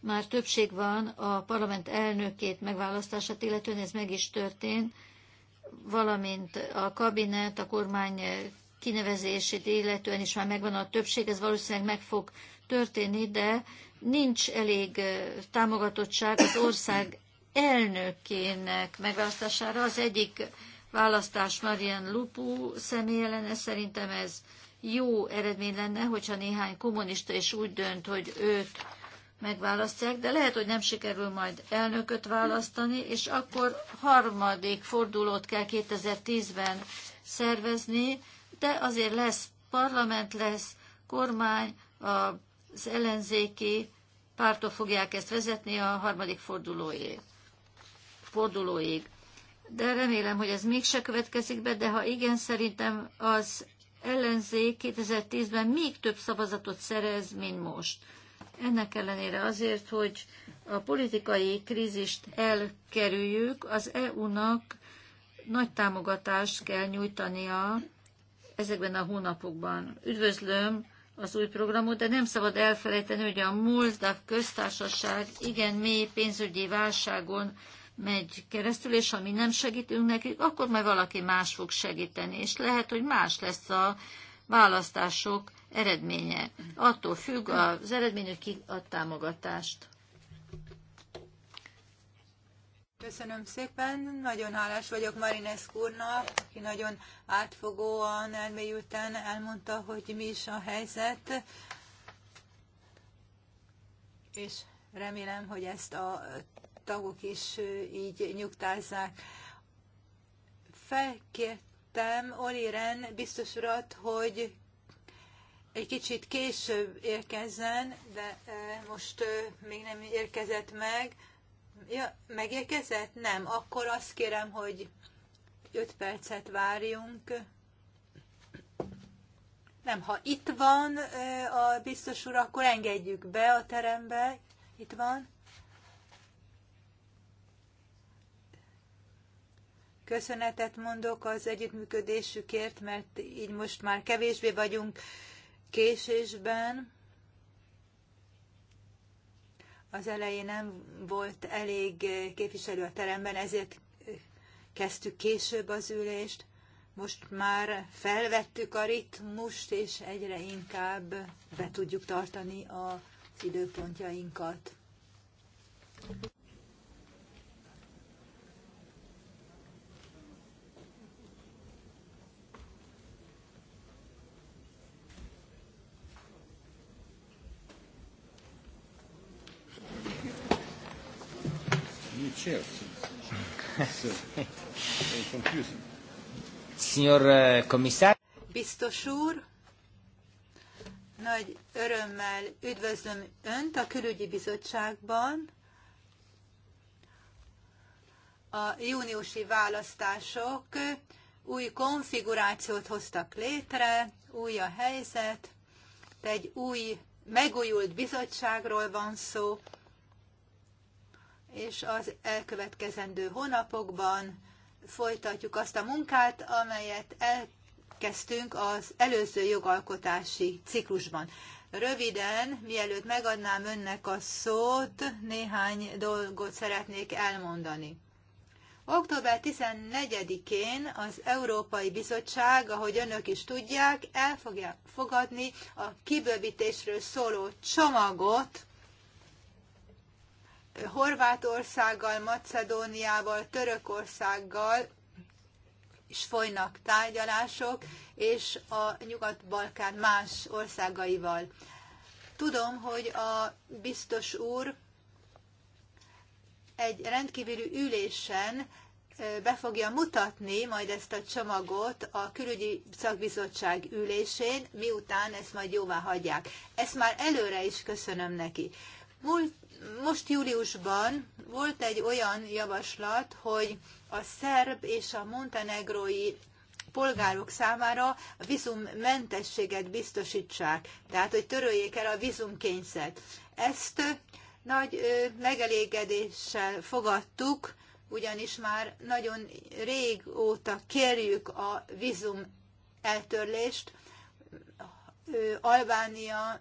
S2: már többség van a parlament elnökét megválasztását, illetően ez meg is történt, valamint a kabinet, a kormány kinevezését illetően is már megvan a többség, ez valószínűleg meg fog történni, de nincs elég támogatottság az ország elnökének megválasztására. Az egyik választás Marian Lupu személye lenne, szerintem ez jó eredmény lenne, hogyha néhány kommunista is úgy dönt, hogy őt megválasztják, de lehet, hogy nem sikerül majd elnököt választani, és akkor harmadik fordulót kell 2010-ben szervezni, de azért lesz parlament, lesz kormány, az ellenzéki pártok fogják ezt vezetni a harmadik fordulóig. fordulóig. De remélem, hogy ez mégse következik be, de ha igen, szerintem az ellenzék 2010-ben még több szavazatot szerez, mint most. Ennek ellenére azért, hogy a politikai krízist elkerüljük, az EU-nak nagy támogatást kell nyújtania ezekben a hónapokban. Üdvözlöm az új programot, de nem szabad elfelejteni, hogy a Moldav köztársaság igen mély pénzügyi válságon megy keresztül, és ha mi nem segítünk nekik, akkor majd valaki más fog segíteni, és lehet, hogy más lesz a választások eredménye. Attól függ az eredmény, hogy ki ad támogatást.
S3: Köszönöm szépen, nagyon hálás vagyok Marines úrnak, aki nagyon átfogóan elmélyülten elmondta, hogy mi is a helyzet, és remélem, hogy ezt a tagok is így nyugtázzák. Felkért kértem Oli Ren biztos urat, hogy egy kicsit később érkezzen, de most még nem érkezett meg. Ja, megérkezett? Nem. Akkor azt kérem, hogy 5 percet várjunk. Nem, ha itt van a biztos ura, akkor engedjük be a terembe. Itt van. köszönetet mondok az együttműködésükért, mert így most már kevésbé vagyunk késésben. Az elején nem volt elég képviselő a teremben, ezért kezdtük később az ülést. Most már felvettük a ritmust, és egyre inkább be tudjuk tartani az időpontjainkat.
S1: Signor eh,
S3: Biztos úr, nagy örömmel üdvözlöm Önt a külügyi bizottságban. A júniusi választások új konfigurációt hoztak létre, új a helyzet, egy új megújult bizottságról van szó, és az elkövetkezendő hónapokban folytatjuk azt a munkát, amelyet elkezdtünk az előző jogalkotási ciklusban. Röviden, mielőtt megadnám önnek a szót, néhány dolgot szeretnék elmondani. Október 14-én az Európai Bizottság, ahogy önök is tudják, el fogja fogadni a kibővítésről szóló csomagot, Horvátországgal, Macedóniával, Törökországgal is folynak tárgyalások, és a Nyugat-Balkán más országaival. Tudom, hogy a biztos úr egy rendkívüli ülésen be fogja mutatni majd ezt a csomagot a külügyi szakbizottság ülésén, miután ezt majd jóvá hagyják. Ezt már előre is köszönöm neki. Múlt most júliusban volt egy olyan javaslat, hogy a szerb és a montenegrói polgárok számára a vízummentességet biztosítsák, tehát hogy töröljék el a vízumkényszert. Ezt nagy megelégedéssel fogadtuk, ugyanis már nagyon régóta kérjük a vízum eltörlést, Albánia,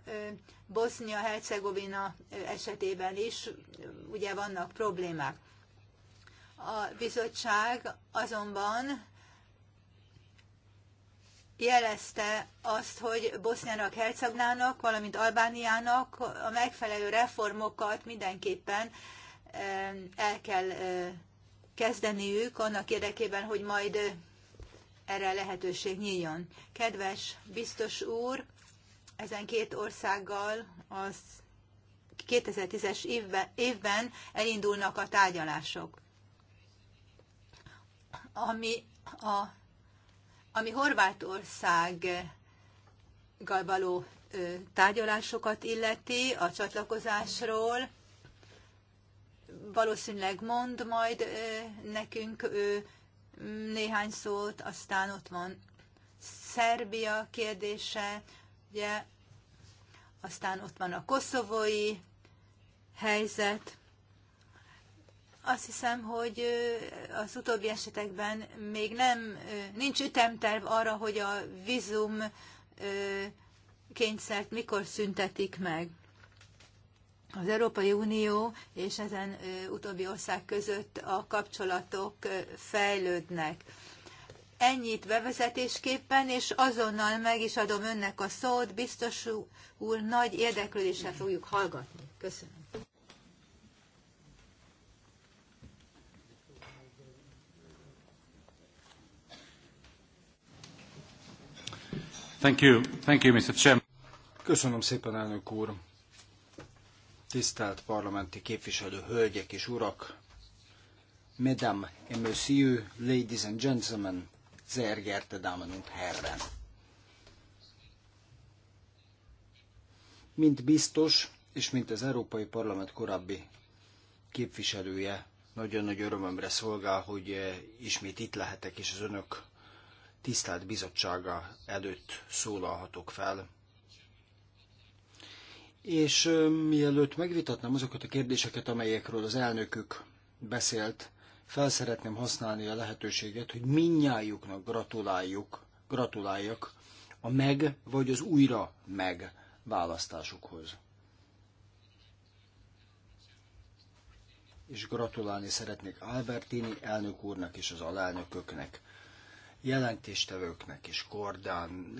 S3: Bosznia-Hercegovina esetében is ugye vannak problémák. A bizottság azonban jelezte azt, hogy Boszniának, Hercegnának, valamint Albániának a megfelelő reformokat mindenképpen el kell kezdeniük annak érdekében, hogy majd erre lehetőség nyíljon. Kedves biztos úr, ezen két országgal az 2010-es évben, évben elindulnak a tárgyalások. Ami, a, ami Horvátországgal való tárgyalásokat illeti a csatlakozásról, valószínűleg mond majd nekünk néhány szót, aztán ott van Szerbia kérdése, ugye, aztán ott van a koszovói helyzet. Azt hiszem, hogy az utóbbi esetekben még nem, nincs ütemterv arra, hogy a vízum kényszert mikor szüntetik meg. Az Európai Unió és ezen utóbbi ország között a kapcsolatok fejlődnek. Ennyit bevezetésképpen, és azonnal meg is adom önnek a szót, biztos úr, nagy érdeklődéssel fogjuk hallgatni. Köszönöm. Thank you. Thank you, Mr. Chairman.
S1: Köszönöm szépen, elnök úr. Tisztelt parlamenti képviselő hölgyek és urak, Mesdames et Messieurs, Ladies and Gentlemen, sehr geehrte Damen und Herren! Mint biztos, és mint az Európai Parlament korábbi képviselője, nagyon nagy örömömre szolgál, hogy eh, ismét itt lehetek, és az önök tisztelt bizottsága előtt szólalhatok fel. És eh, mielőtt megvitatnám azokat a kérdéseket, amelyekről az elnökük beszélt, fel szeretném használni a lehetőséget, hogy minnyájuknak gratuláljuk, gratuláljak a meg vagy az újra meg választásukhoz. És gratulálni szeretnék Albertini elnök úrnak és az alelnököknek, jelentéstevőknek és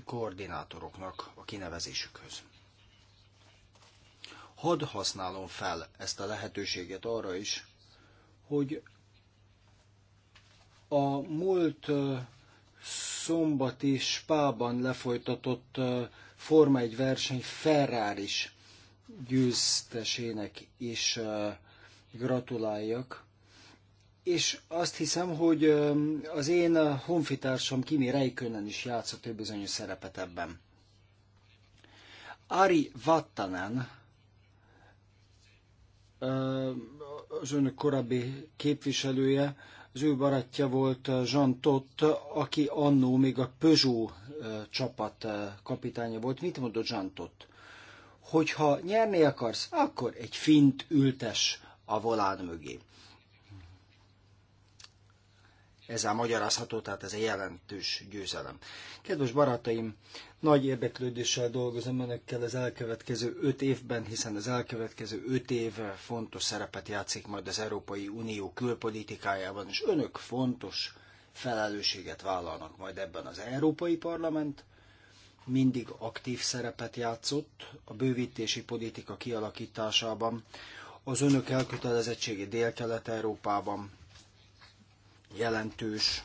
S1: koordinátoroknak a kinevezésükhöz. Hadd használom fel ezt a lehetőséget arra is, hogy a múlt szombati Spában lefolytatott Forma 1 verseny ferrari győztesének is gratuláljak. És azt hiszem, hogy az én honfitársam Kimi Räikkönen is játszott egy bizonyos szerepet ebben. Ari Vattanen, az önök korábbi képviselője, az ő barátja volt eh, Jean Tott, aki annó még a Peugeot eh, csapat eh, kapitánya volt. Mit mondott Jean Tott? Hogyha nyerni akarsz, akkor egy fint ültes a volád mögé ezzel magyarázható, tehát ez egy jelentős győzelem. Kedves barátaim, nagy érdeklődéssel dolgozom önökkel az elkövetkező öt évben, hiszen az elkövetkező öt év fontos szerepet játszik majd az Európai Unió külpolitikájában, és önök fontos felelősséget vállalnak majd ebben az Európai Parlament, mindig aktív szerepet játszott a bővítési politika kialakításában, az önök elkötelezettségi Dél-Kelet-Európában, jelentős.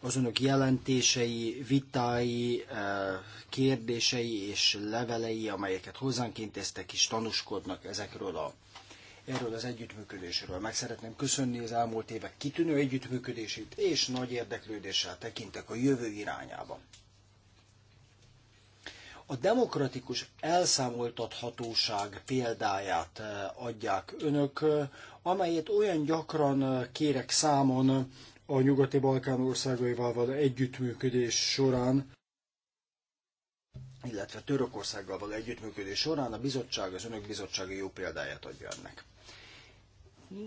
S1: Az önök jelentései, vitái, eh, kérdései és levelei, amelyeket hozzánk intéztek is tanúskodnak ezekről a erről az együttműködésről. Meg szeretném köszönni az elmúlt évek kitűnő együttműködését, és nagy érdeklődéssel tekintek a jövő irányába. A demokratikus elszámoltathatóság példáját eh, adják önök, amelyet olyan gyakran eh, kérek számon a nyugati Balkán országaival való együttműködés során, illetve Törökországgal való együttműködés során a bizottság, az önök bizottsági jó példáját adja ennek.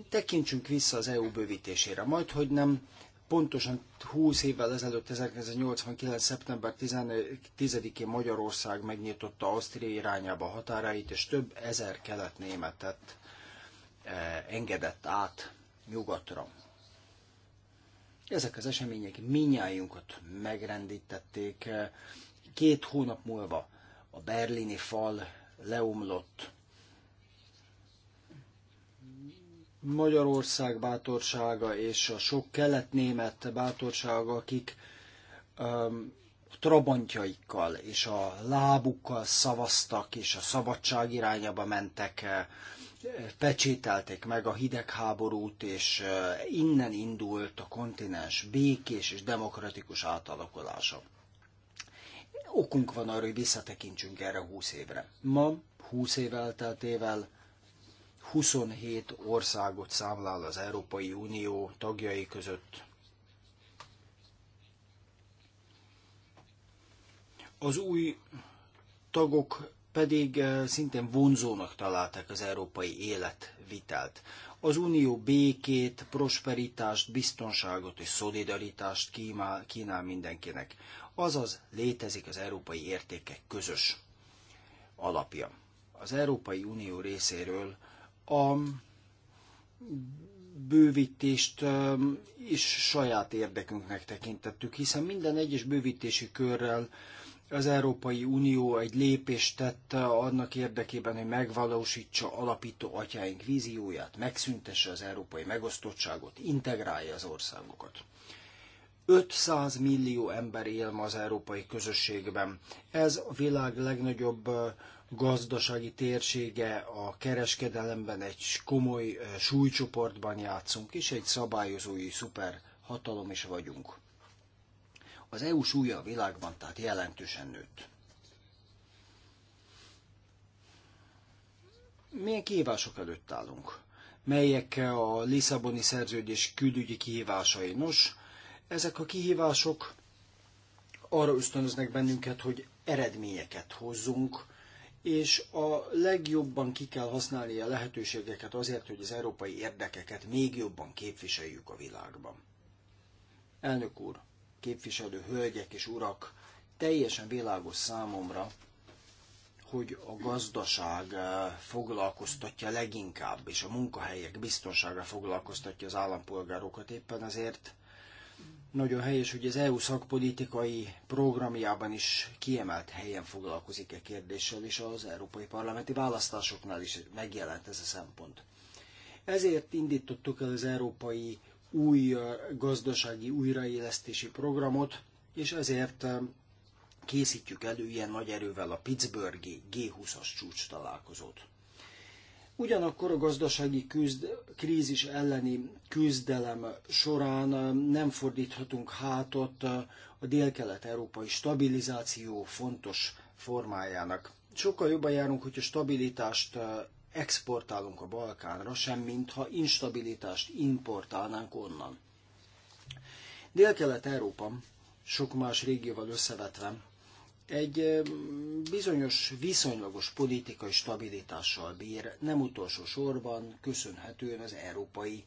S1: Tekintsünk vissza az EU bővítésére, majd hogy nem pontosan 20 évvel ezelőtt, 1989. szeptember 10-én Magyarország megnyitotta Ausztria irányába határait, és több ezer kelet-németet eh, engedett át nyugatra. Ezek az események minnyájunkat megrendítették. Két hónap múlva a berlini fal leomlott. Magyarország bátorsága és a sok kelet-német bátorsága, akik um, trabantjaikkal és a lábukkal szavaztak, és a szabadság irányába mentek, pecsételték meg a hidegháborút, és innen indult a kontinens békés és demokratikus átalakulása. Okunk van arra, hogy visszatekintsünk erre 20 évre. Ma, 20 év elteltével, 27 országot számlál az Európai Unió tagjai között. Az új tagok pedig eh, szintén vonzónak találták az európai életvitelt. Az unió békét, prosperitást, biztonságot és szolidaritást kínál, mindenkinek. Azaz létezik az európai értékek közös alapja. Az Európai Unió részéről a bővítést ehm, is saját érdekünknek tekintettük, hiszen minden egyes bővítési körrel az Európai Unió egy lépést tette annak érdekében, hogy megvalósítsa alapító atyáink vízióját, megszüntesse az európai megosztottságot, integrálja az országokat. 500 millió ember él ma az európai közösségben. Ez a világ legnagyobb gazdasági térsége, a kereskedelemben egy komoly súlycsoportban játszunk, és egy szabályozói szuperhatalom is vagyunk. Az EU súlya a világban tehát jelentősen nőtt. Milyen kihívások előtt állunk? Melyek a Lisszaboni szerződés külügyi kihívásai? Nos, ezek a kihívások arra ösztönöznek bennünket, hogy eredményeket hozzunk, és a legjobban ki kell használni a lehetőségeket azért, hogy az európai érdekeket még jobban képviseljük a világban. Elnök úr, képviselő hölgyek és urak, teljesen világos számomra, hogy a gazdaság eh, foglalkoztatja leginkább, és a munkahelyek biztonsága foglalkoztatja az állampolgárokat. Éppen ezért nagyon helyes, hogy az EU szakpolitikai programjában is kiemelt helyen foglalkozik e kérdéssel, és az európai parlamenti választásoknál is megjelent ez a szempont. Ezért indítottuk el az európai új gazdasági újraélesztési programot, és ezért készítjük elő ilyen nagy erővel a Pittsburghi G20-as csúcs találkozót. Ugyanakkor a gazdasági küzd, krízis elleni küzdelem során nem fordíthatunk hátat a délkelet-európai stabilizáció fontos formájának. Sokkal jobban járunk, hogy a stabilitást exportálunk a Balkánra, sem mintha instabilitást importálnánk onnan. Dél-Kelet-Európa sok más régióval összevetve egy bizonyos viszonylagos politikai stabilitással bír, nem utolsó sorban köszönhetően az európai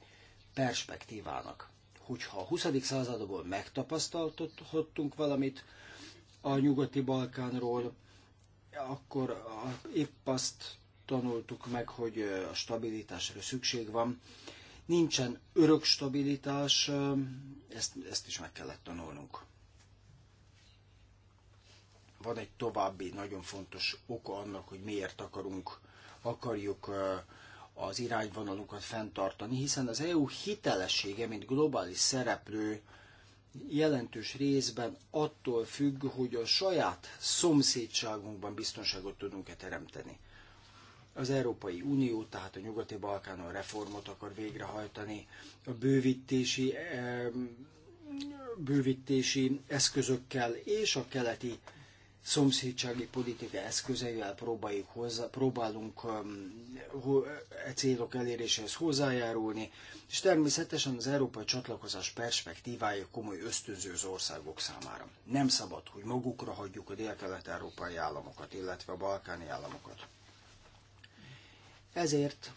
S1: perspektívának. Hogyha a 20. századból megtapasztaltottunk valamit a nyugati Balkánról, akkor épp azt tanultuk meg, hogy a stabilitásra szükség van. Nincsen örök stabilitás, ezt, ezt is meg kellett tanulnunk. Van egy további nagyon fontos oka annak, hogy miért akarunk, akarjuk az irányvonalunkat fenntartani, hiszen az EU hitelessége, mint globális szereplő, jelentős részben attól függ, hogy a saját szomszédságunkban biztonságot tudunk-e teremteni. Az Európai Unió, tehát a nyugati Balkánon reformot akar végrehajtani, a bővítési, bővítési eszközökkel és a keleti szomszédsági politika eszközeivel próbáljuk hozzá, próbálunk e célok eléréséhez hozzájárulni, és természetesen az európai csatlakozás perspektívája komoly ösztönző az országok számára. Nem szabad, hogy magukra hagyjuk a dél-kelet-európai államokat, illetve a balkáni államokat. Ezért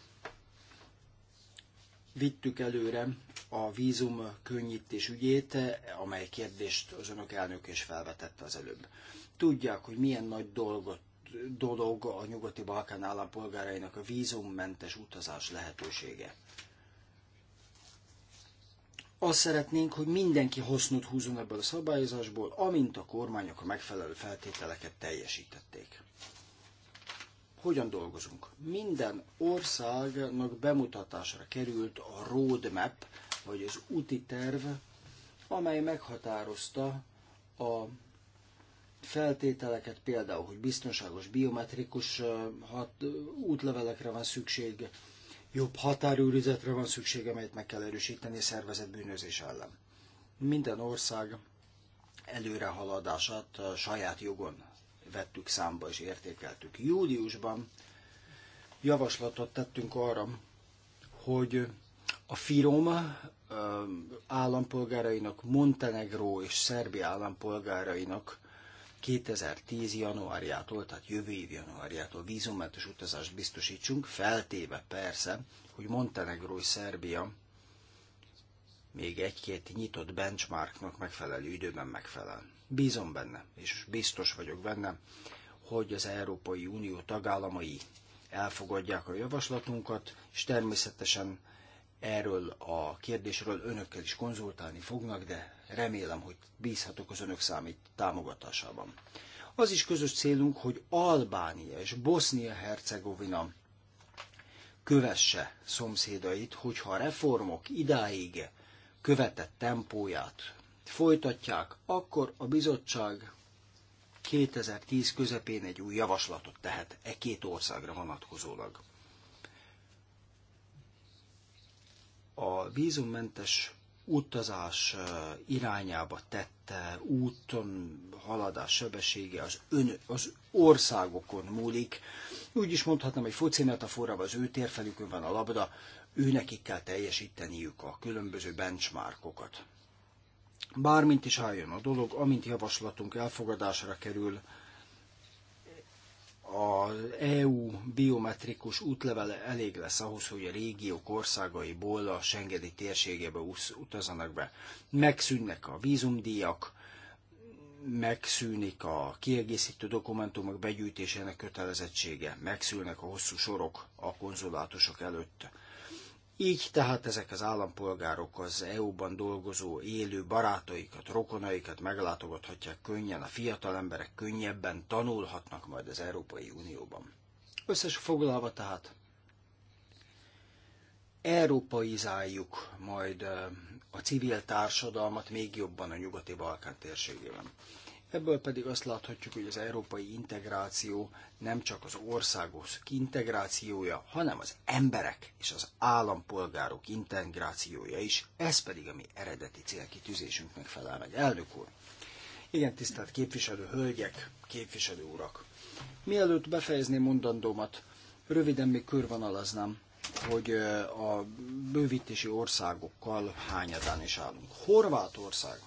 S1: vittük előre a vízum könnyítés ügyét, amely kérdést az önök elnök is felvetette az előbb. Tudják, hogy milyen nagy dolgot, dolog a Nyugati-Balkán állampolgárainak a vízummentes utazás lehetősége. Azt szeretnénk, hogy mindenki hasznot húzon ebből a szabályozásból, amint a kormányok a megfelelő feltételeket teljesítették hogyan dolgozunk. Minden országnak bemutatásra került a roadmap, vagy az úti terv, amely meghatározta a feltételeket, például, hogy biztonságos biometrikus hat, útlevelekre van szükség, jobb határőrizetre van szükség, amelyet meg kell erősíteni a szervezet bűnözés ellen. Minden ország előrehaladását saját jogon vettük számba és értékeltük. Júliusban javaslatot tettünk arra, hogy a FIROM állampolgárainak, Montenegró és Szerbi állampolgárainak 2010. januárjától, tehát jövő év januárjától vízummentes utazást biztosítsunk, feltéve persze, hogy Montenegró és Szerbia még egy-két nyitott benchmarknak megfelelő időben megfelel. Bízom benne, és biztos vagyok benne, hogy az Európai Unió tagállamai elfogadják a javaslatunkat, és természetesen erről a kérdésről önökkel is konzultálni fognak, de remélem, hogy bízhatok az önök számít támogatásában. Az is közös célunk, hogy Albánia és bosnia hercegovina kövesse szomszédait, hogyha a reformok idáig követett tempóját folytatják, akkor a bizottság 2010 közepén egy új javaslatot tehet e két országra vonatkozólag. A vízummentes utazás eh, irányába tett úton haladás sebessége az, ön, az országokon múlik. Úgy is mondhatnám, hogy foci a az ő térfelükön van a labda, őnekik kell teljesíteniük a különböző benchmarkokat. Bármint is álljon a dolog, amint javaslatunk elfogadásra kerül, az EU biometrikus útlevele elég lesz ahhoz, hogy a régiók országaiból a Schengeni térségébe utazanak be. Megszűnnek a vízumdíjak, megszűnik a kiegészítő dokumentumok begyűjtésének kötelezettsége, megszűnnek a hosszú sorok a konzulátusok előtt. Így tehát ezek az állampolgárok az EU-ban dolgozó élő barátaikat, rokonaikat meglátogathatják könnyen, a fiatal emberek könnyebben tanulhatnak majd az Európai Unióban. Összes foglalva tehát európaizáljuk majd a civil társadalmat még jobban a nyugati Balkán térségében. Ebből pedig azt láthatjuk, hogy az európai integráció nem csak az országos integrációja, hanem az emberek és az állampolgárok integrációja is. Ez pedig a mi eredeti célkitűzésünknek felel meg. Elnök úr! Igen, tisztelt képviselő hölgyek, képviselő urak! Mielőtt befejezném mondandómat, röviden még körvonalaznám, hogy a bővítési országokkal hányadán is állunk. Horvátország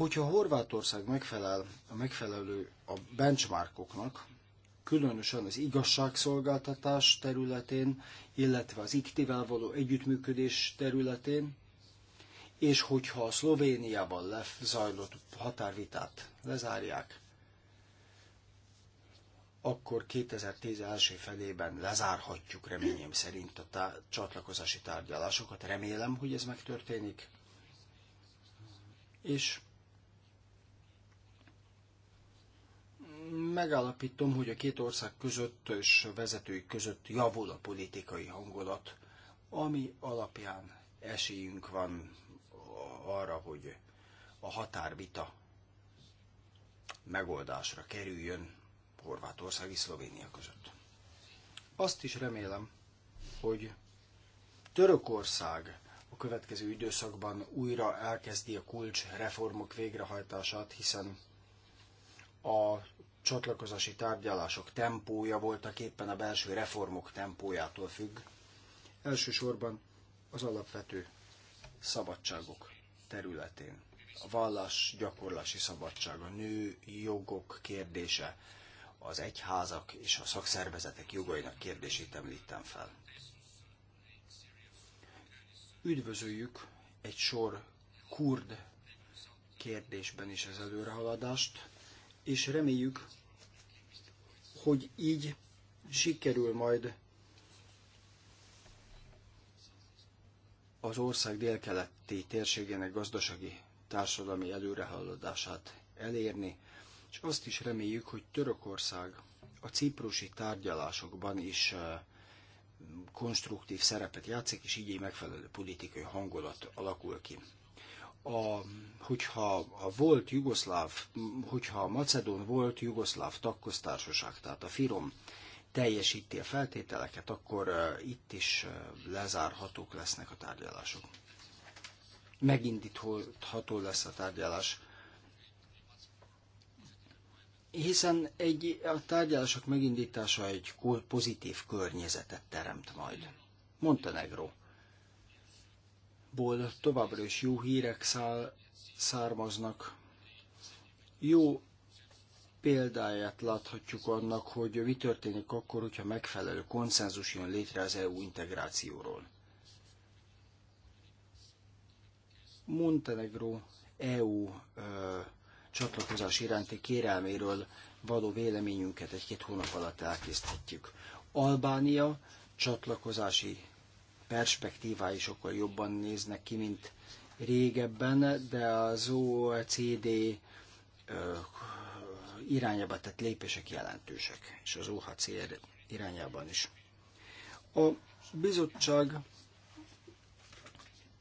S1: Hogyha Horvátország megfelel a megfelelő a benchmarkoknak, különösen az igazságszolgáltatás területén, illetve az iktivel való együttműködés területén, és hogyha a Szlovéniában lezajlott határvitát lezárják, akkor 2010 első felében lezárhatjuk reményem szerint a tá- csatlakozási tárgyalásokat. Remélem, hogy ez megtörténik. És megállapítom, hogy a két ország között és vezetői között javul a politikai hangulat, ami alapján esélyünk van arra, hogy a határvita megoldásra kerüljön Horvátország és Szlovénia között. Azt is remélem, hogy Törökország a következő időszakban újra elkezdi a kulcs reformok végrehajtását, hiszen a csatlakozási tárgyalások tempója voltak éppen a belső reformok tempójától függ. Elsősorban az alapvető szabadságok területén. A vallás gyakorlási szabadság, a nő jogok kérdése, az egyházak és a szakszervezetek jogainak kérdését említem fel. Üdvözöljük egy sor kurd kérdésben is az előrehaladást, és reméljük, hogy így sikerül majd az ország délkeleti térségének gazdasági társadalmi előrehaladását elérni, és azt is reméljük, hogy Törökország a ciprusi tárgyalásokban is konstruktív szerepet játszik, és így egy megfelelő politikai hangulat alakul ki a, hogyha a volt jugoszláv, hogyha a macedón volt jugoszláv tagköztársaság, tehát a Firom teljesíti a feltételeket, akkor uh, itt is uh, lezárhatók lesznek a tárgyalások. Megindítható lesz a tárgyalás. Hiszen egy, a tárgyalások megindítása egy pozitív környezetet teremt majd. Montenegro ból továbbra is jó hírek szál, származnak. Jó példáját láthatjuk annak, hogy mi történik akkor, hogyha megfelelő konszenzus jön létre az EU integrációról. Montenegro EU ö, csatlakozás iránti kérelméről való véleményünket egy-két hónap alatt elkészíthetjük. Albánia csatlakozási perspektívái sokkal jobban néznek ki, mint régebben, de az OECD irányába tett lépések jelentősek, és az OHCR irányában is. A bizottság,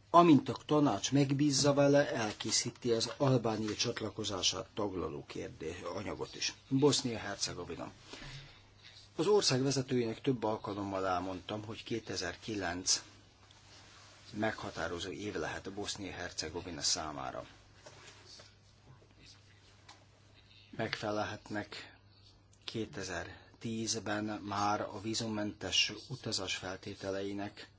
S1: amint a tanács megbízza vele, elkészíti az Albánia csatlakozását taglaló kérdés, anyagot is. Bosznia-Hercegovina. Az ország vezetőjének több alkalommal elmondtam, hogy 2009 meghatározó év lehet a Bosznia-Hercegovina számára. Megfelelhetnek 2010-ben már a vízummentes utazás feltételeinek,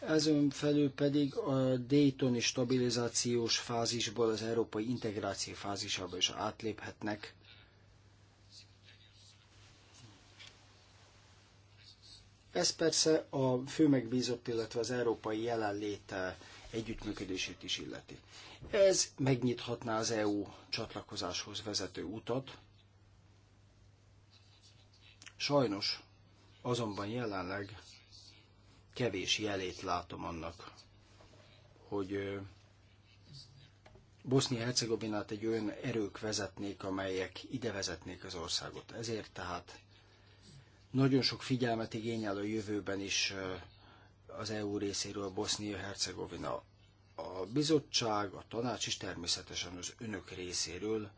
S1: ezen felül pedig a Daytoni stabilizációs fázisból az európai integráció fázisába is átléphetnek, Ez persze a fő megbízott, illetve az európai jelenléte együttműködését is illeti. Ez megnyithatná az EU csatlakozáshoz vezető utat. Sajnos azonban jelenleg kevés jelét látom annak, hogy Bosznia-Hercegovinát egy olyan erők vezetnék, amelyek ide vezetnék az országot. Ezért tehát nagyon sok figyelmet igényel a jövőben is az EU részéről Bosznia-Hercegovina. A bizottság, a tanács is természetesen az önök részéről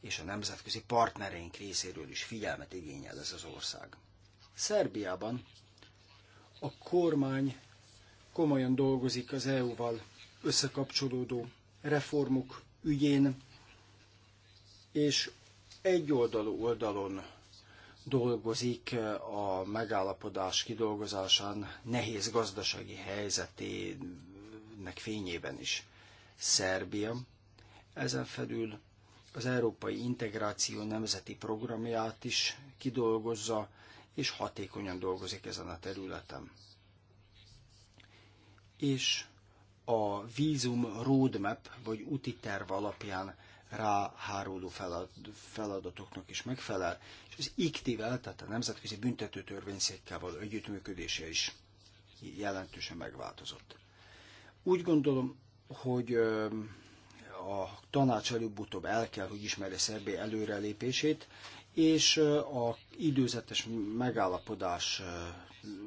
S1: és a nemzetközi partnereink részéről is figyelmet igényel ez az ország. Szerbiában a kormány komolyan dolgozik az EU-val összekapcsolódó reformok ügyén, és egyoldalú oldalon dolgozik eh, a megállapodás kidolgozásán nehéz gazdasági helyzetének fényében is. Szerbia ezen felül az Európai Integráció Nemzeti Programját is kidolgozza, és hatékonyan dolgozik ezen a területen. És a vízum roadmap, vagy úti alapján ráháródó feladatoknak is megfelel, és az iktivel, tehát a Nemzetközi Büntető Törvényszékkel való együttműködése is jelentősen megváltozott. Úgy gondolom, hogy a tanács előbb-utóbb el kell, hogy ismerje Szerbé előrelépését, és a időzetes megállapodás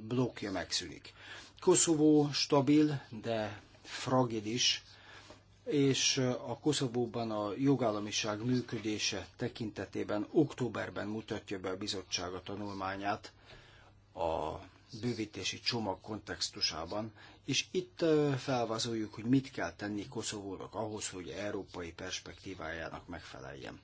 S1: blokkja megszűnik. Koszovó stabil, de fragilis és a Koszovóban a jogállamiság működése tekintetében októberben mutatja be a bizottság a tanulmányát a bővítési csomag kontextusában, és itt felvázoljuk, hogy mit kell tenni Koszovónak ahhoz, hogy európai perspektívájának megfeleljen.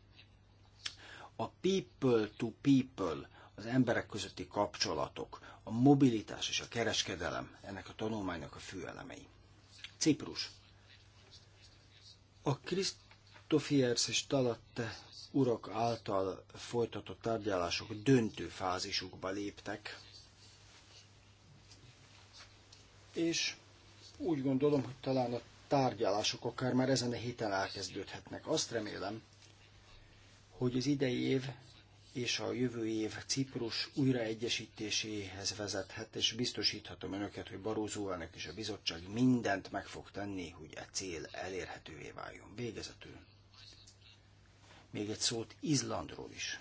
S1: A people to people, az emberek közötti kapcsolatok, a mobilitás és a kereskedelem ennek a tanulmánynak a fő elemei. Ciprus a Krisztofiers és Talatte urak által folytatott tárgyalások döntő fázisukba léptek. És úgy gondolom, hogy talán a tárgyalások akár már ezen a héten elkezdődhetnek. Azt remélem, hogy az idei év és a jövő év Ciprus újraegyesítéséhez vezethet, és biztosíthatom önöket, hogy Barózó elnök és a bizottság mindent meg fog tenni, hogy a e cél elérhetővé váljon. Végezetül. Még egy szót Izlandról is.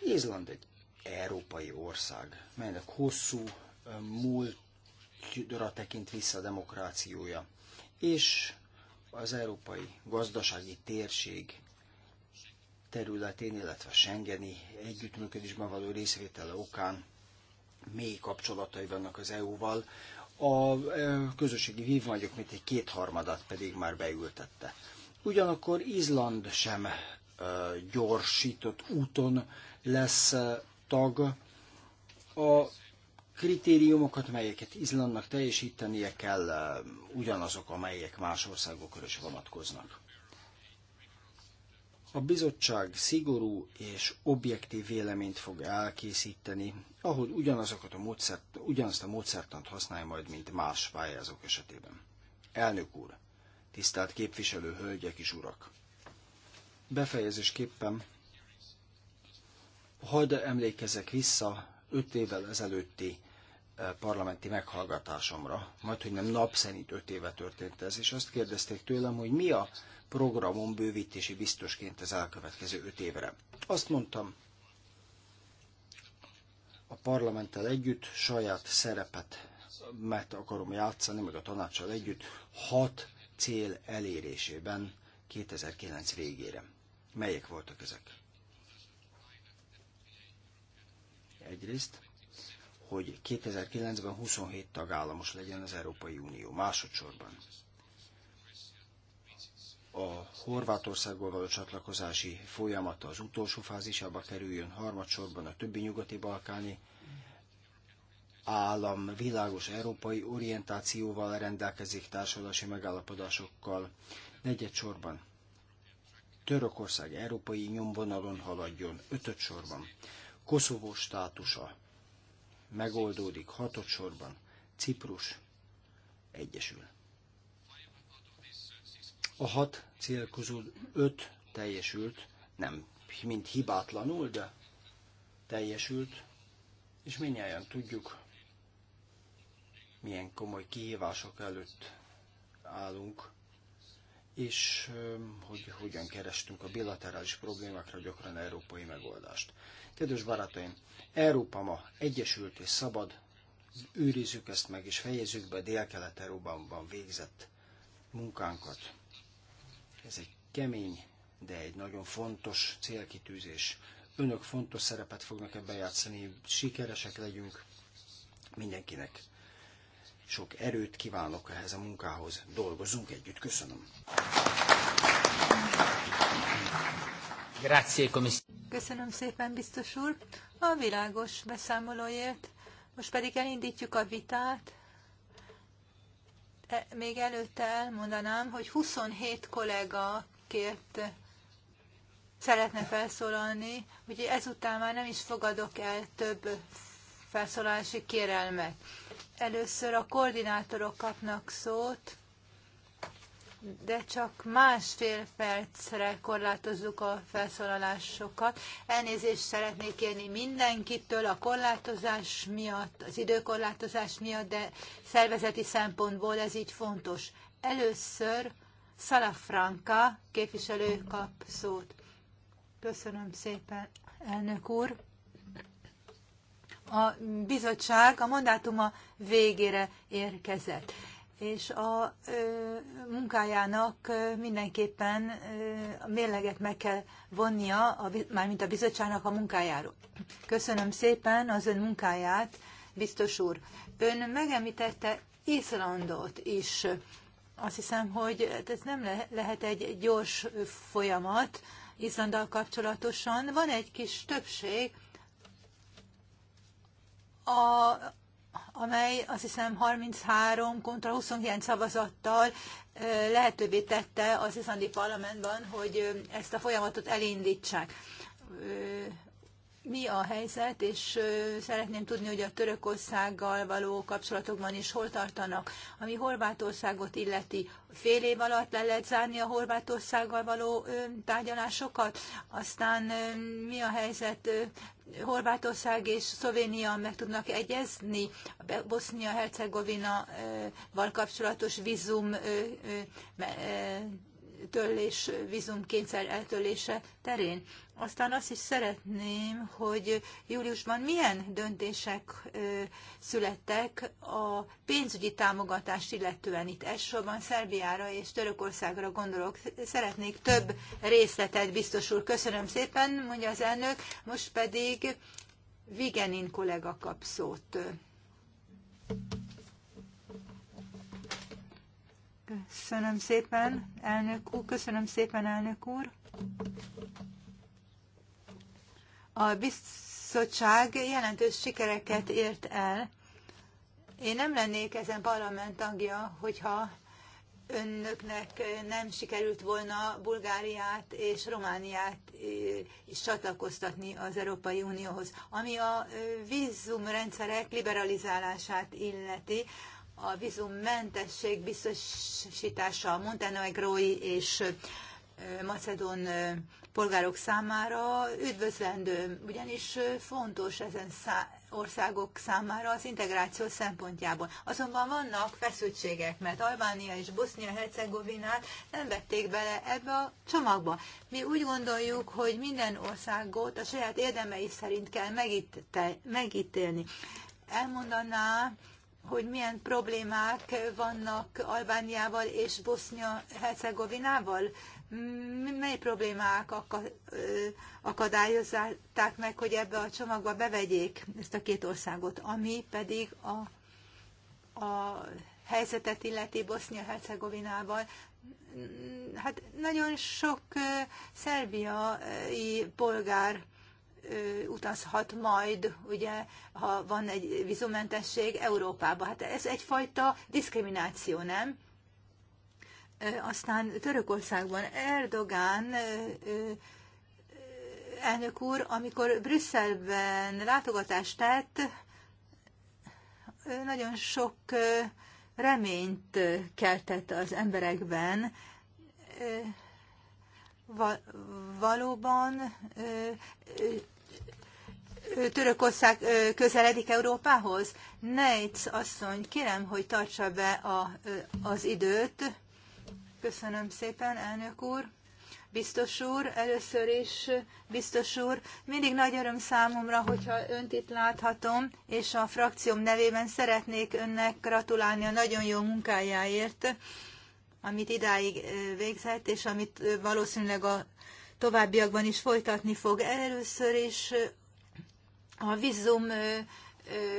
S1: Izland egy európai ország, melynek hosszú eh, múltra tekint vissza a demokrációja, és az európai gazdasági térség területén, illetve a Schengeni együttműködésben való részvétele okán mély kapcsolatai vannak az EU-val. A e, közösségi vívmányok mint egy kétharmadat pedig már beültette. Ugyanakkor Izland sem e, gyorsított úton lesz e, tag. A kritériumokat, melyeket Izlandnak teljesítenie kell, ugyanazok, amelyek más országokra is vonatkoznak. A bizottság szigorú és objektív véleményt fog elkészíteni, ahogy ugyanazokat a módszert, ugyanazt a módszertant használja majd, mint más pályázók esetében. Elnök úr, tisztelt képviselő hölgyek és urak! Befejezésképpen hadd emlékezek vissza öt évvel ezelőtti parlamenti meghallgatásomra, majd hogy nem nap szerint öt éve történt ez, és azt kérdezték tőlem, hogy mi a programom bővítési biztosként az elkövetkező öt évre. Azt mondtam, a parlamenttel együtt saját szerepet mert akarom játszani, meg a tanácssal együtt, hat cél elérésében 2009 végére. Melyek voltak ezek? egyrészt, hogy 2009-ben 27 tagállamos legyen az Európai Unió másodszorban. A Horvátországból való csatlakozási folyamata az utolsó fázisába kerüljön, harmadsorban a többi nyugati balkáni állam világos európai orientációval rendelkezik társadalmi megállapodásokkal, negyedsorban Törökország európai nyomvonalon haladjon, ötödsorban Koszovó státusa megoldódik hatodsorban. Ciprus egyesül. A hat cél közül öt teljesült, nem mint hibátlanul, de teljesült, és minnyáján tudjuk, milyen komoly kihívások előtt állunk és hogy hogyan kerestünk a bilaterális problémákra gyakran európai megoldást. Kedves barátaim, Európa ma egyesült és szabad, őrizzük ezt meg, és fejezzük be a Dél-Kelet-Európában végzett munkánkat. Ez egy kemény, de egy nagyon fontos célkitűzés. Önök fontos szerepet fognak ebben játszani, sikeresek legyünk mindenkinek sok erőt kívánok ehhez a munkához. Dolgozzunk együtt. Köszönöm.
S3: Köszönöm szépen, biztos úr, a világos beszámolóért. Most pedig elindítjuk a vitát. E, még előtte elmondanám, hogy 27 kollega kért szeretne felszólalni, úgyhogy ezután már nem is fogadok el több felszólalási kérelmet. Először a koordinátorok kapnak szót, de csak másfél percre korlátozzuk a felszólalásokat. Elnézést szeretnék kérni mindenkitől a korlátozás miatt, az időkorlátozás miatt, de szervezeti szempontból ez így fontos. Először Salafranca képviselő kap szót. Köszönöm szépen, elnök úr a bizottság a mandátuma végére érkezett és a ö, munkájának ö, mindenképpen ö, a mérleget meg kell vonnia, a, mármint a bizottságnak a munkájáról. Köszönöm szépen az ön munkáját, biztos úr. Ön megemlítette Észlandot is. Azt hiszem, hogy hát ez nem le, lehet egy gyors folyamat Izlanddal kapcsolatosan. Van egy kis többség, a, amely azt hiszem 33 kontra 29 szavazattal lehetővé tette az iszlandi parlamentben, hogy ezt a folyamatot elindítsák mi a helyzet, és szeretném tudni, hogy a Törökországgal való kapcsolatokban is hol tartanak. Ami Horvátországot illeti, fél év alatt le lehet zárni a Horvátországgal való tárgyalásokat, aztán mi a helyzet Horvátország és Szlovénia meg tudnak egyezni a Bosznia-Hercegovina-val kapcsolatos vízum törlés, vízum kényszer eltörlése terén. Aztán azt is szeretném, hogy júliusban milyen döntések születtek a pénzügyi támogatást illetően. Itt elsősorban Szerbiára és Törökországra gondolok. Szeretnék több részletet, biztos úr. Köszönöm szépen, mondja az elnök. Most pedig Vigenin kollega kap szót. Köszönöm szépen, elnök úr. Köszönöm szépen, elnök úr. A bizottság jelentős sikereket ért el. Én nem lennék ezen parlament tagja, hogyha önöknek nem sikerült volna Bulgáriát és Romániát is csatlakoztatni az Európai Unióhoz. Ami a vízumrendszerek liberalizálását illeti, a vízummentesség biztosítása a montenegrói és macedón polgárok számára üdvözlendő, ugyanis fontos ezen szá- országok számára az integráció szempontjából. Azonban vannak feszültségek, mert Albánia és Bosznia-Hercegovinát nem vették bele ebbe a csomagba. Mi úgy gondoljuk, hogy minden országot a saját érdemei szerint kell megítel- megítélni. Elmondaná, hogy milyen problémák vannak Albániával és Bosznia-Hercegovinával? mely problémák akadályozták meg, hogy ebbe a csomagba bevegyék ezt a két országot, ami pedig a, a helyzetet illeti bosznia hercegovinában Hát nagyon sok szerbiai polgár utazhat majd, ugye, ha van egy vízumentesség Európába. Hát ez egyfajta diszkrimináció, nem? Aztán Törökországban Erdogán elnök úr, amikor Brüsszelben látogatást tett, nagyon sok reményt keltett az emberekben. Valóban Törökország közeledik Európához? Nejc asszony, kérem, hogy tartsa be a, az időt. Köszönöm szépen, elnök úr. Biztos úr, először is biztos úr, mindig nagy öröm számomra, hogyha önt itt láthatom, és a frakcióm nevében szeretnék önnek gratulálni a nagyon jó munkájáért, amit idáig végzett, és amit valószínűleg a továbbiakban is folytatni fog. Először is a vízum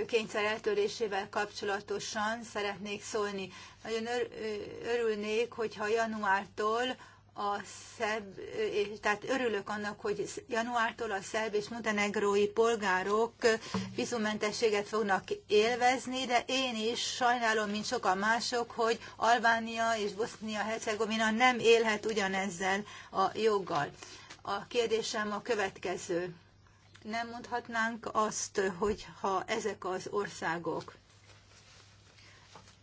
S3: kényszer eltörésével kapcsolatosan szeretnék szólni. Nagyon örülnék, hogyha januártól a szerb, tehát örülök annak, hogy januártól a szerb és montenegrói polgárok vízumentességet fognak élvezni, de én is sajnálom, mint sokan mások, hogy Albánia és Bosznia-Hercegovina nem élhet ugyanezzel a joggal. A kérdésem a következő nem mondhatnánk azt, hogy ha ezek az országok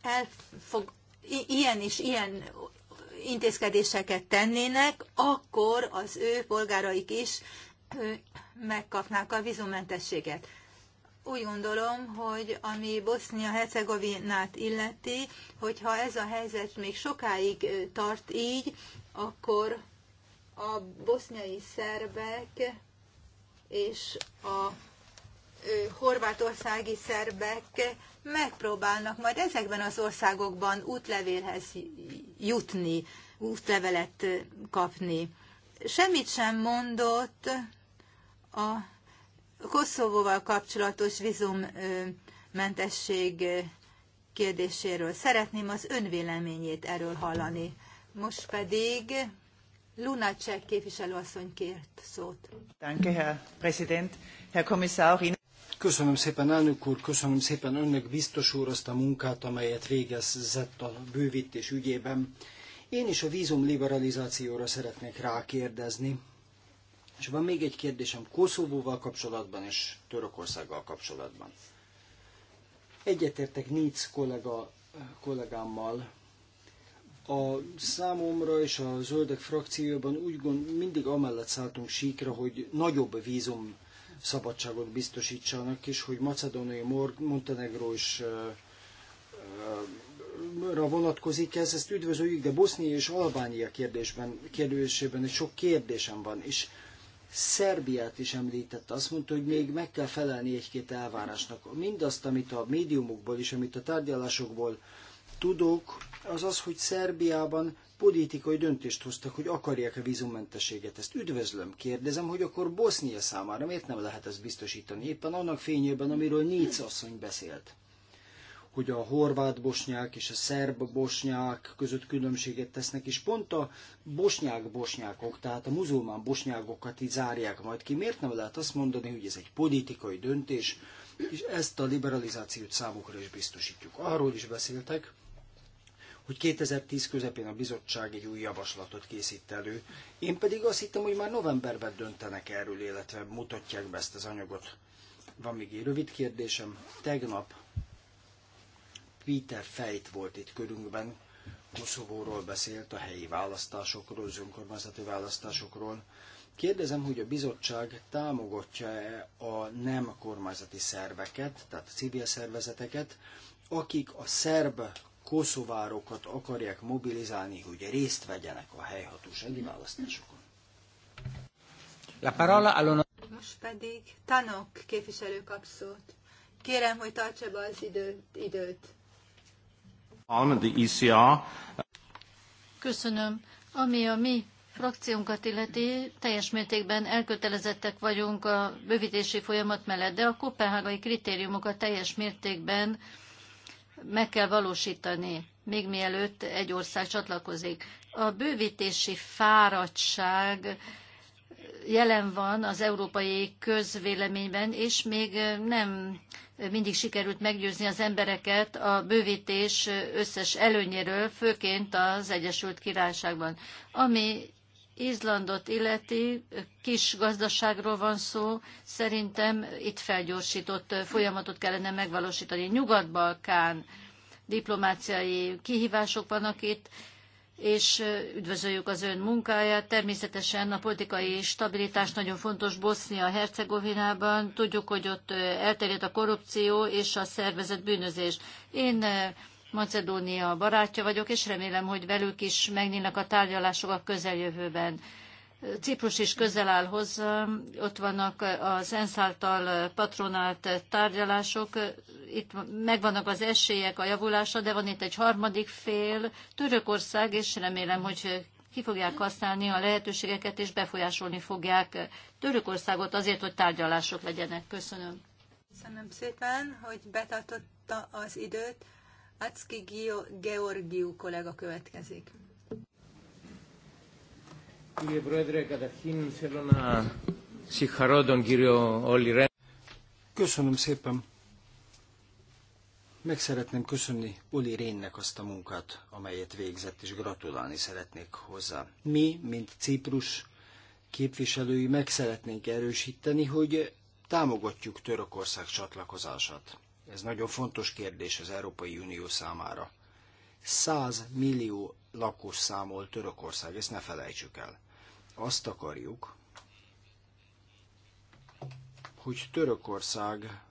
S3: elfog, ilyen és ilyen intézkedéseket tennének, akkor az ő polgáraik is megkapnák a vízumentességet. Úgy gondolom, hogy ami Bosznia-Hercegovinát illeti, hogyha ez a helyzet még sokáig tart így, akkor a boszniai szerbek és a horvátországi szerbek megpróbálnak majd ezekben az országokban útlevélhez jutni, útlevelet kapni. Semmit sem mondott a Koszovóval kapcsolatos vízummentesség kérdéséről. Szeretném az önvéleményét erről hallani. Most pedig Lunacek képviselőasszony kért szót.
S1: Danke, Herr Präsident. Herr Kommissar, Köszönöm szépen, elnök úr, köszönöm szépen önnek biztos úr azt a munkát, amelyet végezett a bővítés ügyében. Én is a vízum liberalizációra szeretnék rákérdezni. És van még egy kérdésem Koszovóval kapcsolatban és Törökországgal kapcsolatban. Egyetértek Níc kollega, kollégámmal, a számomra és a zöldek frakcióban úgy gond, mindig amellett szálltunk síkra, hogy nagyobb vízum szabadságot biztosítsanak, és hogy Macedónia, Montenegro is ra vonatkozik ez, ezt üdvözöljük, de Bosznia és Albánia kérdésben, kérdésében egy sok kérdésem van, és Szerbiát is említette, azt mondta, hogy még meg kell felelni egy-két elvárásnak. Mindazt, amit a médiumokból és amit a tárgyalásokból tudok, az az, hogy Szerbiában politikai döntést hoztak, hogy akarják a vízummentességet. Ezt üdvözlöm. Kérdezem, hogy akkor Bosznia számára miért nem lehet ezt biztosítani? Éppen annak fényében, amiről Níc asszony beszélt hogy a horvát-bosnyák és a szerb-bosnyák között különbséget tesznek, és pont a bosnyák-bosnyákok, tehát a muzulmán bosnyákokat így zárják majd ki. Miért nem lehet azt mondani, hogy ez egy politikai döntés, és ezt a liberalizációt számukra is biztosítjuk. Arról is beszéltek, hogy 2010 közepén a bizottság egy új javaslatot készít elő. Én pedig azt hittem, hogy már novemberben döntenek erről, illetve mutatják be ezt az anyagot. Van még egy rövid kérdésem. Tegnap Peter Fejt volt itt körünkben, Koszovóról beszélt, a helyi választásokról, az önkormányzati választásokról. Kérdezem, hogy a bizottság támogatja-e a nem kormányzati szerveket, tehát a civil szervezeteket, akik a szerb koszovárokat akarják mobilizálni, hogy részt vegyenek a helyhatósági választásokon.
S3: La parola Most pedig Tanok képviselő kap szót. Kérem, hogy tartsa be az időt. időt.
S2: On the ECR.
S3: Köszönöm.
S2: Ami a mi frakciónkat illeti, teljes mértékben elkötelezettek vagyunk a bővítési folyamat mellett, de a kopenhágai kritériumokat teljes mértékben meg kell valósítani, még mielőtt egy ország csatlakozik. A bővítési fáradtság jelen van az európai közvéleményben, és még nem mindig sikerült meggyőzni az embereket a bővítés összes előnyéről, főként az Egyesült Királyságban. Ami Izlandot illeti, kis gazdaságról van szó, szerintem itt felgyorsított folyamatot kellene megvalósítani. Nyugat-Balkán diplomáciai kihívások vannak itt, és üdvözöljük az ön munkáját. Természetesen a politikai stabilitás nagyon fontos Bosznia-Hercegovinában. Tudjuk, hogy ott elterjedt a korrupció és a szervezett bűnözés. Én Macedónia barátja vagyok, és remélem, hogy velük is megnyílnak a tárgyalások a közeljövőben. Ciprus is közel áll hozzá, ott vannak az ENSZ által patronált tárgyalások, itt megvannak az esélyek a javulásra, de van itt egy harmadik fél, Törökország, és remélem, hogy ki fogják használni a lehetőségeket, és befolyásolni fogják Törökországot azért, hogy tárgyalások legyenek. Köszönöm.
S3: Köszönöm szépen, hogy betartotta az időt. Acki Georgiu, kollega következik. Κύριε Πρόεδρε, καταρχήν θέλω
S1: να συγχαρώ τον κύριο Όλη Ρέν. Köszönöm szépen. Meg szeretném köszönni Oli Rénnek azt a munkát, amelyet végzett, és gratulálni szeretnék hozzá. Mi, mint Ciprus képviselői, meg szeretnénk erősíteni, hogy támogatjuk Törökország csatlakozását. Ez nagyon fontos kérdés az Európai Unió számára. 100 millió lakos számol Törökország, ezt ne felejtsük el. Azt akarjuk, hogy Törökország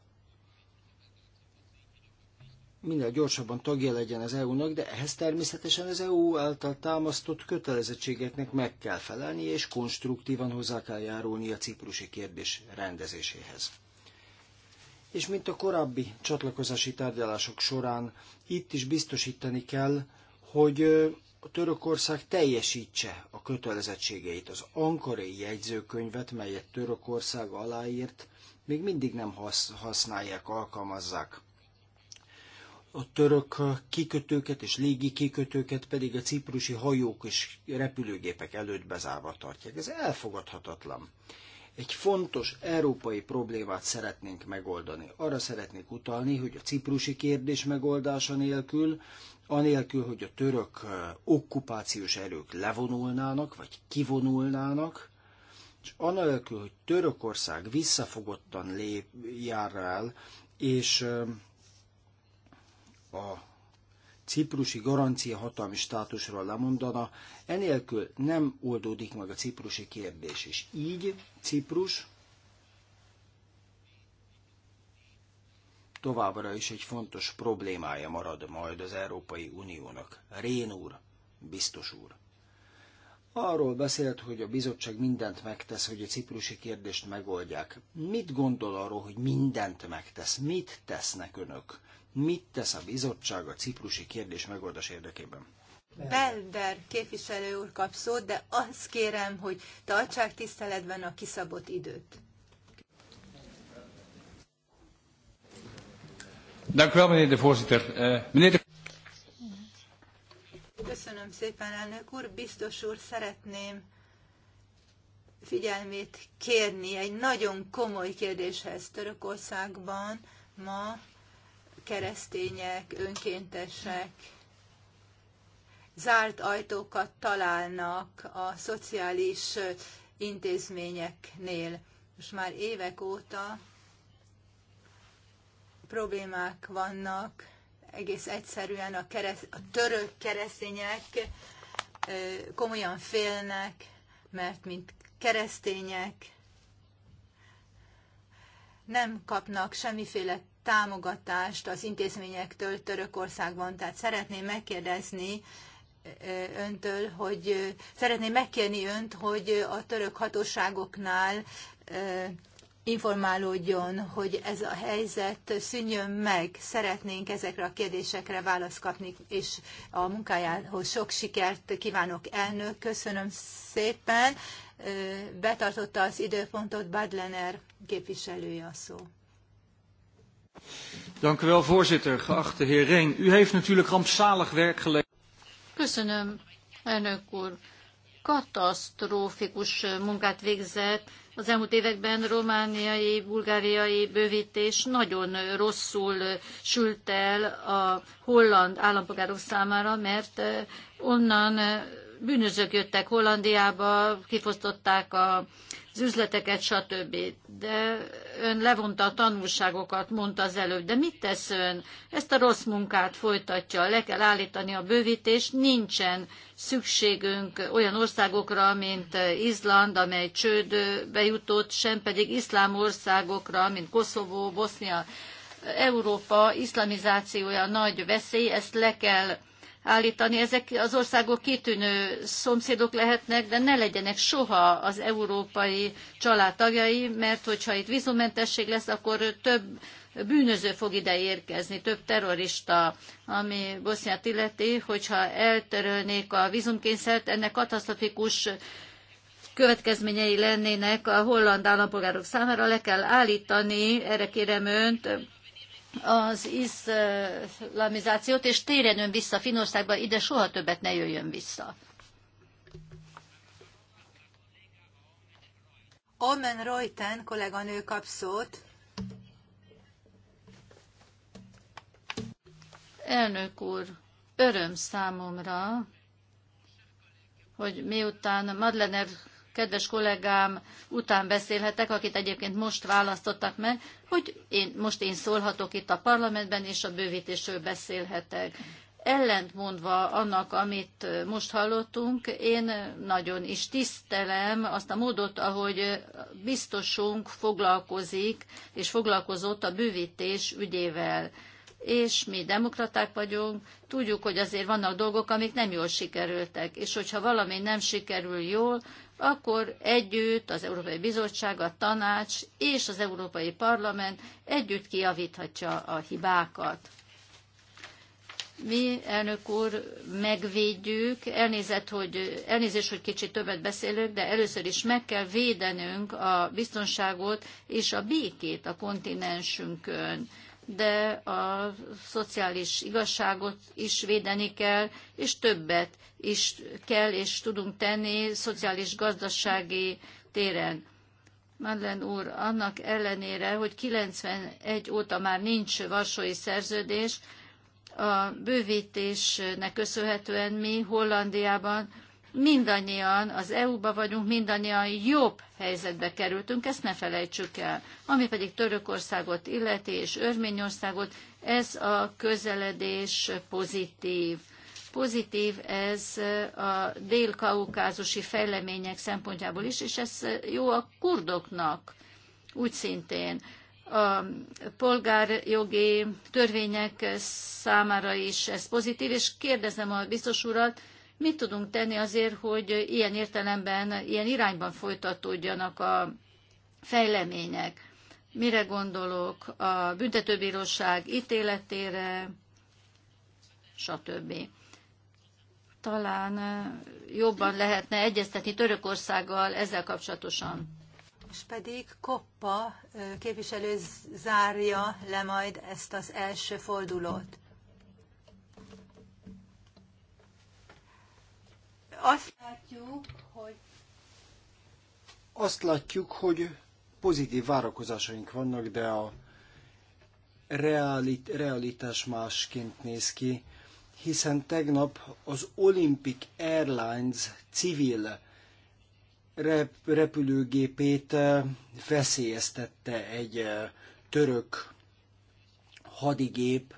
S1: minél gyorsabban tagja legyen az EU-nak, de ehhez természetesen az EU által támasztott kötelezettségeknek meg kell felelnie, és konstruktívan hozzá kell járulni a ciprusi kérdés rendezéséhez és mint a korábbi csatlakozási tárgyalások során, itt is biztosítani kell, hogy a Törökország teljesítse a kötelezettségeit. Az ankarai jegyzőkönyvet, melyet Törökország aláírt, még mindig nem használják, alkalmazzák. A török kikötőket és légi kikötőket pedig a ciprusi hajók és repülőgépek előtt bezárva tartják. Ez elfogadhatatlan egy fontos európai problémát szeretnénk megoldani. Arra szeretnék utalni, hogy a ciprusi kérdés megoldása nélkül, anélkül, hogy a török okkupációs erők levonulnának, vagy kivonulnának, és anélkül, hogy Törökország visszafogottan lép, jár el, és a ciprusi garancia hatalmi státusról lemondana, enélkül nem oldódik meg a ciprusi kérdés és Így Ciprus továbbra is egy fontos problémája marad majd az Európai Uniónak. Rén úr, biztos úr. Arról beszélt, hogy a bizottság mindent megtesz, hogy a ciprusi kérdést megoldják. Mit gondol arról, hogy mindent megtesz? Mit tesznek önök? Mit tesz a bizottság a ciprusi kérdés megoldás érdekében?
S3: Belder képviselő úr kap szót, de azt kérem, hogy tartsák tiszteletben a kiszabott időt. Eh, Köszönöm szépen, elnök úr. Biztos úr, szeretném figyelmét kérni egy nagyon komoly kérdéshez Törökországban ma keresztények, önkéntesek zárt ajtókat találnak a szociális intézményeknél. Most már évek óta problémák vannak, egész egyszerűen a, kereszt, a török keresztények komolyan félnek, mert mint keresztények nem kapnak semmiféle támogatást az intézményektől Törökországban. Tehát szeretném megkérdezni öntől, hogy szeretném megkérni önt, hogy a török hatóságoknál informálódjon, hogy ez a helyzet szűnjön meg. Szeretnénk ezekre a kérdésekre választ kapni, és a munkájához sok sikert kívánok, elnök. Köszönöm szépen. Betartotta az időpontot Badlener képviselője a szó.
S1: Dank u wel, voorzitter. Geachte heer Reen, u heeft natuurlijk rampzalig werk geleverd.
S2: Köszönöm, elnök úr. Katasztrófikus munkát végzett. Az elmúlt években romániai, bulgáriai bővítés nagyon rosszul sült el a holland állampolgárok számára, mert onnan bűnözők jöttek Hollandiába, kifosztották a az üzleteket, stb. De ön levonta a tanulságokat, mondta az előbb, de mit tesz ön? Ezt a rossz munkát folytatja, le kell állítani a bővítést, nincsen szükségünk olyan országokra, mint Izland, amely csődbe jutott, sem pedig iszlám országokra, mint Koszovó, Bosznia, Európa iszlamizációja nagy veszély, ezt le kell állítani. Ezek az országok kitűnő szomszédok lehetnek, de ne legyenek soha az európai család tagjai, mert hogyha itt vízumentesség lesz, akkor több bűnöző fog ide érkezni, több terrorista, ami Boszniát illeti, hogyha eltörölnék a vízumkényszert, ennek katasztrofikus következményei lennének a holland állampolgárok számára. Le kell állítani, erre kérem önt, az iszlamizációt, és térjen ön vissza Finországba, ide soha többet ne jöjjön vissza.
S3: Omen Reuten kolléganő kap szót.
S2: Elnök úr, öröm számomra, hogy miután Madlener kedves kollégám után beszélhetek, akit egyébként most választottak meg, hogy én, most én szólhatok itt a parlamentben, és a bővítésről beszélhetek. Ellentmondva annak, amit most hallottunk, én nagyon is tisztelem azt a módot, ahogy biztosunk foglalkozik és foglalkozott a bővítés ügyével és mi demokraták vagyunk, tudjuk, hogy azért vannak dolgok, amik nem jól sikerültek, és hogyha valami nem sikerül jól, akkor együtt az Európai Bizottság, a Tanács és az Európai Parlament együtt kiavíthatja a hibákat. Mi, elnök úr, megvédjük, elnézett, hogy, elnézés, hogy kicsit többet beszélünk, de először is meg kell védenünk a biztonságot és a békét a kontinensünkön de a szociális igazságot is védeni kell, és többet is kell és tudunk tenni szociális-gazdasági téren. Madlen úr, annak ellenére, hogy 91 óta már nincs varsói szerződés, a bővítésnek köszönhetően mi Hollandiában mindannyian az EU-ba vagyunk, mindannyian jobb helyzetbe kerültünk, ezt ne felejtsük el. Ami pedig Törökországot illeti és Örményországot, ez a közeledés pozitív. Pozitív ez a dél-kaukázusi fejlemények szempontjából is, és ez jó a kurdoknak úgy szintén a polgárjogi törvények számára is ez pozitív, és kérdezem a biztos urat, Mit tudunk tenni azért, hogy ilyen értelemben, ilyen irányban folytatódjanak a fejlemények? Mire gondolok? A büntetőbíróság ítéletére, stb. Talán eh, jobban lehetne egyeztetni Törökországgal ezzel kapcsolatosan.
S3: És pedig Koppa eh, képviselő zárja le majd ezt az első fordulót. azt látjuk, hogy azt látjuk,
S1: hogy pozitív várakozásaink vannak, de a realit, realitás másként néz ki, hiszen tegnap az Olympic Airlines civil rep, repülőgépét veszélyeztette egy török hadigép,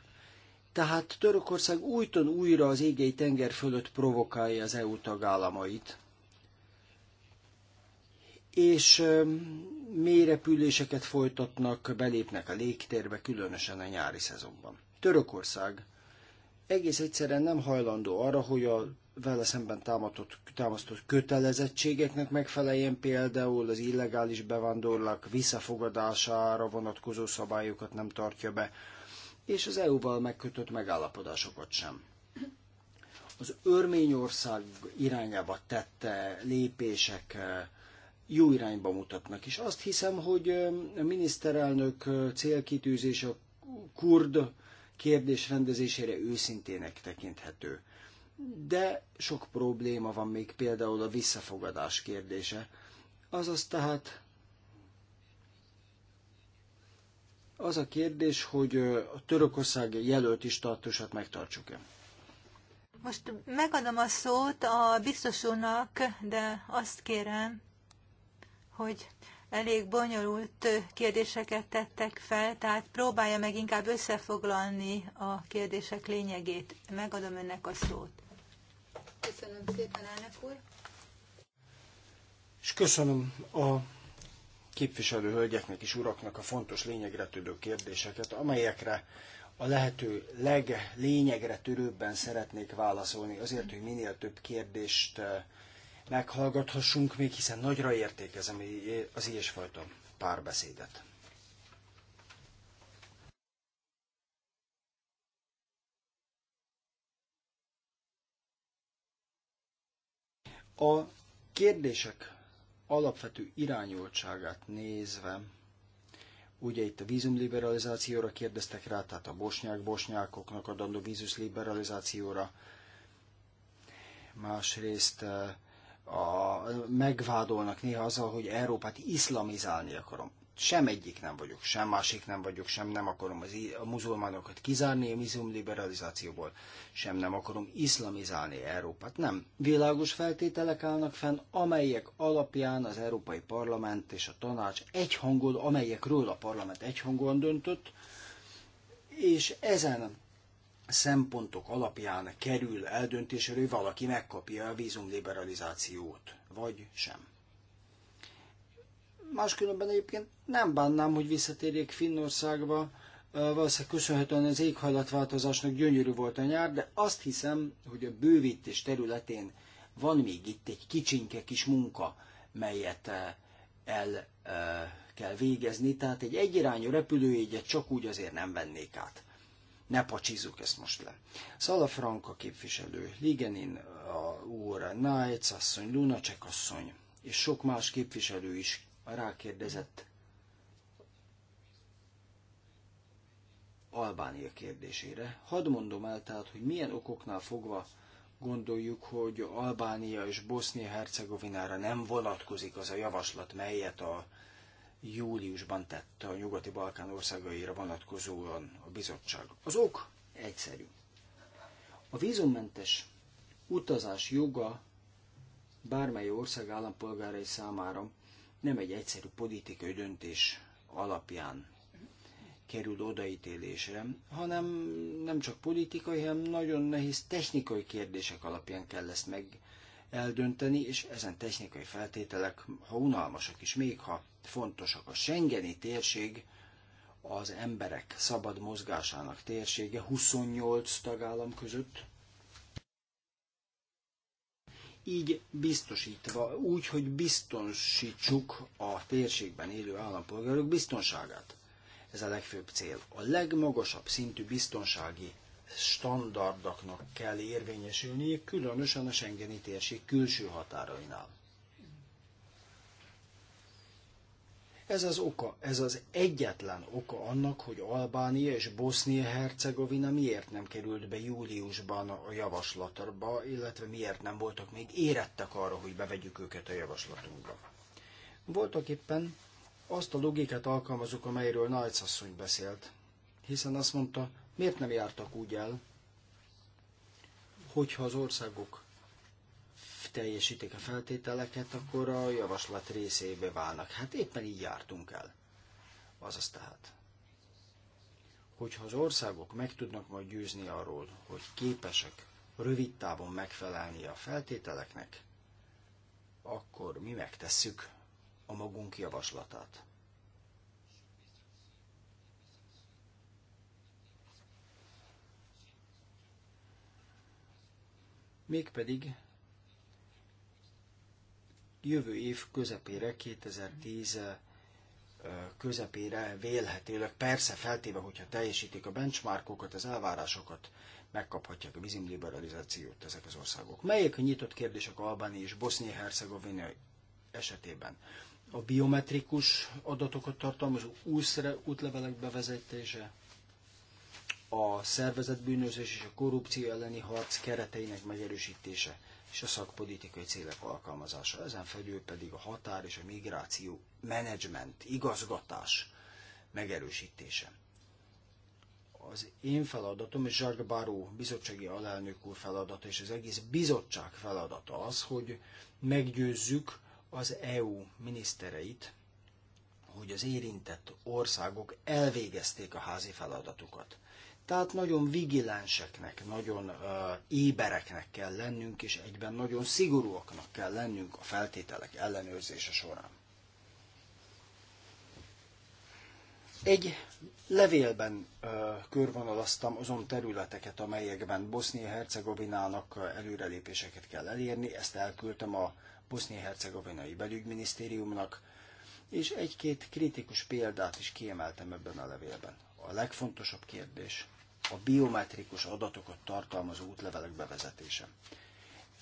S1: tehát Törökország újton újra az égei tenger fölött provokálja az EU tagállamait. És mélyrepüléseket folytatnak, belépnek a légtérbe, különösen a nyári szezonban. Törökország egész egyszerűen nem hajlandó arra, hogy a vele szemben támadott, támasztott kötelezettségeknek megfeleljen például az illegális bevándorlók visszafogadására vonatkozó szabályokat nem tartja be, és az EU-val megkötött megállapodásokat sem. Az Örményország irányába tette lépések eh, jó irányba mutatnak, és azt hiszem, hogy eh, a miniszterelnök eh, célkitűzése a kurd kérdés rendezésére őszintének tekinthető. De sok probléma van még például a visszafogadás kérdése. Azaz tehát Az a kérdés, hogy a Törökország jelölti státusát megtartsuk-e.
S3: Most megadom a szót a biztos úrnak, de azt kérem, hogy elég bonyolult kérdéseket tettek fel, tehát próbálja meg inkább összefoglalni a kérdések lényegét. Megadom önnek a szót. Köszönöm szépen, elnök úr.
S1: És köszönöm a képviselő hölgyeknek és uraknak a fontos lényegre tűrő kérdéseket, amelyekre a lehető leglényegre törőbben szeretnék válaszolni, azért, hogy minél több kérdést eh, meghallgathassunk még, hiszen nagyra értékezem az ilyesfajta párbeszédet. A kérdések alapvető irányoltságát nézve, ugye itt a vízumliberalizációra kérdeztek rá, tehát a bosnyák-bosnyákoknak adandó vízus liberalizációra, másrészt eh, a, megvádolnak néha azzal, hogy Európát iszlamizálni akarom sem egyik nem vagyok, sem másik nem vagyok, sem nem akarom az, a muzulmánokat kizárni a muzulm liberalizációból, sem nem akarom iszlamizálni Európát. Nem. Világos feltételek állnak fenn, amelyek alapján az Európai Parlament és a tanács egyhangon, amelyekről a parlament egyhangon döntött, és ezen szempontok alapján kerül eldöntésre, hogy valaki megkapja a vízumliberalizációt, vagy sem. Máskülönben egyébként nem bánnám, hogy visszatérjék Finnországba, valószínűleg köszönhetően az éghajlatváltozásnak gyönyörű volt a nyár, de azt hiszem, hogy a bővítés területén van még itt egy kicsinke kis munka, melyet el kell végezni, tehát egy egyirányú repülőjegyet csak úgy azért nem vennék át. Ne pacsizzuk ezt most le. Szala Franka képviselő, Ligenin a úr, Nájc asszony, Lunacek asszony, és sok más képviselő is rákérdezett Albánia kérdésére. Hadd mondom el tehát, hogy milyen okoknál fogva gondoljuk, hogy Albánia és Bosznia-Hercegovinára nem vonatkozik az a javaslat, melyet a júliusban tette a nyugati Balkán országaira vonatkozóan a bizottság. Az ok egyszerű. A vízummentes utazás joga bármely ország állampolgárai számára nem egy egyszerű politikai döntés alapján kerül odaítélésre, hanem nem csak politikai, hanem nagyon nehéz technikai kérdések alapján kell ezt meg eldönteni, és ezen technikai feltételek, ha unalmasak is, még ha fontosak, a Schengeni térség az emberek szabad mozgásának térsége 28 tagállam között, így biztosítva, úgy, hogy biztosítsuk a térségben élő állampolgárok biztonságát. Ez a legfőbb cél. A legmagasabb szintű biztonsági standardoknak kell érvényesülniük, különösen a Schengeni térség külső határainál. Ez az oka, ez az egyetlen oka annak, hogy Albánia és Bosznia-Hercegovina miért nem került be júliusban a javaslatba, illetve miért nem voltak még érettek arra, hogy bevegyük őket a javaslatunkba. Voltak éppen azt a logikát alkalmazok, amelyről Nájcasszony beszélt, hiszen azt mondta, miért nem jártak úgy el, hogyha az országok teljesítik a feltételeket, akkor a javaslat részébe válnak. Hát éppen így jártunk el. Azaz tehát hogyha az országok meg tudnak majd győzni arról, hogy képesek rövid távon megfelelni a feltételeknek, akkor mi megtesszük a magunk javaslatát. Mégpedig jövő év közepére, 2010 közepére vélhetőleg, persze feltéve, hogyha teljesítik a benchmarkokat, az elvárásokat, megkaphatják a vízimliberalizációt ezek az országok. Melyek a nyitott kérdések Albáni és Bosznia-Hercegovina esetében? A biometrikus adatokat tartalmazó úszre útlevelek bevezetése, a szervezetbűnözés és a korrupció elleni harc kereteinek megerősítése, és a szakpolitikai célek alkalmazása. Ezen felül pedig a határ és a migráció menedzsment, igazgatás megerősítése. Az én feladatom és Jacques Baró bizottsági alelnök úr feladata és az egész bizottság feladata az, hogy meggyőzzük az EU minisztereit, hogy az érintett országok elvégezték a házi feladatukat. Tehát nagyon vigilenseknek, nagyon uh, ébereknek kell lennünk, és egyben nagyon szigorúaknak kell lennünk a feltételek ellenőrzése során. Egy levélben uh, körvonalaztam azon területeket, amelyekben Bosznia-Hercegovinának előrelépéseket kell elérni. Ezt elküldtem a Bosznia-Hercegovinai Belügyminisztériumnak, és egy-két kritikus példát is kiemeltem ebben a levélben. A legfontosabb kérdés a biometrikus adatokat tartalmazó útlevelek bevezetése.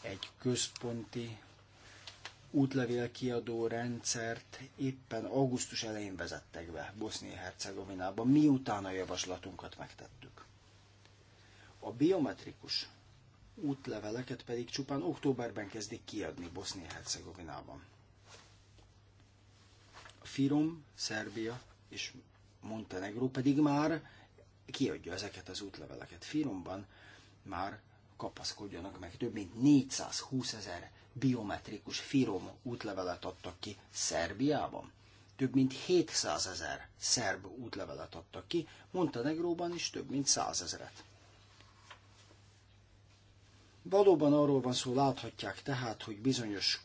S1: Egy központi útlevélkiadó rendszert éppen augusztus elején vezettek be Bosznia-Hercegovinában, miután a javaslatunkat megtettük. A biometrikus útleveleket pedig csupán októberben kezdik kiadni Bosznia-Hercegovinában. A Firom, Szerbia és Montenegro pedig már kiadja ezeket az útleveleket. Finomban már kapaszkodjanak meg, több mint 420 ezer biometrikus firom útlevelet adtak ki Szerbiában. Több mint 700 ezer szerb útlevelet adtak ki, Montenegróban is több mint 100 ezeret. Valóban arról van szó, láthatják tehát, hogy bizonyos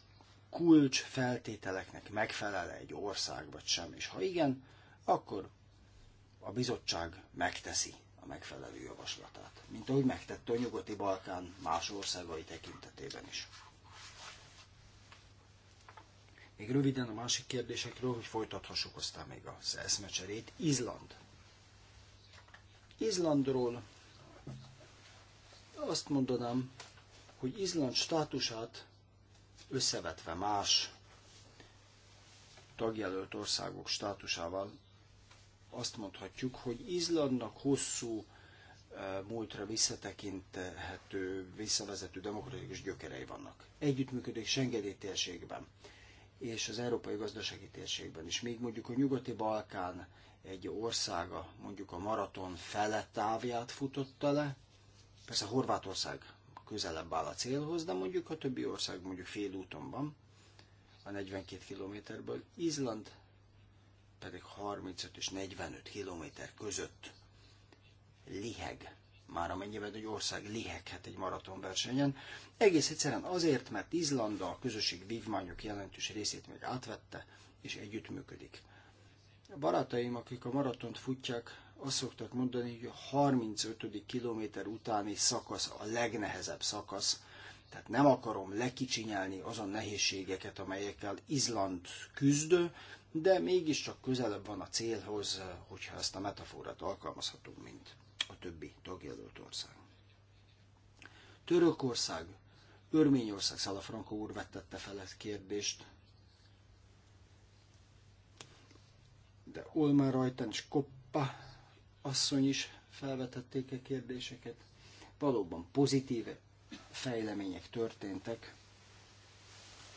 S1: kulcs feltételeknek egy ország vagy sem, és ha igen, akkor a bizottság megteszi a megfelelő javaslatát, mint ahogy megtette a nyugati Balkán más országai tekintetében is. Még röviden a másik kérdésekről, hogy folytathassuk aztán még az eszmecserét. Izland. Izlandról azt mondanám, hogy Izland státusát összevetve más tagjelölt országok státusával azt mondhatjuk, hogy Izlandnak hosszú eh, múltra visszatekinthető, visszavezető demokratikus gyökerei vannak. Együttműködik Schengeni térségben és az európai gazdasági térségben is. Még mondjuk a nyugati Balkán egy országa mondjuk a maraton fele távját futotta le, persze Horvátország közelebb áll a célhoz, de mondjuk a többi ország mondjuk fél úton van, a 42 kilométerből. Izland pedig 35 és 45 kilométer között liheg, már amennyiben egy ország liheghet egy maratonversenyen. Egész egyszerűen azért, mert Izlanda a közösség vívmányok jelentős részét még átvette, és együttműködik. A barátaim, akik a maratont futják, azt szoktak mondani, hogy a 35. kilométer utáni szakasz a legnehezebb szakasz, tehát nem akarom lekicsinyelni azon nehézségeket, amelyekkel Izland küzdő, de mégiscsak közelebb van a célhoz, eh, hogyha ezt a metaforát alkalmazhatunk, mint a többi tagjelölt ország. Törökország, Örményország, Szalafranko úr vettette fel ezt kérdést, de Olma Rajtán és Koppa asszony is felvetették a kérdéseket. Valóban pozitív fejlemények történtek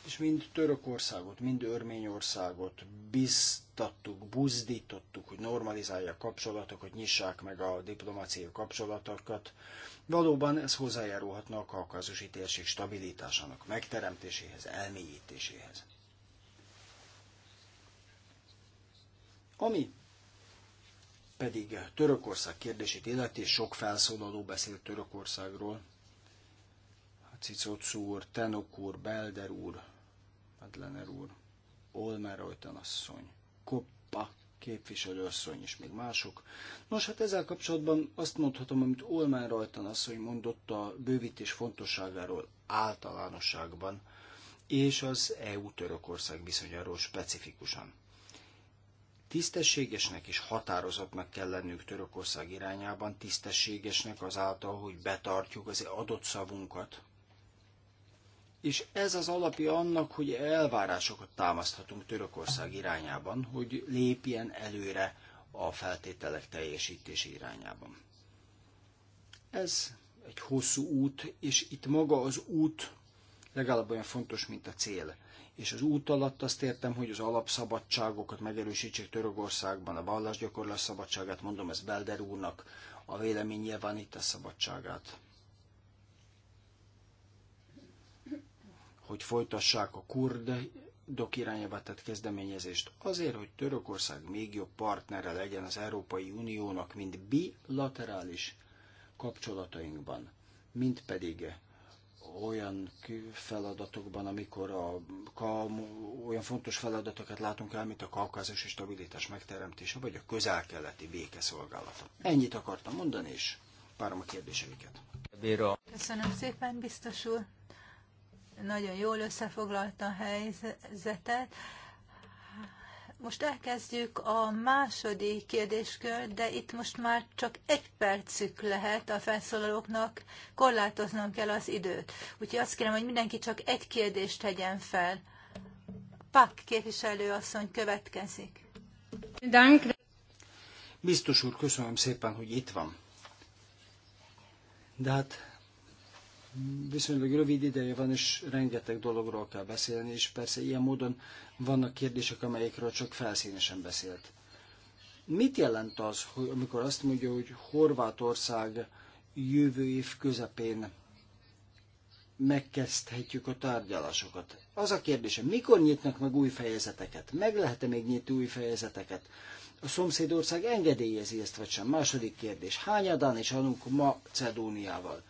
S1: és mind Törökországot, mind Örményországot biztattuk, buzdítottuk, hogy normalizálják kapcsolatokat, nyissák meg a diplomáciai kapcsolatokat. Valóban ez hozzájárulhatna a kaukázusi térség stabilitásának megteremtéséhez, elmélyítéséhez. Ami pedig Törökország kérdését illeti, és sok felszólaló beszélt Törökországról, Cicot úr, Tenok úr, Belder úr, Madlener úr, Olmer Rojtan asszony, Koppa képviselőasszony és még mások. Nos, hát ezzel kapcsolatban azt mondhatom, amit Olmer Rajtan asszony mondott a bővítés fontosságáról általánosságban, és az EU-Törökország viszonyáról specifikusan. Tisztességesnek és határozottnak kell lennünk Törökország irányában, tisztességesnek azáltal, hogy betartjuk az adott szavunkat, és ez az alapja annak, hogy elvárásokat támaszthatunk Törökország irányában, hogy lépjen előre a feltételek teljesítése irányában. Ez egy hosszú út, és itt maga az út legalább olyan fontos, mint a cél. És az út alatt azt értem, hogy az alapszabadságokat megerősítsék Törökországban, a vallásgyakorlás szabadságát, mondom ez Belder úrnak, a a szabadságát, hogy folytassák a kurdok irányába tett kezdeményezést azért, hogy Törökország még jobb partnere legyen az Európai Uniónak, mint bilaterális kapcsolatainkban, mint pedig olyan feladatokban, amikor a, a, olyan fontos feladatokat látunk el, mint a kaukázusi stabilitás megteremtése, vagy a közel-keleti békeszolgálata. Ennyit akartam mondani, és várom a kérdéseiket.
S3: Köszönöm szépen, biztos úr nagyon jól összefoglalta a helyzetet. Most elkezdjük a második kérdéskört, de itt most már csak egy percük lehet a felszólalóknak, korlátoznom kell az időt. Úgyhogy azt kérem, hogy mindenki csak egy kérdést tegyen fel. Pak képviselő asszony következik.
S1: Biztos úr, köszönöm szépen, hogy itt van. De hát viszonylag rövid ideje van, és rengeteg dologról kell beszélni, és persze ilyen módon vannak kérdések, amelyekről csak felszínesen beszélt. Mit jelent az, hogy amikor azt mondja, hogy Horvátország jövő év közepén megkezdhetjük a tárgyalásokat? Az a kérdése, mikor nyitnak meg új fejezeteket? Meg lehet-e még nyitni új fejezeteket? A szomszédország engedélyezi ezt, vagy sem? Második kérdés. Hányadán és anunk ma Cedóniával?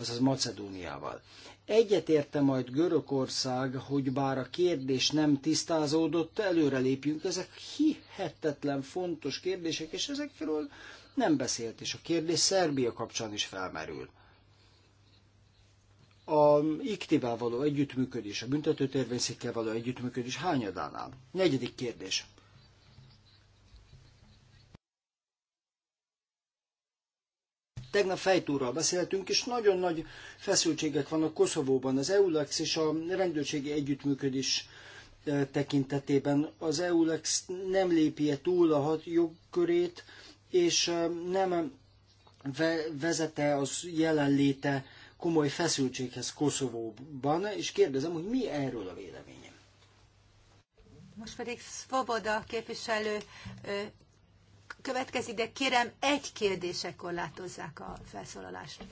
S1: azaz Macedóniával. Egyetérte majd Görögország, hogy bár a kérdés nem tisztázódott, előrelépjünk. Ezek hihetetlen fontos kérdések, és ezekről nem beszélt, és a kérdés Szerbia kapcsán is felmerül. A iktivel való együttműködés, a büntetőtérvényszékkel való együttműködés hányadánál? Negyedik kérdés. Tegnap fejtúrral beszéltünk, és nagyon nagy feszültségek vannak Koszovóban. Az EULEX és a rendőrségi együttműködés e, tekintetében az EULEX nem -e túl a hat jogkörét, és e, nem vezete az jelenléte komoly feszültséghez Koszovóban, és kérdezem, hogy mi erről a véleményem.
S3: Most pedig Svoboda képviselő e, következik, de kérem egy kérdése korlátozzák a felszólalást.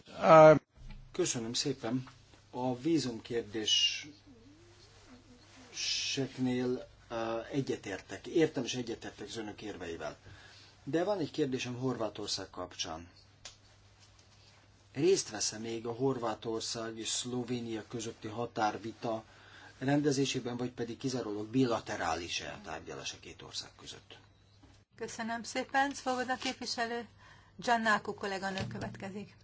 S1: Köszönöm szépen. A vízum kérdéseknél eh, egyetértek. Értem és egyetértek az önök érveivel. De van egy kérdésem Horvátország kapcsán. Részt vesz még a Horvátország és Szlovénia közötti határvita rendezésében, vagy pedig kizárólag bilaterális eltárgyalás a két ország
S3: között? Köszönöm szépen. Szvoboda képviselő Giannáku kolléganő következik.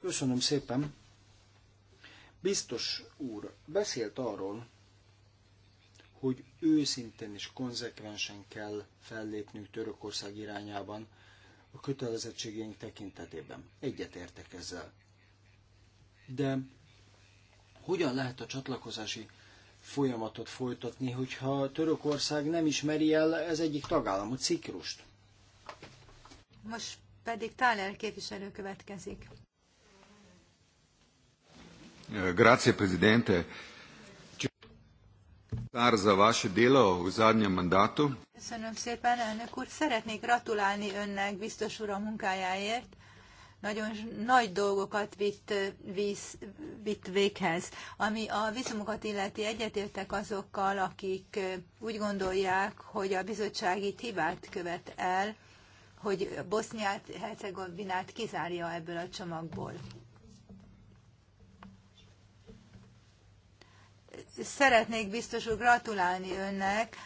S1: Köszönöm szépen. Biztos úr beszélt arról, hogy őszintén és konzekvensen kell fellépnünk Törökország irányában a kötelezettségeink tekintetében. Egyetértek ezzel. De hogyan lehet a csatlakozási folyamatot folytatni, hogyha Törökország nem ismeri el ez egyik tagállamot, Ciprust.
S3: Most pedig Táler képviselő következik. Grazie, Presidente. Za vaše delo v zadnjem mandatu. Köszönöm szépen, elnök úr. Szeretnék gratulálni önnek, biztos úr, a munkájáért nagyon nagy dolgokat vitt, víz, vitt véghez. Ami a vízumokat illeti, egyetértek azokkal, akik úgy gondolják, hogy a bizottság itt hibát követ el, hogy Boszniát, Hercegovinát kizárja ebből a csomagból. Szeretnék biztosul gratulálni önnek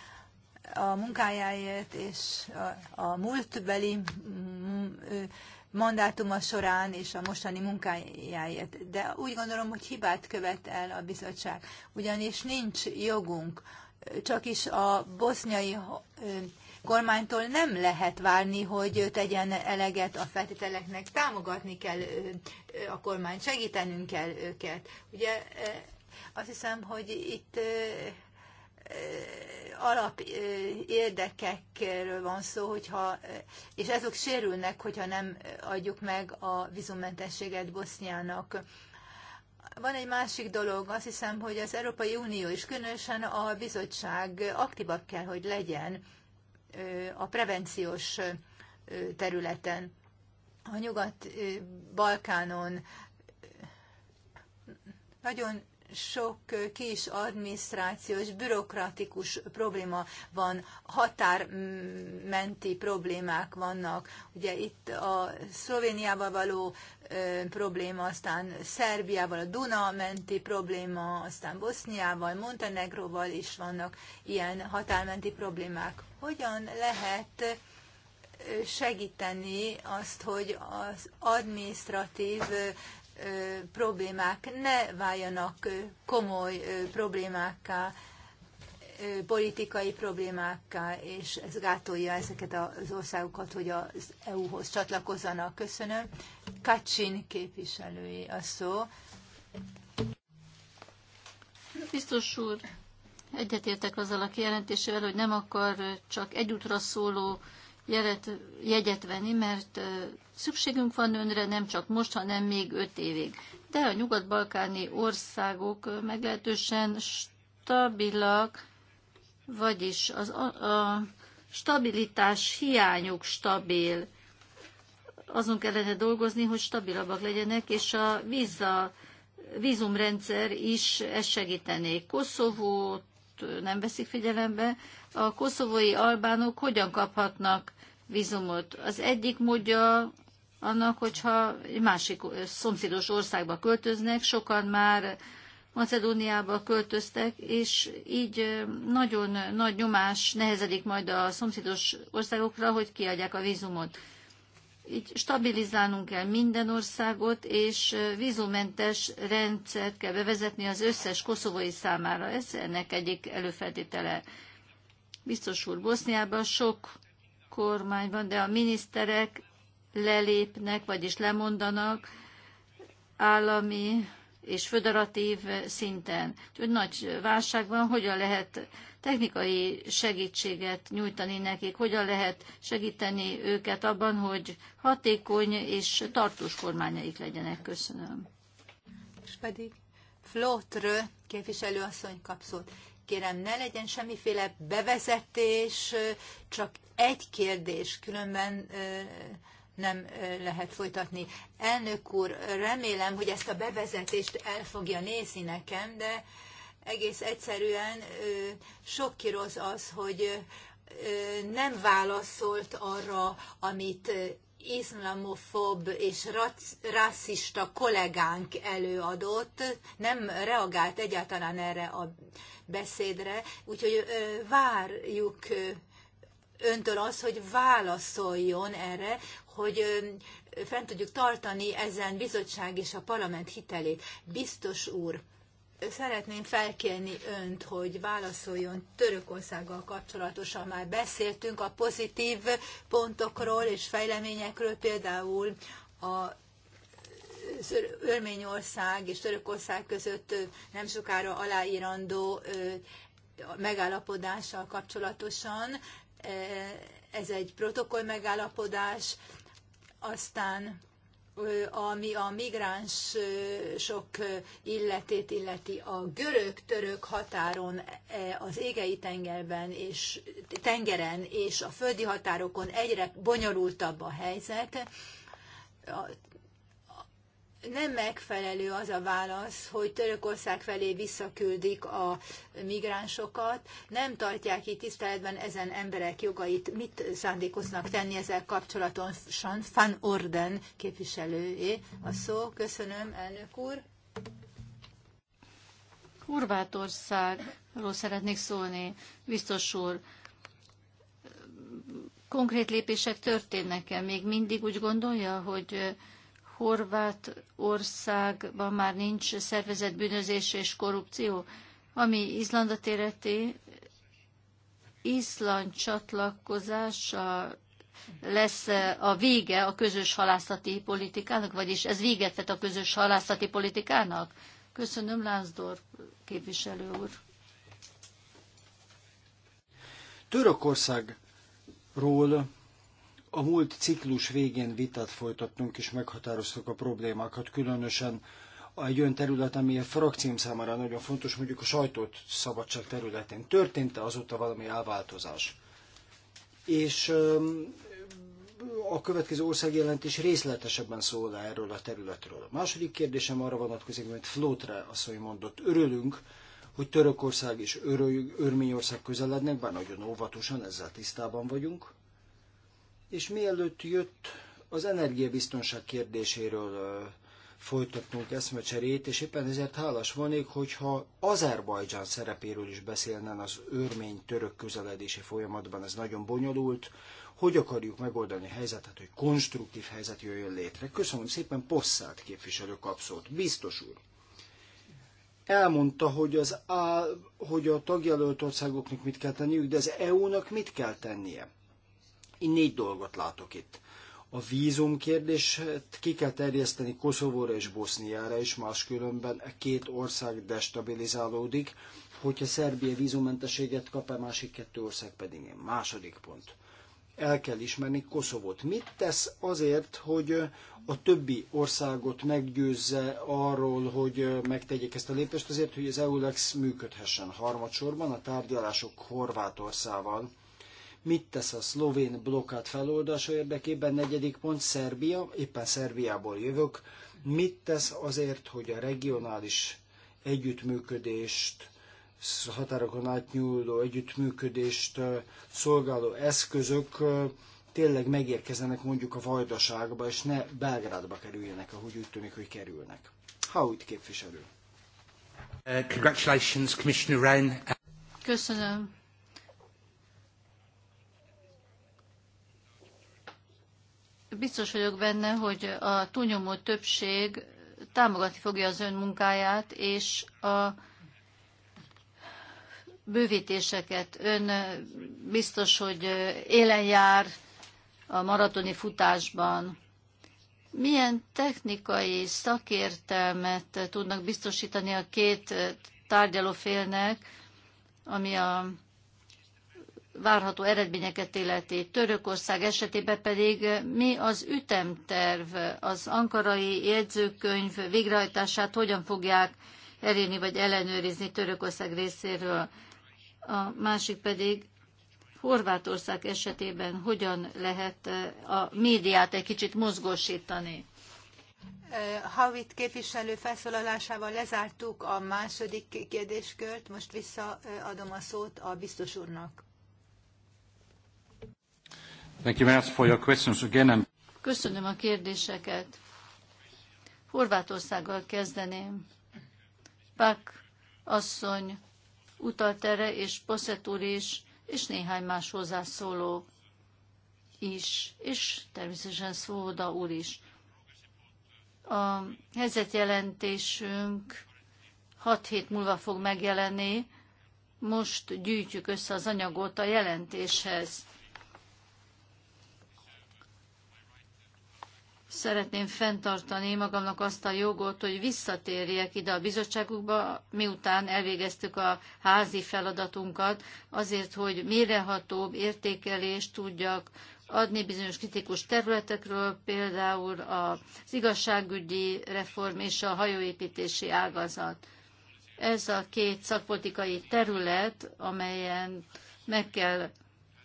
S3: a munkájáért és a, a múltbeli mandátuma során és a mostani munkájáért. De úgy gondolom, hogy hibát követ el a bizottság, ugyanis nincs jogunk, csak is a boszniai kormánytól nem lehet várni, hogy tegyen eleget a feltételeknek, támogatni kell a kormányt, segítenünk kell őket. Ugye azt hiszem, hogy itt alap érdekekről van szó, hogyha, és ezok sérülnek, hogyha nem adjuk meg a vízummentességet Boszniának. Van egy másik dolog, azt hiszem, hogy az Európai Unió is, különösen a bizottság aktívabb kell, hogy legyen a prevenciós területen. A Nyugat-Balkánon nagyon sok kis adminisztrációs, bürokratikus probléma van, határmenti problémák vannak. Ugye itt a Szlovéniával való ö, probléma, aztán Szerbiával a Duna menti probléma, aztán Boszniával, Montenegróval is vannak ilyen határmenti problémák. Hogyan lehet segíteni azt, hogy az ö, problémák ne váljanak komoly problémákká, politikai problémákká, és ez gátolja ezeket az országokat, hogy az EU-hoz csatlakozzanak. Köszönöm. Kacsin képviselői a szó. Biztos úr,
S2: egyetértek azzal a kijelentésével, hogy nem akar csak egy útra szóló jelet, jegyet venni, mert Szükségünk van önre nem csak most, hanem még öt évig. De a nyugat-balkáni országok meglehetősen stabilak, vagyis az, a, a stabilitás hiányuk stabil. Azon kellene dolgozni, hogy stabilabbak legyenek, és a víza, vízumrendszer is ezt segítené. Koszovót nem veszik figyelembe. A koszovói albánok hogyan kaphatnak vízumot? Az egyik módja annak, hogyha egy másik szomszédos országba költöznek, sokan már Macedóniába költöztek, és így nagyon nagy nyomás nehezedik majd a szomszédos országokra, hogy kiadják a vízumot. Így stabilizálnunk kell minden országot, és vízumentes rendszert kell bevezetni az összes koszovói számára. Ez ennek egyik előfeltétele. Biztos úr, Boszniában sok kormány van, de a miniszterek lelépnek, vagyis lemondanak állami és föderatív szinten. Úgyhogy nagy válság van, hogyan lehet technikai segítséget nyújtani nekik, hogyan lehet segíteni őket abban, hogy hatékony és tartós kormányaik legyenek.
S3: Köszönöm. És pedig Flótrő képviselőasszony kapszót. Kérem, ne legyen semmiféle bevezetés, csak egy kérdés, különben nem lehet folytatni. Elnök úr, remélem, hogy ezt a bevezetést el fogja nézni nekem, de egész egyszerűen sokkiroz az, hogy nem válaszolt arra, amit izlamofob és rasszista kollégánk előadott, nem reagált egyáltalán erre a beszédre, úgyhogy várjuk öntől az, hogy válaszoljon erre, hogy fent tudjuk tartani ezen bizottság és a parlament hitelét. Biztos úr, szeretném felkérni önt, hogy válaszoljon Törökországgal kapcsolatosan. Már beszéltünk a pozitív pontokról és fejleményekről, például a Örményország és Törökország között nem sokára aláírandó megállapodással kapcsolatosan. Ez egy protokoll megállapodás, aztán ami a migránsok illetét illeti a görög-török határon, e, az égei tengerben és tengeren és a földi határokon egyre bonyolultabb a helyzet. A nem megfelelő az a válasz, hogy Törökország felé visszaküldik a migránsokat, nem tartják ki tiszteletben ezen emberek jogait. Mit szándékoznak tenni ezzel kapcsolatosan? Van Orden képviselőjé a szó. Köszönöm, elnök úr. Horvátországról
S2: szeretnék szólni, biztos úr. Konkrét lépések történnek-e? Még mindig úgy gondolja, hogy országban már nincs szervezett bűnözés és korrupció. Ami Izlandot éreti, Izland csatlakozása lesz eh, a vége a közös halászati politikának, vagyis ez véget vet a közös halászati politikának? Köszönöm, Lánzdorf képviselő úr.
S1: Törökországról a múlt ciklus végén vitát folytattunk, és meghatároztuk a problémákat, különösen egy olyan terület, ami a frakcióm számára nagyon fontos, mondjuk a sajtót szabadság területén. Történt-e azóta valami elváltozás? És a következő országjelentés részletesebben szól erről a területről. A második kérdésem arra vonatkozik, amit Flótre asszony mondott. Örülünk, hogy Törökország és Örményország közelednek, bár nagyon óvatosan ezzel tisztában vagyunk és mielőtt jött az energiabiztonság kérdéséről folytatnunk eszmecserét, és éppen ezért hálás vannék, hogyha Azerbajdzsán szerepéről is beszélnen az örmény-török közeledési folyamatban, ez nagyon bonyolult, hogy akarjuk megoldani a helyzetet, hogy konstruktív helyzet jöjjön létre. Köszönöm szépen, Posszát képviselő kapszót, biztos úr. Elmondta, hogy, az á, hogy a tagjelölt országoknak mit kell tenniük, de az EU-nak mit kell tennie. Én négy dolgot látok itt. A vízum kérdést ki kell terjeszteni Koszovóra és Boszniára is, máskülönben a e két ország destabilizálódik, hogyha Szerbia vízummentességet kap, a másik kettő ország pedig nem. Második pont. El kell ismerni Koszovót. Mit tesz azért, hogy a többi országot meggyőzze arról, hogy megtegyék ezt a lépést, azért, hogy az EULEX működhessen harmadsorban a tárgyalások Horvátországgal Mit tesz a szlovén blokkát feloldása érdekében? Negyedik pont, Szerbia, éppen Szerbiából jövök. Mit tesz azért, hogy a regionális együttműködést, határokon átnyúló együttműködést szolgáló eszközök tényleg megérkezenek mondjuk a Vajdaságba, és ne Belgrádba kerüljenek, ahogy úgy tűnik, hogy kerülnek. Ha úgy képviselő.
S3: Uh, congratulations, Commissioner Rehn.
S2: Köszönöm, Biztos vagyok benne, hogy a túlnyomó többség támogatni fogja az ön munkáját, és a bővítéseket. Ön biztos, hogy élen jár a maratoni futásban. Milyen technikai szakértelmet tudnak biztosítani a két tárgyalófélnek, ami a várható eredményeket illeti. Törökország esetében pedig mi az ütemterv, az ankarai jegyzőkönyv végrehajtását hogyan fogják elérni vagy ellenőrizni Törökország részéről. A másik pedig Horvátország esetében hogyan lehet a médiát egy kicsit mozgósítani.
S3: Havit képviselő felszólalásával lezártuk a második kérdéskört, most visszaadom a szót a biztos úrnak. Thank you for your questions again.
S2: Köszönöm a kérdéseket. Horvátországgal kezdeném. Pak asszony utalt erre, és Poszet úr is, és néhány más hozzászóló is, és természetesen Szóda úr is. A helyzetjelentésünk 6 hét múlva fog megjelenni, most gyűjtjük össze az anyagot a jelentéshez szeretném fenntartani magamnak azt a jogot, hogy visszatérjek ide a bizottságukba, miután elvégeztük a házi feladatunkat, azért, hogy mérehatóbb értékelést tudjak adni bizonyos kritikus területekről, például az igazságügyi reform és a hajóépítési ágazat. Ez a két szakpolitikai terület, amelyen meg kell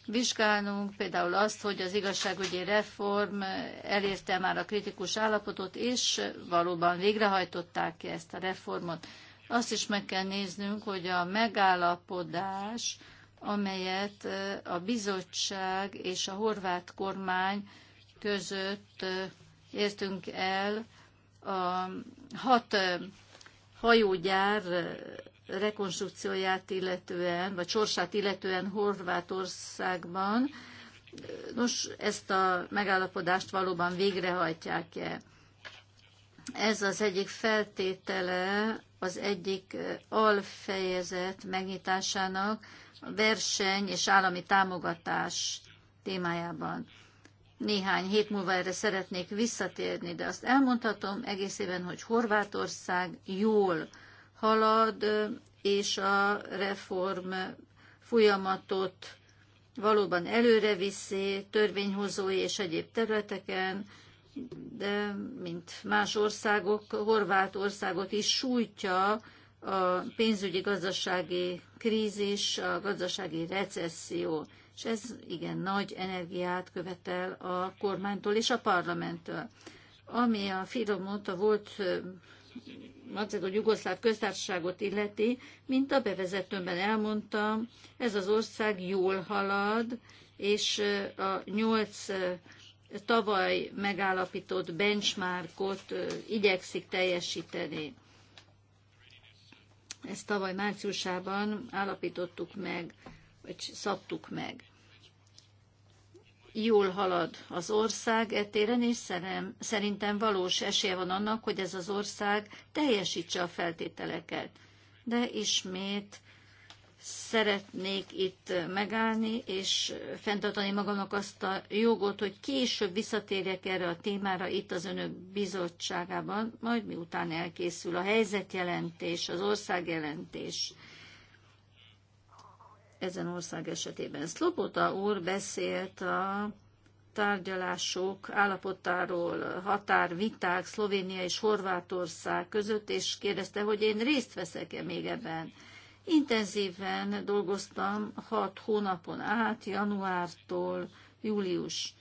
S2: vizsgálnunk, például azt, hogy az igazságügyi reform elérte már a kritikus állapotot, és valóban végrehajtották ki -e ezt a reformot. Azt is meg kell néznünk, hogy a megállapodás, amelyet a bizottság és a horvát kormány között értünk el, a hat hajógyár rekonstrukcióját illetően, vagy sorsát illetően Horvátországban. Nos, ezt a megállapodást valóban végrehajtják-e? Ez az egyik feltétele az egyik alfejezet megnyitásának a verseny és állami támogatás témájában. Néhány hét múlva erre szeretnék visszatérni, de azt elmondhatom egészében, hogy Horvátország jól halad, és a reform folyamatot valóban előre viszi törvényhozói és egyéb területeken, de mint más országok, Horvát országot is sújtja a pénzügyi gazdasági krízis, a gazdasági recesszió, és ez igen nagy energiát követel a kormánytól és a parlamenttől. Ami a Firomot, a volt Macedon Jugoszláv köztársaságot illeti, mint a bevezetőmben elmondtam, ez az ország jól halad, és a nyolc tavaly megállapított benchmarkot igyekszik teljesíteni. Ezt tavaly márciusában állapítottuk meg, vagy szabtuk meg jól halad az ország e téren és szerintem valós esélye van annak, hogy ez az ország teljesítse a feltételeket. De ismét szeretnék itt megállni, és fenntartani magamnak azt a jogot, hogy később visszatérjek erre a témára itt az önök bizottságában, majd miután elkészül a helyzetjelentés, az országjelentés ezen ország esetében. Szlobota úr beszélt a tárgyalások állapotáról, határviták Szlovénia és Horvátország között, és kérdezte, hogy én részt veszek-e még ebben. Intenzíven dolgoztam hat hónapon át, januártól július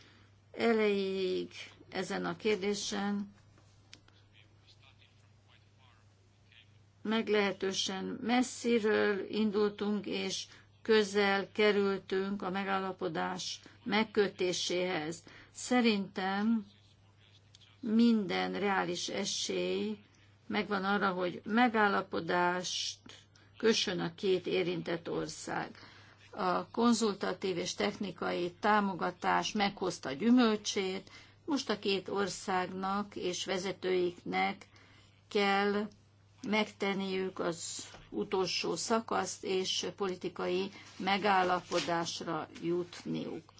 S2: elejéig ezen a kérdésen. Meglehetősen messziről indultunk, és közel kerültünk a megállapodás megkötéséhez. Szerintem minden reális esély megvan arra, hogy megállapodást kössön a két érintett ország. A konzultatív és technikai támogatás meghozta gyümölcsét, most a két országnak és vezetőiknek kell megtenniük az utolsó szakaszt, és politikai megállapodásra jutniuk.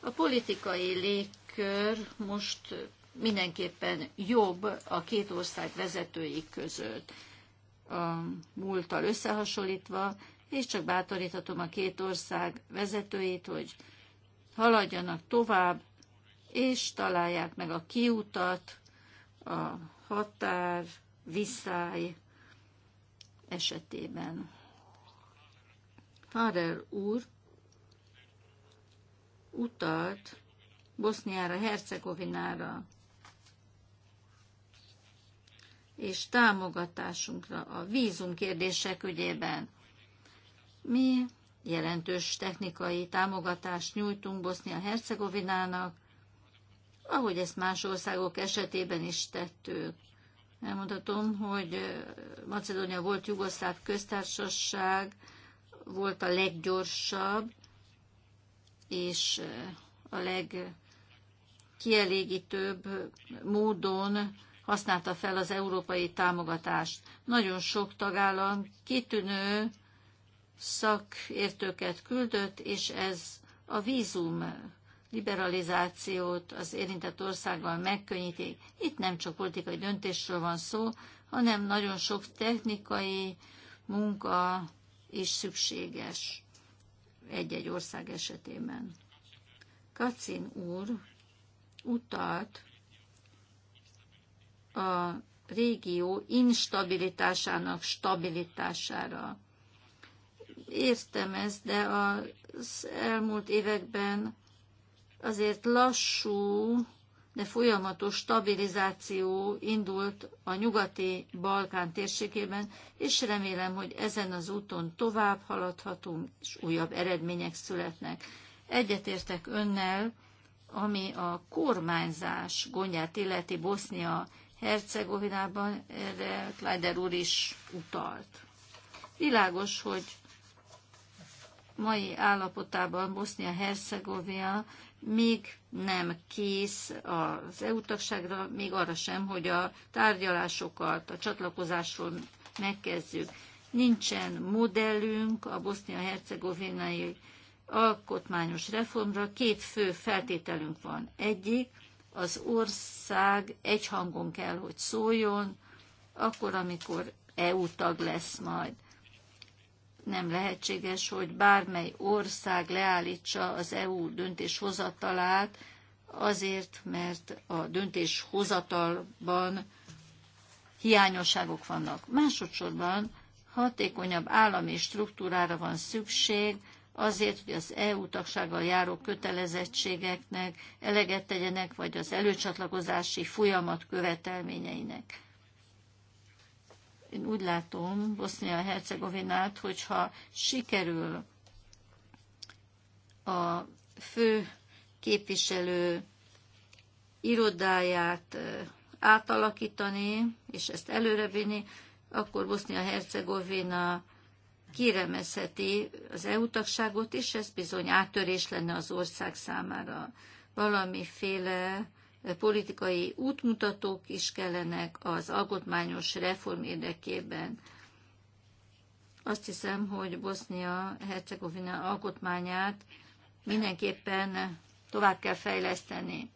S2: A politikai légkör most mindenképpen jobb a két ország vezetői között a múlttal összehasonlítva, és csak bátoríthatom a két ország vezetőit, hogy haladjanak tovább, és találják meg a kiutat, a határ, viszály esetében. Harer úr utalt Boszniára, Hercegovinára és támogatásunkra a vízum kérdések ügyében. Mi jelentős technikai támogatást nyújtunk Bosznia-Hercegovinának, ahogy ezt más országok esetében is tettük elmondhatom, hogy Macedónia volt jugoszláv köztársaság, volt a leggyorsabb és a legkielégítőbb módon használta fel az európai támogatást. Nagyon sok tagállam kitűnő szakértőket küldött, és ez a vízum liberalizációt az érintett országgal megkönnyítik. Itt nem csak politikai döntésről van szó, hanem nagyon sok technikai munka is szükséges egy-egy ország esetében. Kacin úr utalt a régió instabilitásának stabilitására. Értem ezt, de az elmúlt években azért lassú, de folyamatos stabilizáció indult a nyugati Balkán térségében, és remélem, hogy ezen az úton tovább haladhatunk, és újabb eredmények születnek. Egyetértek önnel, ami a kormányzás gondját illeti Bosznia Hercegovinában, erre Kleider úr is utalt. Világos, hogy mai állapotában Bosznia-Hercegovina még nem kész az eu tagságra, még arra sem, hogy a tárgyalásokat, a csatlakozásról megkezdjük. Nincsen modellünk a bosznia-hercegovinai alkotmányos reformra. Két fő feltételünk van. Egyik, az ország egy hangon kell, hogy szóljon, akkor, amikor EU tag lesz majd nem lehetséges, hogy bármely ország leállítsa az EU döntéshozatalát azért, mert a döntéshozatalban hiányosságok vannak. Másodszorban hatékonyabb állami struktúrára van szükség, azért, hogy az EU tagsággal járó kötelezettségeknek eleget tegyenek, vagy az előcsatlakozási folyamat követelményeinek én úgy látom Bosznia-Hercegovinát, hogyha sikerül a fő képviselő irodáját átalakítani, és ezt előrevinni, akkor Bosznia-Hercegovina kiremezheti az EU tagságot, és ez bizony áttörés lenne az ország számára. Valamiféle politikai útmutatók is kellenek az alkotmányos reform érdekében. Azt hiszem, hogy Bosznia-Hercegovina alkotmányát mindenképpen tovább kell fejleszteni.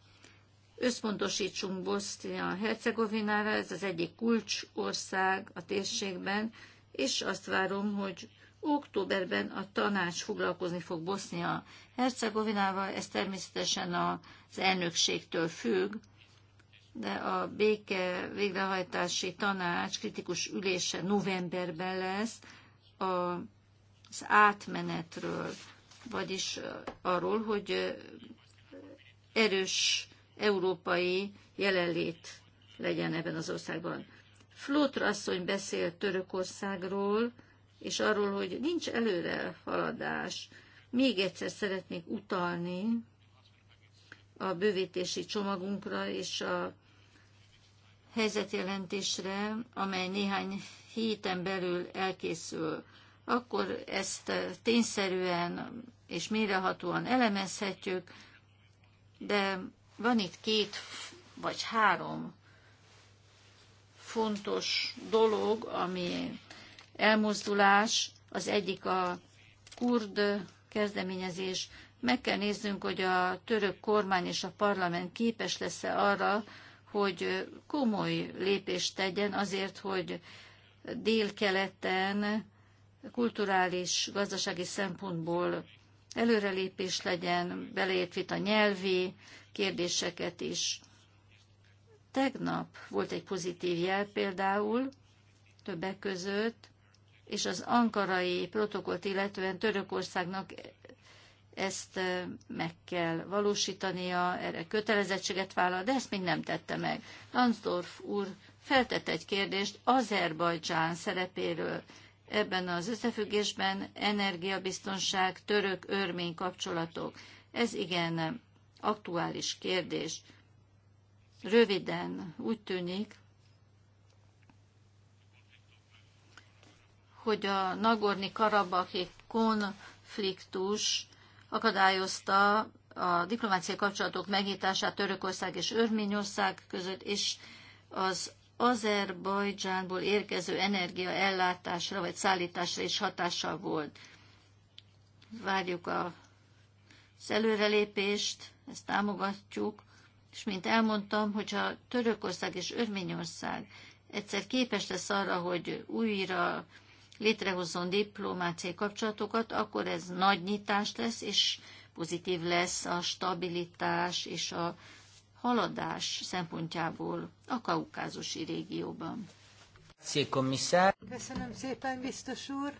S2: Összpontosítsunk Bosznia-Hercegovinára, ez az egyik kulcsország a térségben, és azt várom, hogy Októberben a tanács foglalkozni fog Bosznia-Hercegovinával, ez természetesen az elnökségtől függ, de a béke végrehajtási tanács kritikus ülése novemberben lesz az átmenetről, vagyis arról, hogy erős európai jelenlét legyen ebben az országban. Flótra asszony beszélt Törökországról, és arról, hogy nincs előre haladás. Még egyszer szeretnék utalni a bővítési csomagunkra és a helyzetjelentésre, amely néhány héten belül elkészül, akkor ezt tényszerűen és mérehatóan elemezhetjük, de van itt két vagy három fontos dolog, ami elmozdulás, az egyik a kurd kezdeményezés. Meg kell néznünk, hogy a török kormány és a parlament képes lesz-e arra, hogy komoly lépést tegyen azért, hogy délkeleten kulturális, gazdasági szempontból előrelépés legyen, beleértve a nyelvi kérdéseket is. Tegnap volt egy pozitív jel például, többek között és az ankarai protokollt illetően Törökországnak ezt meg kell valósítania, erre kötelezettséget vállal, de ezt még nem tette meg. Lansdorf úr feltett egy kérdést Azerbajdzsán szerepéről ebben az összefüggésben energiabiztonság, török-örmény kapcsolatok. Ez igen aktuális kérdés. Röviden úgy tűnik, hogy a nagorni karabaki konfliktus akadályozta a diplomáciai kapcsolatok megnyitását Törökország és Örményország között, és az Azerbajdzsánból érkező energia ellátásra vagy szállításra is hatással volt. Várjuk a, az előrelépést, ezt támogatjuk, és mint elmondtam, hogyha Törökország és Örményország egyszer képes lesz arra, hogy újra létrehozzon diplomáciai kapcsolatokat, akkor ez nagy nyitást lesz, és pozitív lesz a stabilitás és a haladás szempontjából a kaukázusi régióban.
S3: Köszönöm szépen, biztos úr.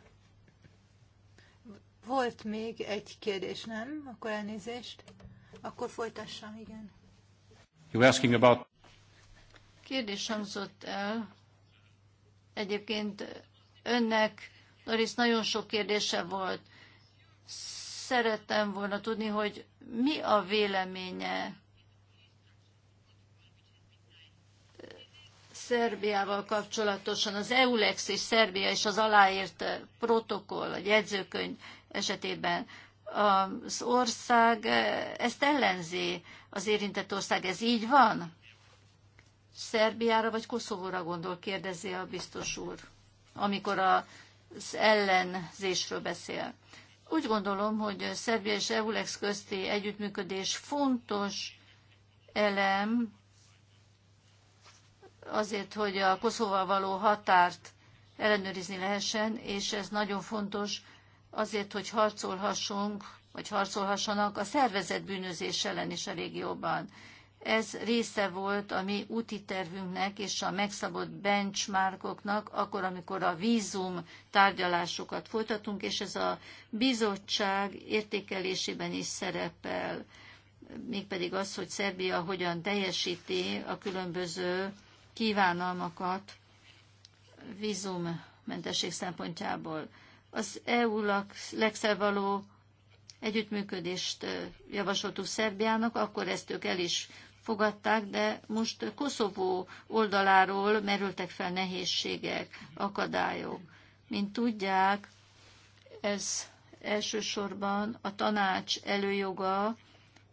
S3: Volt még egy kérdés, nem? Akkor elnézést. Akkor folytassam, igen. asking about... Kérdés hangzott el.
S2: Egyébként Önnek, Doris, nagyon sok kérdése volt. Szerettem volna tudni, hogy mi a véleménye Szerbiával kapcsolatosan az EULEX és Szerbia és az aláírt protokoll, a jegyzőkönyv esetében az ország ezt ellenzi, az érintett ország, ez így van? Szerbiára vagy Koszovóra gondol, kérdezi a biztos úr amikor az ellenzésről beszél. Úgy gondolom, hogy Szerbia és EULEX közti együttműködés fontos elem azért, hogy a Koszovval való határt ellenőrizni lehessen, és ez nagyon fontos azért, hogy harcolhassunk, vagy harcolhassanak a szervezet bűnözés ellen is a régióban. Ez része volt a mi úti tervünknek és a megszabott benchmarkoknak, akkor, amikor a vízum tárgyalásokat folytatunk, és ez a bizottság értékelésében is szerepel, mégpedig az, hogy Szerbia hogyan teljesíti a különböző kívánalmakat vízummentesség szempontjából. Az EU-legszel való együttműködést javasoltuk Szerbiának, akkor ezt ők el is fogadták, de most Koszovó oldaláról merültek fel nehézségek, akadályok. Mint tudják, ez elsősorban a tanács előjoga,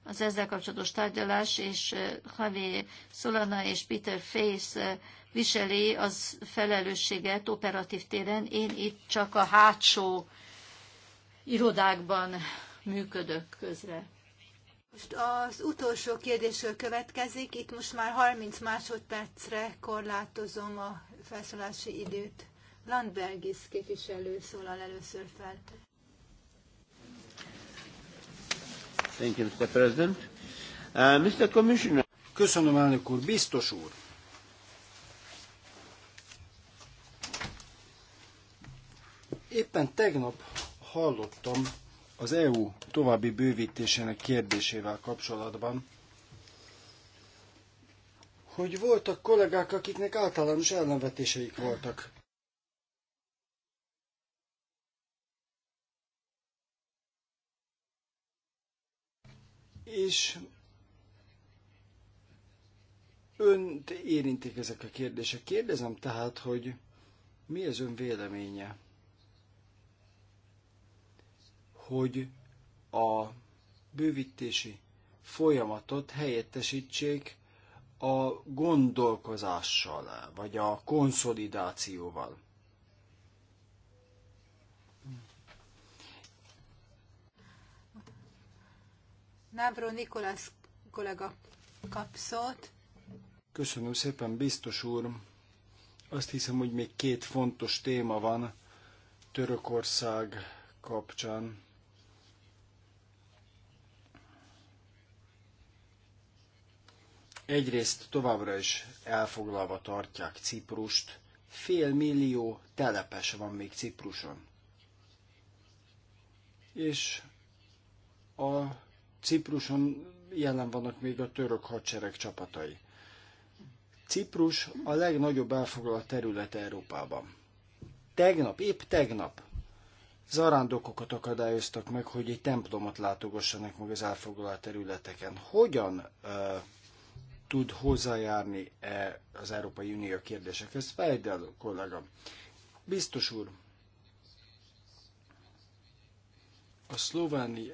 S2: az ezzel kapcsolatos tárgyalás, és eh, Javier Solana és Peter Face eh, viseli az felelősséget operatív téren. Én itt csak a hátsó irodákban működök közre.
S3: Most az utolsó kérdésről következik, itt most már 30 másodpercre korlátozom a felszólási időt. Landbergis képviselő szólal először fel.
S1: Thank you, Mr. President. Uh, Mr. Commissioner. Köszönöm, elnök úr. Biztos úr. Éppen tegnap hallottam az EU további bővítésének kérdésével kapcsolatban, hogy voltak kollégák, akiknek általános ellenvetéseik voltak. És önt érintik ezek a kérdések. Kérdezem tehát, hogy mi az ön véleménye? hogy a bővítési folyamatot helyettesítsék a gondolkozással, vagy a konszolidációval.
S3: Návró Nikolász kollega kap szót.
S1: Köszönöm szépen, biztos úr. Azt hiszem, hogy még két fontos téma van Törökország kapcsán. Egyrészt továbbra is elfoglalva tartják Ciprust, fél millió telepes van még Cipruson. És a Cipruson jelen vannak még a török hadsereg csapatai. Ciprus a legnagyobb elfoglalt terület Európában. Tegnap, épp tegnap zarándokokat akadályoztak meg, hogy egy templomot látogassanak meg az elfoglalt területeken. Hogyan uh, tud hozzájárni -e az Európai Unió kérdésekhez. el, kollega, biztos úr, a szlováni,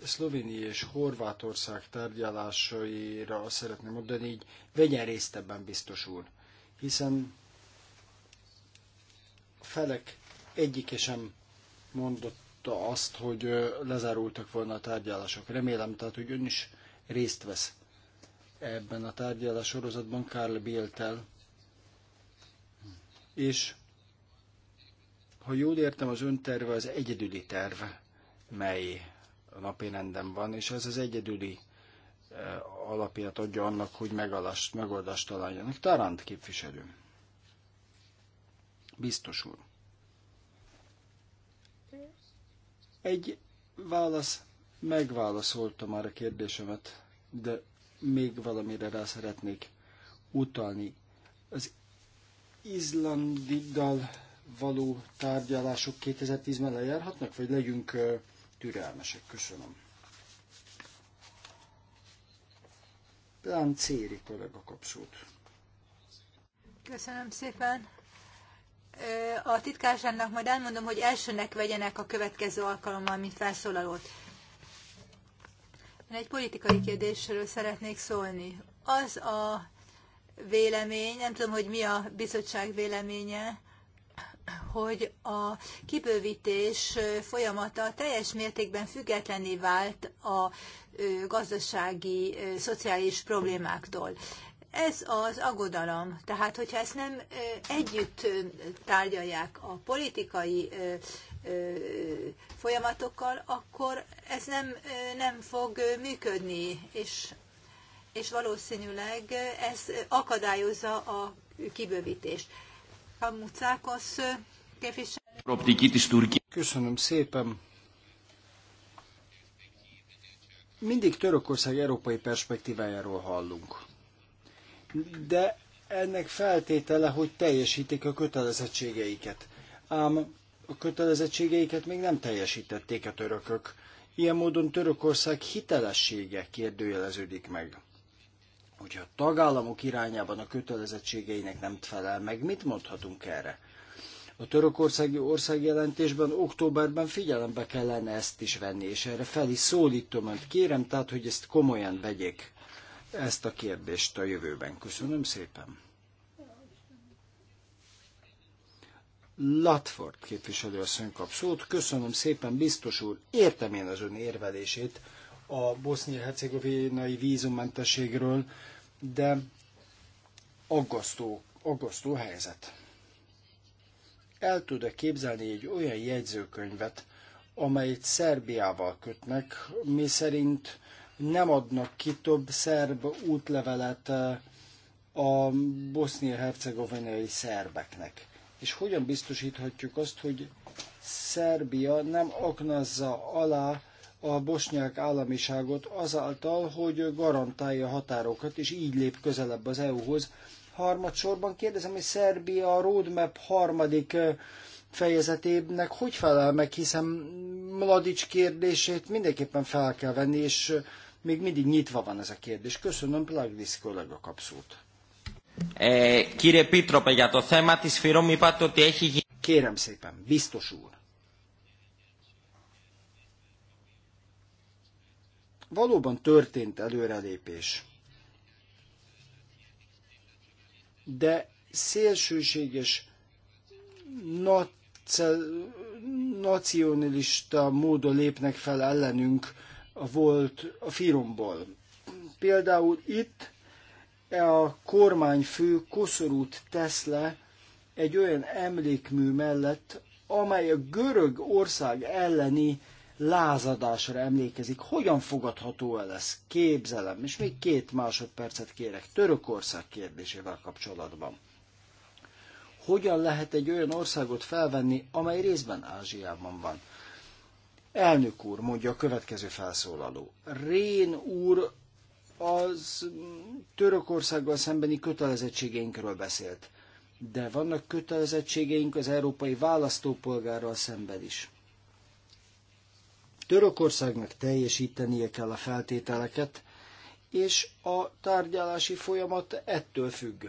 S1: és Horvátország tárgyalásaira azt szeretném mondani, így vegyen részt ebben biztos úr, hiszen a felek egyike sem mondotta azt, hogy lezárultak volna a tárgyalások. Remélem tehát, hogy ön is részt vesz ebben a tárgyalás sorozatban Karl Bieltel. És ha jól értem, az ön terve az egyedüli terv, mely a napi renden van, és ez az egyedüli eh, alapját adja annak, hogy megalast, megoldást találjanak. Tarant képviselő. Biztos úr. Egy válasz, megválaszoltam már a kérdésemet, de még valamire rá szeretnék utalni. Az Izlandiddal való tárgyalások 2010-ben lejárhatnak, vagy legyünk türelmesek? Köszönöm. Plán Céri kollega kapszót.
S3: Köszönöm szépen. A titkárságnak majd elmondom, hogy elsőnek vegyenek a következő alkalommal, mint felszólalót. Én egy politikai kérdésről szeretnék szólni. Az a vélemény, nem tudom, hogy mi a bizottság véleménye, hogy a kibővítés folyamata teljes mértékben függetlené vált a gazdasági, szociális problémáktól. Ez az aggodalom. Tehát, hogyha ezt nem együtt tárgyalják a politikai folyamatokkal, akkor ez nem, nem fog működni, és, és valószínűleg ez akadályozza a kibővítést. Kamucákos képviselő.
S1: Köszönöm szépen. Mindig Törökország európai perspektívájáról hallunk. De ennek feltétele, hogy teljesítik a kötelezettségeiket. Ám a kötelezettségeiket még nem teljesítették a törökök. Ilyen módon Törökország hitelessége kérdőjeleződik meg. Hogyha a tagállamok irányában a kötelezettségeinek nem felel meg, mit mondhatunk erre? A törökországi országjelentésben októberben figyelembe kellene ezt is venni, és erre fel is szólítom mert Kérem tehát, hogy ezt komolyan vegyék, ezt a kérdést a jövőben. Köszönöm szépen. Latford képviselőasszony kap szót. Köszönöm szépen, biztos úr, értem én az ön érvelését a bosznia-hercegovinai vízummentességről, de aggasztó, aggasztó helyzet. El tud -e képzelni egy olyan jegyzőkönyvet, amelyet Szerbiával kötnek, mi szerint nem adnak ki több szerb útlevelet eh, a bosznia-hercegovinai szerbeknek és hogyan biztosíthatjuk azt, hogy Szerbia nem aknazza alá a bosnyák államiságot azáltal, hogy garantálja a határokat, és így lép közelebb az EU-hoz. Harmadsorban kérdezem, hogy Szerbia a roadmap harmadik fejezetének hogy felel meg, hiszen Mladic kérdését mindenképpen fel kell venni, és még mindig nyitva van ez a kérdés. Köszönöm, Plagvis kollega kapszót. Ε, κύριε Επίτροπε, για το θέμα της Φυρόμ είπατε ότι έχει γίνει... Kérem szépen, biztos úr. Valóban történt előrelépés, de szélsőséges nacionalista módon lépnek fel ellenünk a volt a Firomból. Például itt E a kormányfő koszorút tesz le egy olyan emlékmű mellett, amely a görög ország elleni lázadásra emlékezik. Hogyan fogadható el ez? Képzelem, és még két másodpercet kérek Törökország kérdésével kapcsolatban. Hogyan lehet egy olyan országot felvenni, amely részben Ázsiában van? Elnök úr, mondja a következő felszólaló. Rén úr az Törökországgal szembeni kötelezettségeinkről beszélt. De vannak kötelezettségeink az európai választópolgárral szemben is. Törökországnak teljesítenie kell a feltételeket, és a tárgyalási folyamat ettől függ.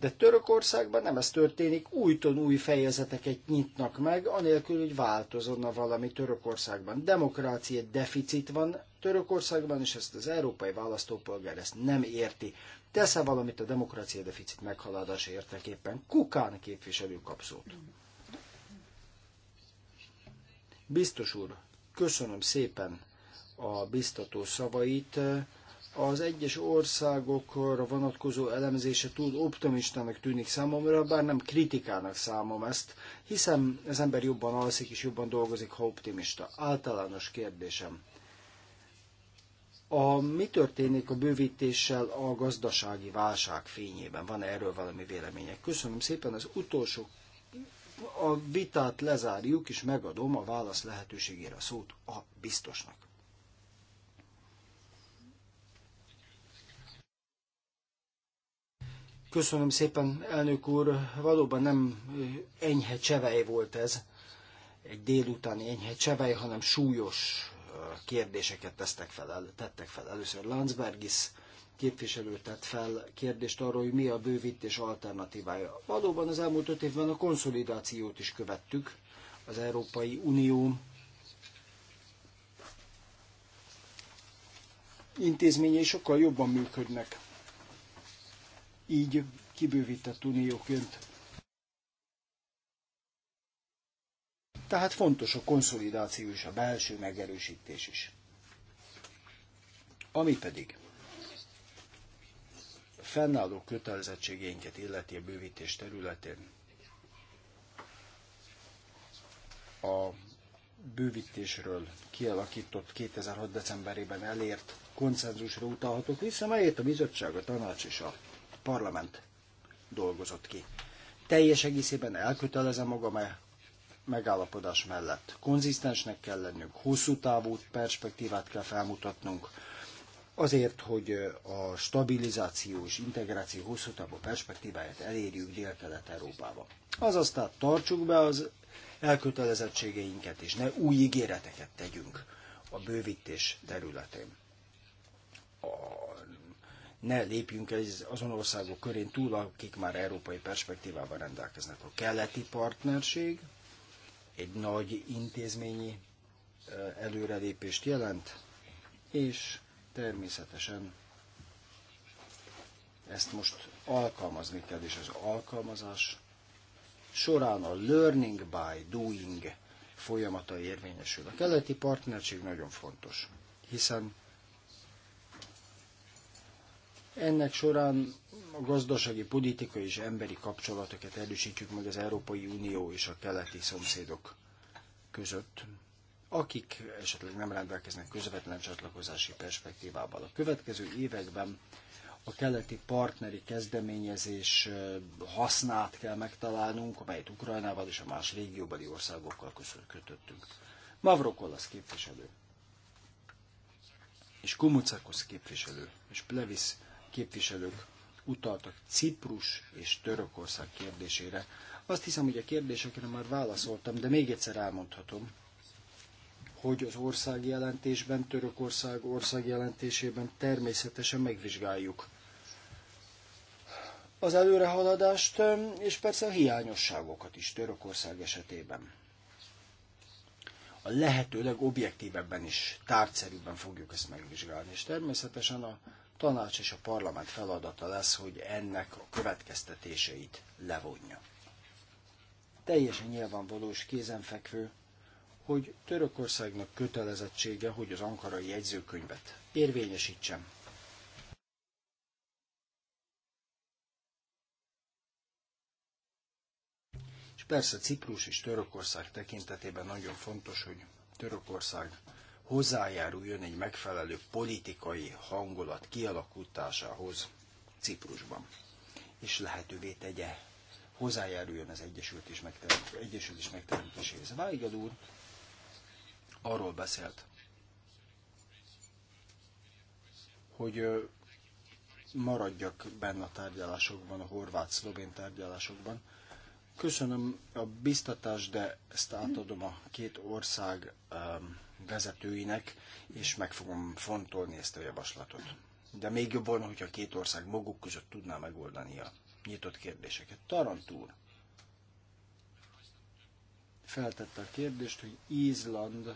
S1: De Törökországban nem ez történik, újton új fejezeteket nyitnak meg, anélkül, hogy változna valami Törökországban. Demokrácia deficit van, Törökországban, és ezt az európai választópolgár ezt nem érti. Tesz-e valamit a demokrácia deficit meghaladása érteképpen? Kukán képviselő kapszót. Biztos úr, köszönöm szépen a biztató szavait. Az egyes országokra vonatkozó elemzése túl optimistának tűnik számomra, bár nem kritikának számom ezt, hiszen az ember jobban alszik és jobban dolgozik, ha optimista. Általános kérdésem a, mi történik a bővítéssel a gazdasági válság fényében? Van -e erről valami vélemények? Köszönöm szépen, az utolsó a vitát lezárjuk, és megadom a válasz lehetőségére a szót a biztosnak. Köszönöm szépen, elnök úr. Valóban nem enyhe csevej volt ez, egy délutáni enyhe csevej, hanem súlyos kérdéseket tesztek fel, tettek fel. Először Landsbergis képviselő tett fel kérdést arról, hogy mi a bővítés alternatívája. Valóban az elmúlt öt évben a konszolidációt is követtük, az Európai Unió intézményei sokkal jobban működnek. Így kibővített unióként Tehát fontos a konszolidáció és a belső megerősítés is. Ami pedig a fennálló kötelezettségénket illeti a bővítés területén, a bővítésről kialakított 2006. decemberében elért konszenzusra utalhatok vissza, melyet a bizottság, a tanács és a parlament dolgozott ki. Teljes egészében elkötelezem magam a megállapodás mellett. Konzisztensnek kell lennünk, hosszú távú perspektívát kell felmutatnunk, azért, hogy a stabilizáció és integráció hosszú távú perspektíváját elérjük Dél-Kelet-Európába. Azaz tehát tartsuk be az elkötelezettségeinket, és ne új ígéreteket tegyünk a bővítés területén. A ne lépjünk ez azon országok körén túl, akik már európai perspektívával rendelkeznek. A keleti partnerség egy nagy intézményi előrelépést jelent, és természetesen ezt most alkalmazni kell, és az alkalmazás során a learning by doing folyamata érvényesül. A keleti partnerség nagyon fontos, hiszen ennek során a gazdasági, politikai és emberi kapcsolatokat erősítjük meg az Európai Unió és a keleti szomszédok között, akik esetleg nem rendelkeznek közvetlen csatlakozási perspektívával. A következő években a keleti partneri kezdeményezés hasznát kell megtalálnunk, amelyet Ukrajnával és a más régióbeli országokkal kötöttünk. Mavrokolasz képviselő, és Kumucakos képviselő, és Plevis képviselők utaltak Ciprus és Törökország kérdésére. Azt hiszem, hogy a kérdésekre már válaszoltam, de még egyszer elmondhatom, hogy az országjelentésben, Törökország országjelentésében természetesen megvizsgáljuk az előrehaladást, és persze a hiányosságokat is Törökország esetében. A lehetőleg objektívebben is, tárgyszerűbben fogjuk ezt megvizsgálni, és természetesen a tanács és a parlament feladata lesz, hogy ennek a következtetéseit levonja. Teljesen nyilvánvaló és kézenfekvő, hogy Törökországnak kötelezettsége, hogy az ankarai jegyzőkönyvet érvényesítsen. És persze Ciprus és Törökország tekintetében nagyon fontos, hogy Törökország hozzájáruljon egy megfelelő politikai hangulat kialakításához Ciprusban, és lehetővé tegye, hozzájáruljon az Egyesült is egyesült Egyesülés megteremtéséhez. Váigad úr arról beszélt, hogy maradjak benne a tárgyalásokban, a horvát-szlovén tárgyalásokban. Köszönöm a biztatást, de ezt átadom a két ország um, vezetőinek, és meg fogom fontolni ezt a javaslatot. De még jobb volna, hogyha a két ország maguk között tudná megoldani a nyitott kérdéseket. Tarantúr feltette a kérdést, hogy Izland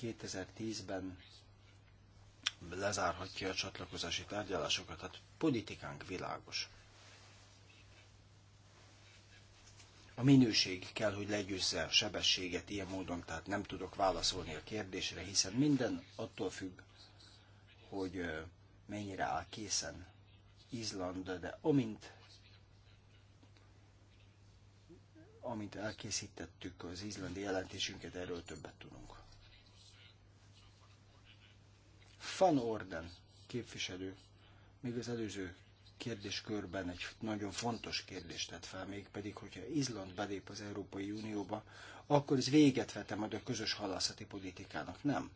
S1: 2010-ben lezárhatja a csatlakozási tárgyalásokat. Hát politikánk világos. A minőség kell, hogy legyőzze a sebességet ilyen módon, tehát nem tudok válaszolni a kérdésre, hiszen minden attól függ, hogy mennyire áll készen Izland, de amint amint elkészítettük az izlandi jelentésünket, erről többet tudunk. Van Orden képviselő még az előző kérdéskörben egy nagyon fontos kérdést tett fel, mégpedig, hogyha Izland belép az Európai Unióba, akkor ez véget vete majd a közös halászati politikának, nem?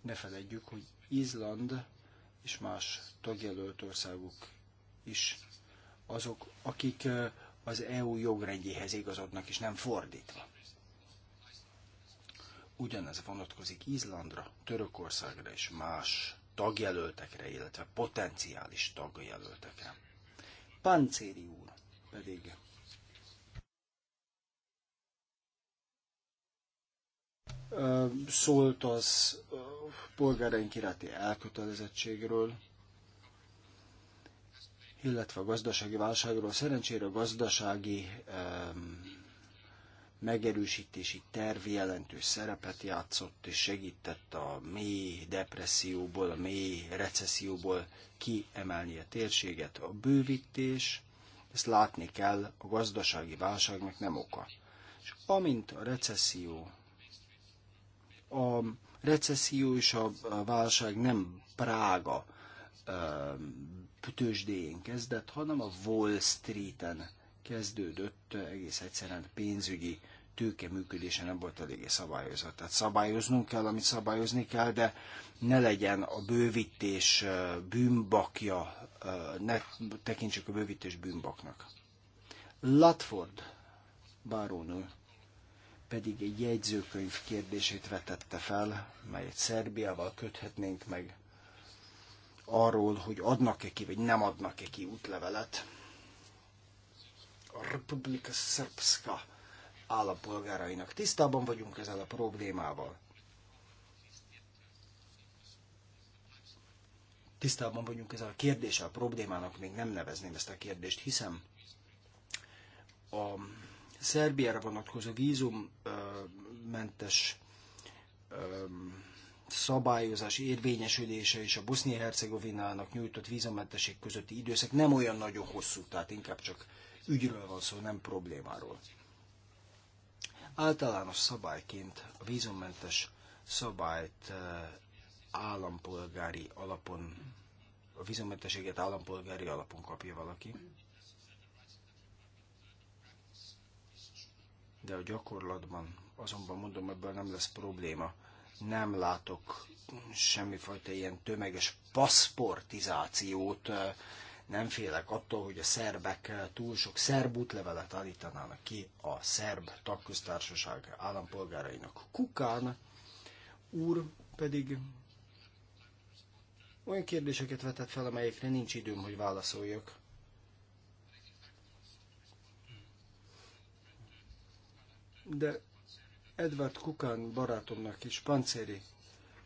S1: Ne feledjük, hogy Izland és más tagjelölt országok is azok, akik az EU jogrendjéhez igazodnak, és nem fordítva. Ugyanez vonatkozik Izlandra, Törökországra és más tagjelöltekre, illetve potenciális tagjelöltekre. Pancéri úr pedig. Szólt az polgáraink iránti elkötelezettségről, illetve a gazdasági válságról. Szerencsére a gazdasági um, megerősítési terv jelentős szerepet játszott, és segített a mély depresszióból, a mély recesszióból kiemelni a térséget. A bővítés, ezt látni kell, a gazdasági válságnak nem oka. És amint a recesszió, a recesszió és a válság nem Prága tőzsdéjén kezdett, hanem a Wall Street-en kezdődött egész egyszerűen pénzügyi tőke működése nem volt eléggé szabályozott. Tehát szabályoznunk kell, amit szabályozni kell, de ne legyen a bővítés bűnbakja, ne tekintsük a bővítés bűnbaknak. Latford bárónő pedig egy jegyzőkönyv kérdését vetette fel, melyet Szerbiával köthetnénk meg arról, hogy adnak-e ki, vagy nem adnak-e ki útlevelet. A Republika Srpska állampolgárainak. Tisztában vagyunk ezzel a problémával. Tisztában vagyunk ezzel a kérdéssel, a problémának még nem nevezném ezt a kérdést, hiszem a Szerbiára vonatkozó vízummentes szabályozás érvényesülése és a Bosznia-Hercegovinának nyújtott vízummentesség közötti időszak nem olyan nagyon hosszú, tehát inkább csak ügyről van szó, nem problémáról. Általános szabályként a vízummentes szabályt eh, állampolgári alapon, a vízummentességet állampolgári alapon kapja valaki. De a gyakorlatban, azonban mondom, ebből nem lesz probléma. Nem látok semmifajta ilyen tömeges paszportizációt, eh, nem félek attól, hogy a szerbek eh, túl sok szerb útlevelet állítanának ki a szerb tagköztársaság állampolgárainak. Kukán úr pedig olyan kérdéseket vetett fel, amelyekre nincs időm, hogy válaszoljak. De Edward Kukán barátomnak is, Pancéri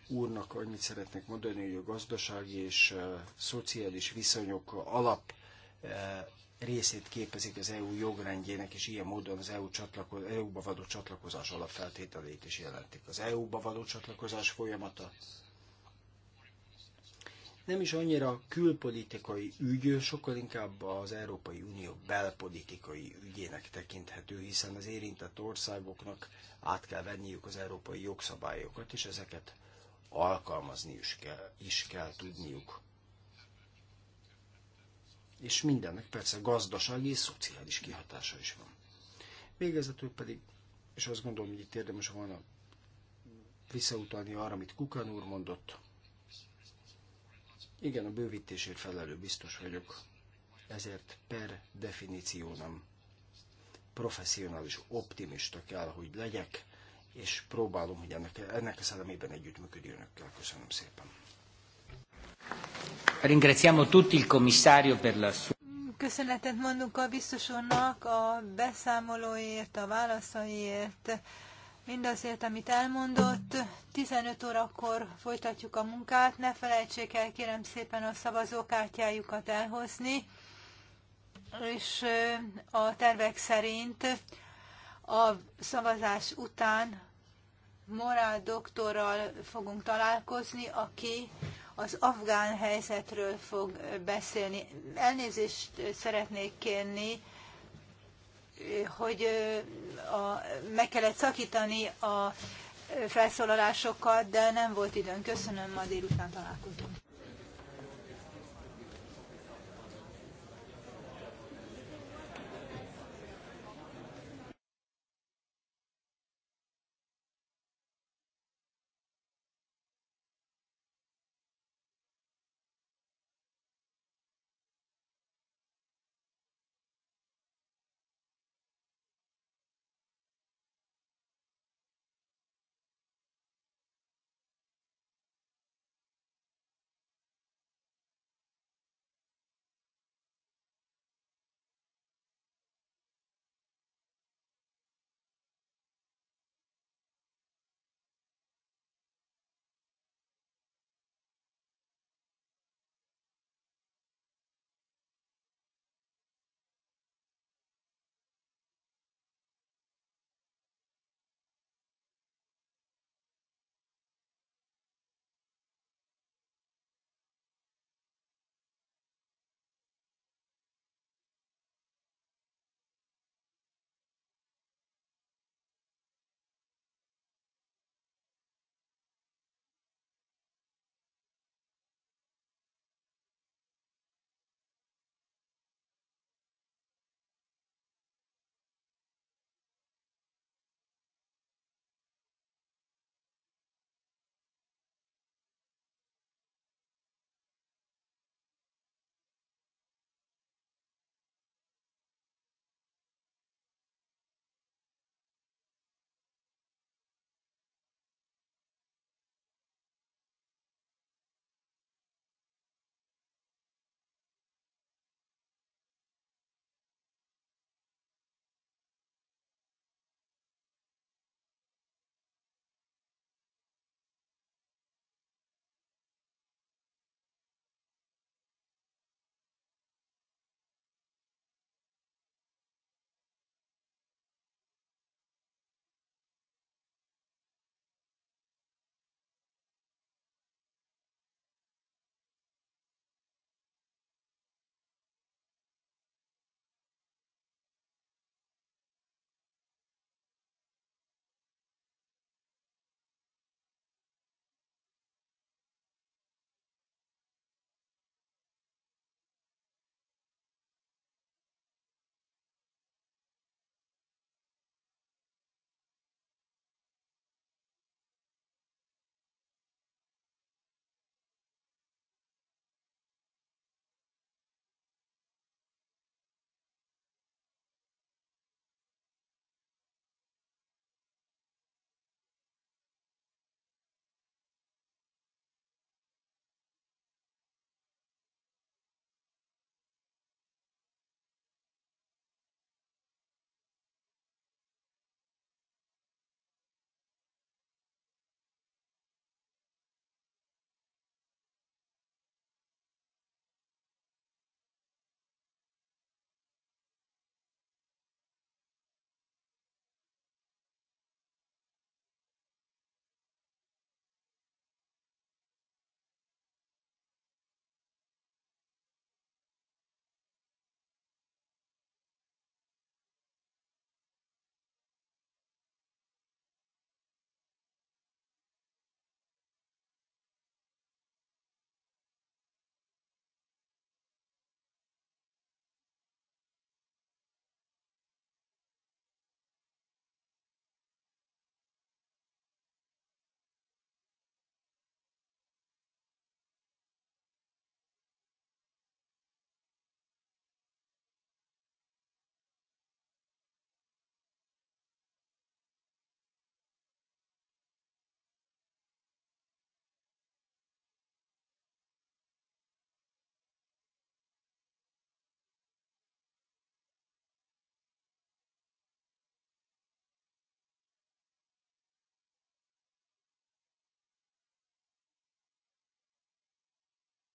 S1: úrnak annyit szeretnék mondani, hogy a gazdasági és szociális viszonyok alap részét képezik az EU jogrendjének, és ilyen módon az EU csatlakoz, eu való csatlakozás alapfeltételeit is jelentik. Az EU-ba való csatlakozás folyamata nem is annyira külpolitikai ügy, sokkal inkább az Európai Unió belpolitikai ügyének tekinthető, hiszen az érintett országoknak át kell venniük az európai jogszabályokat, és ezeket alkalmazni is kell, is kell tudniuk. És mindennek persze gazdasági és szociális kihatása is van. Végezetül pedig, és azt gondolom, hogy itt érdemes volna visszautalni arra, amit Kukan úr mondott. Igen, a bővítésért felelő biztos vagyok, ezért per definíció nem professzionális optimista kell, hogy legyek, és próbálom, hogy ennek, ennek a szellemében együttműködni önökkel. Köszönöm szépen. Ringraziamo tutti il commissario per la sua...
S3: Köszönetet mondunk a biztos úrnak a beszámolóért, a válaszaiért, mindazért, amit elmondott. 15 órakor folytatjuk a munkát, ne felejtsék el kérem szépen a szavazókártyájukat elhozni, és a tervek szerint a szavazás után Morál doktorral fogunk találkozni, aki az afgán helyzetről fog beszélni. Elnézést szeretnék kérni, hogy a, meg kellett szakítani a felszólalásokat, de nem volt időn. Köszönöm, ma délután találkozunk.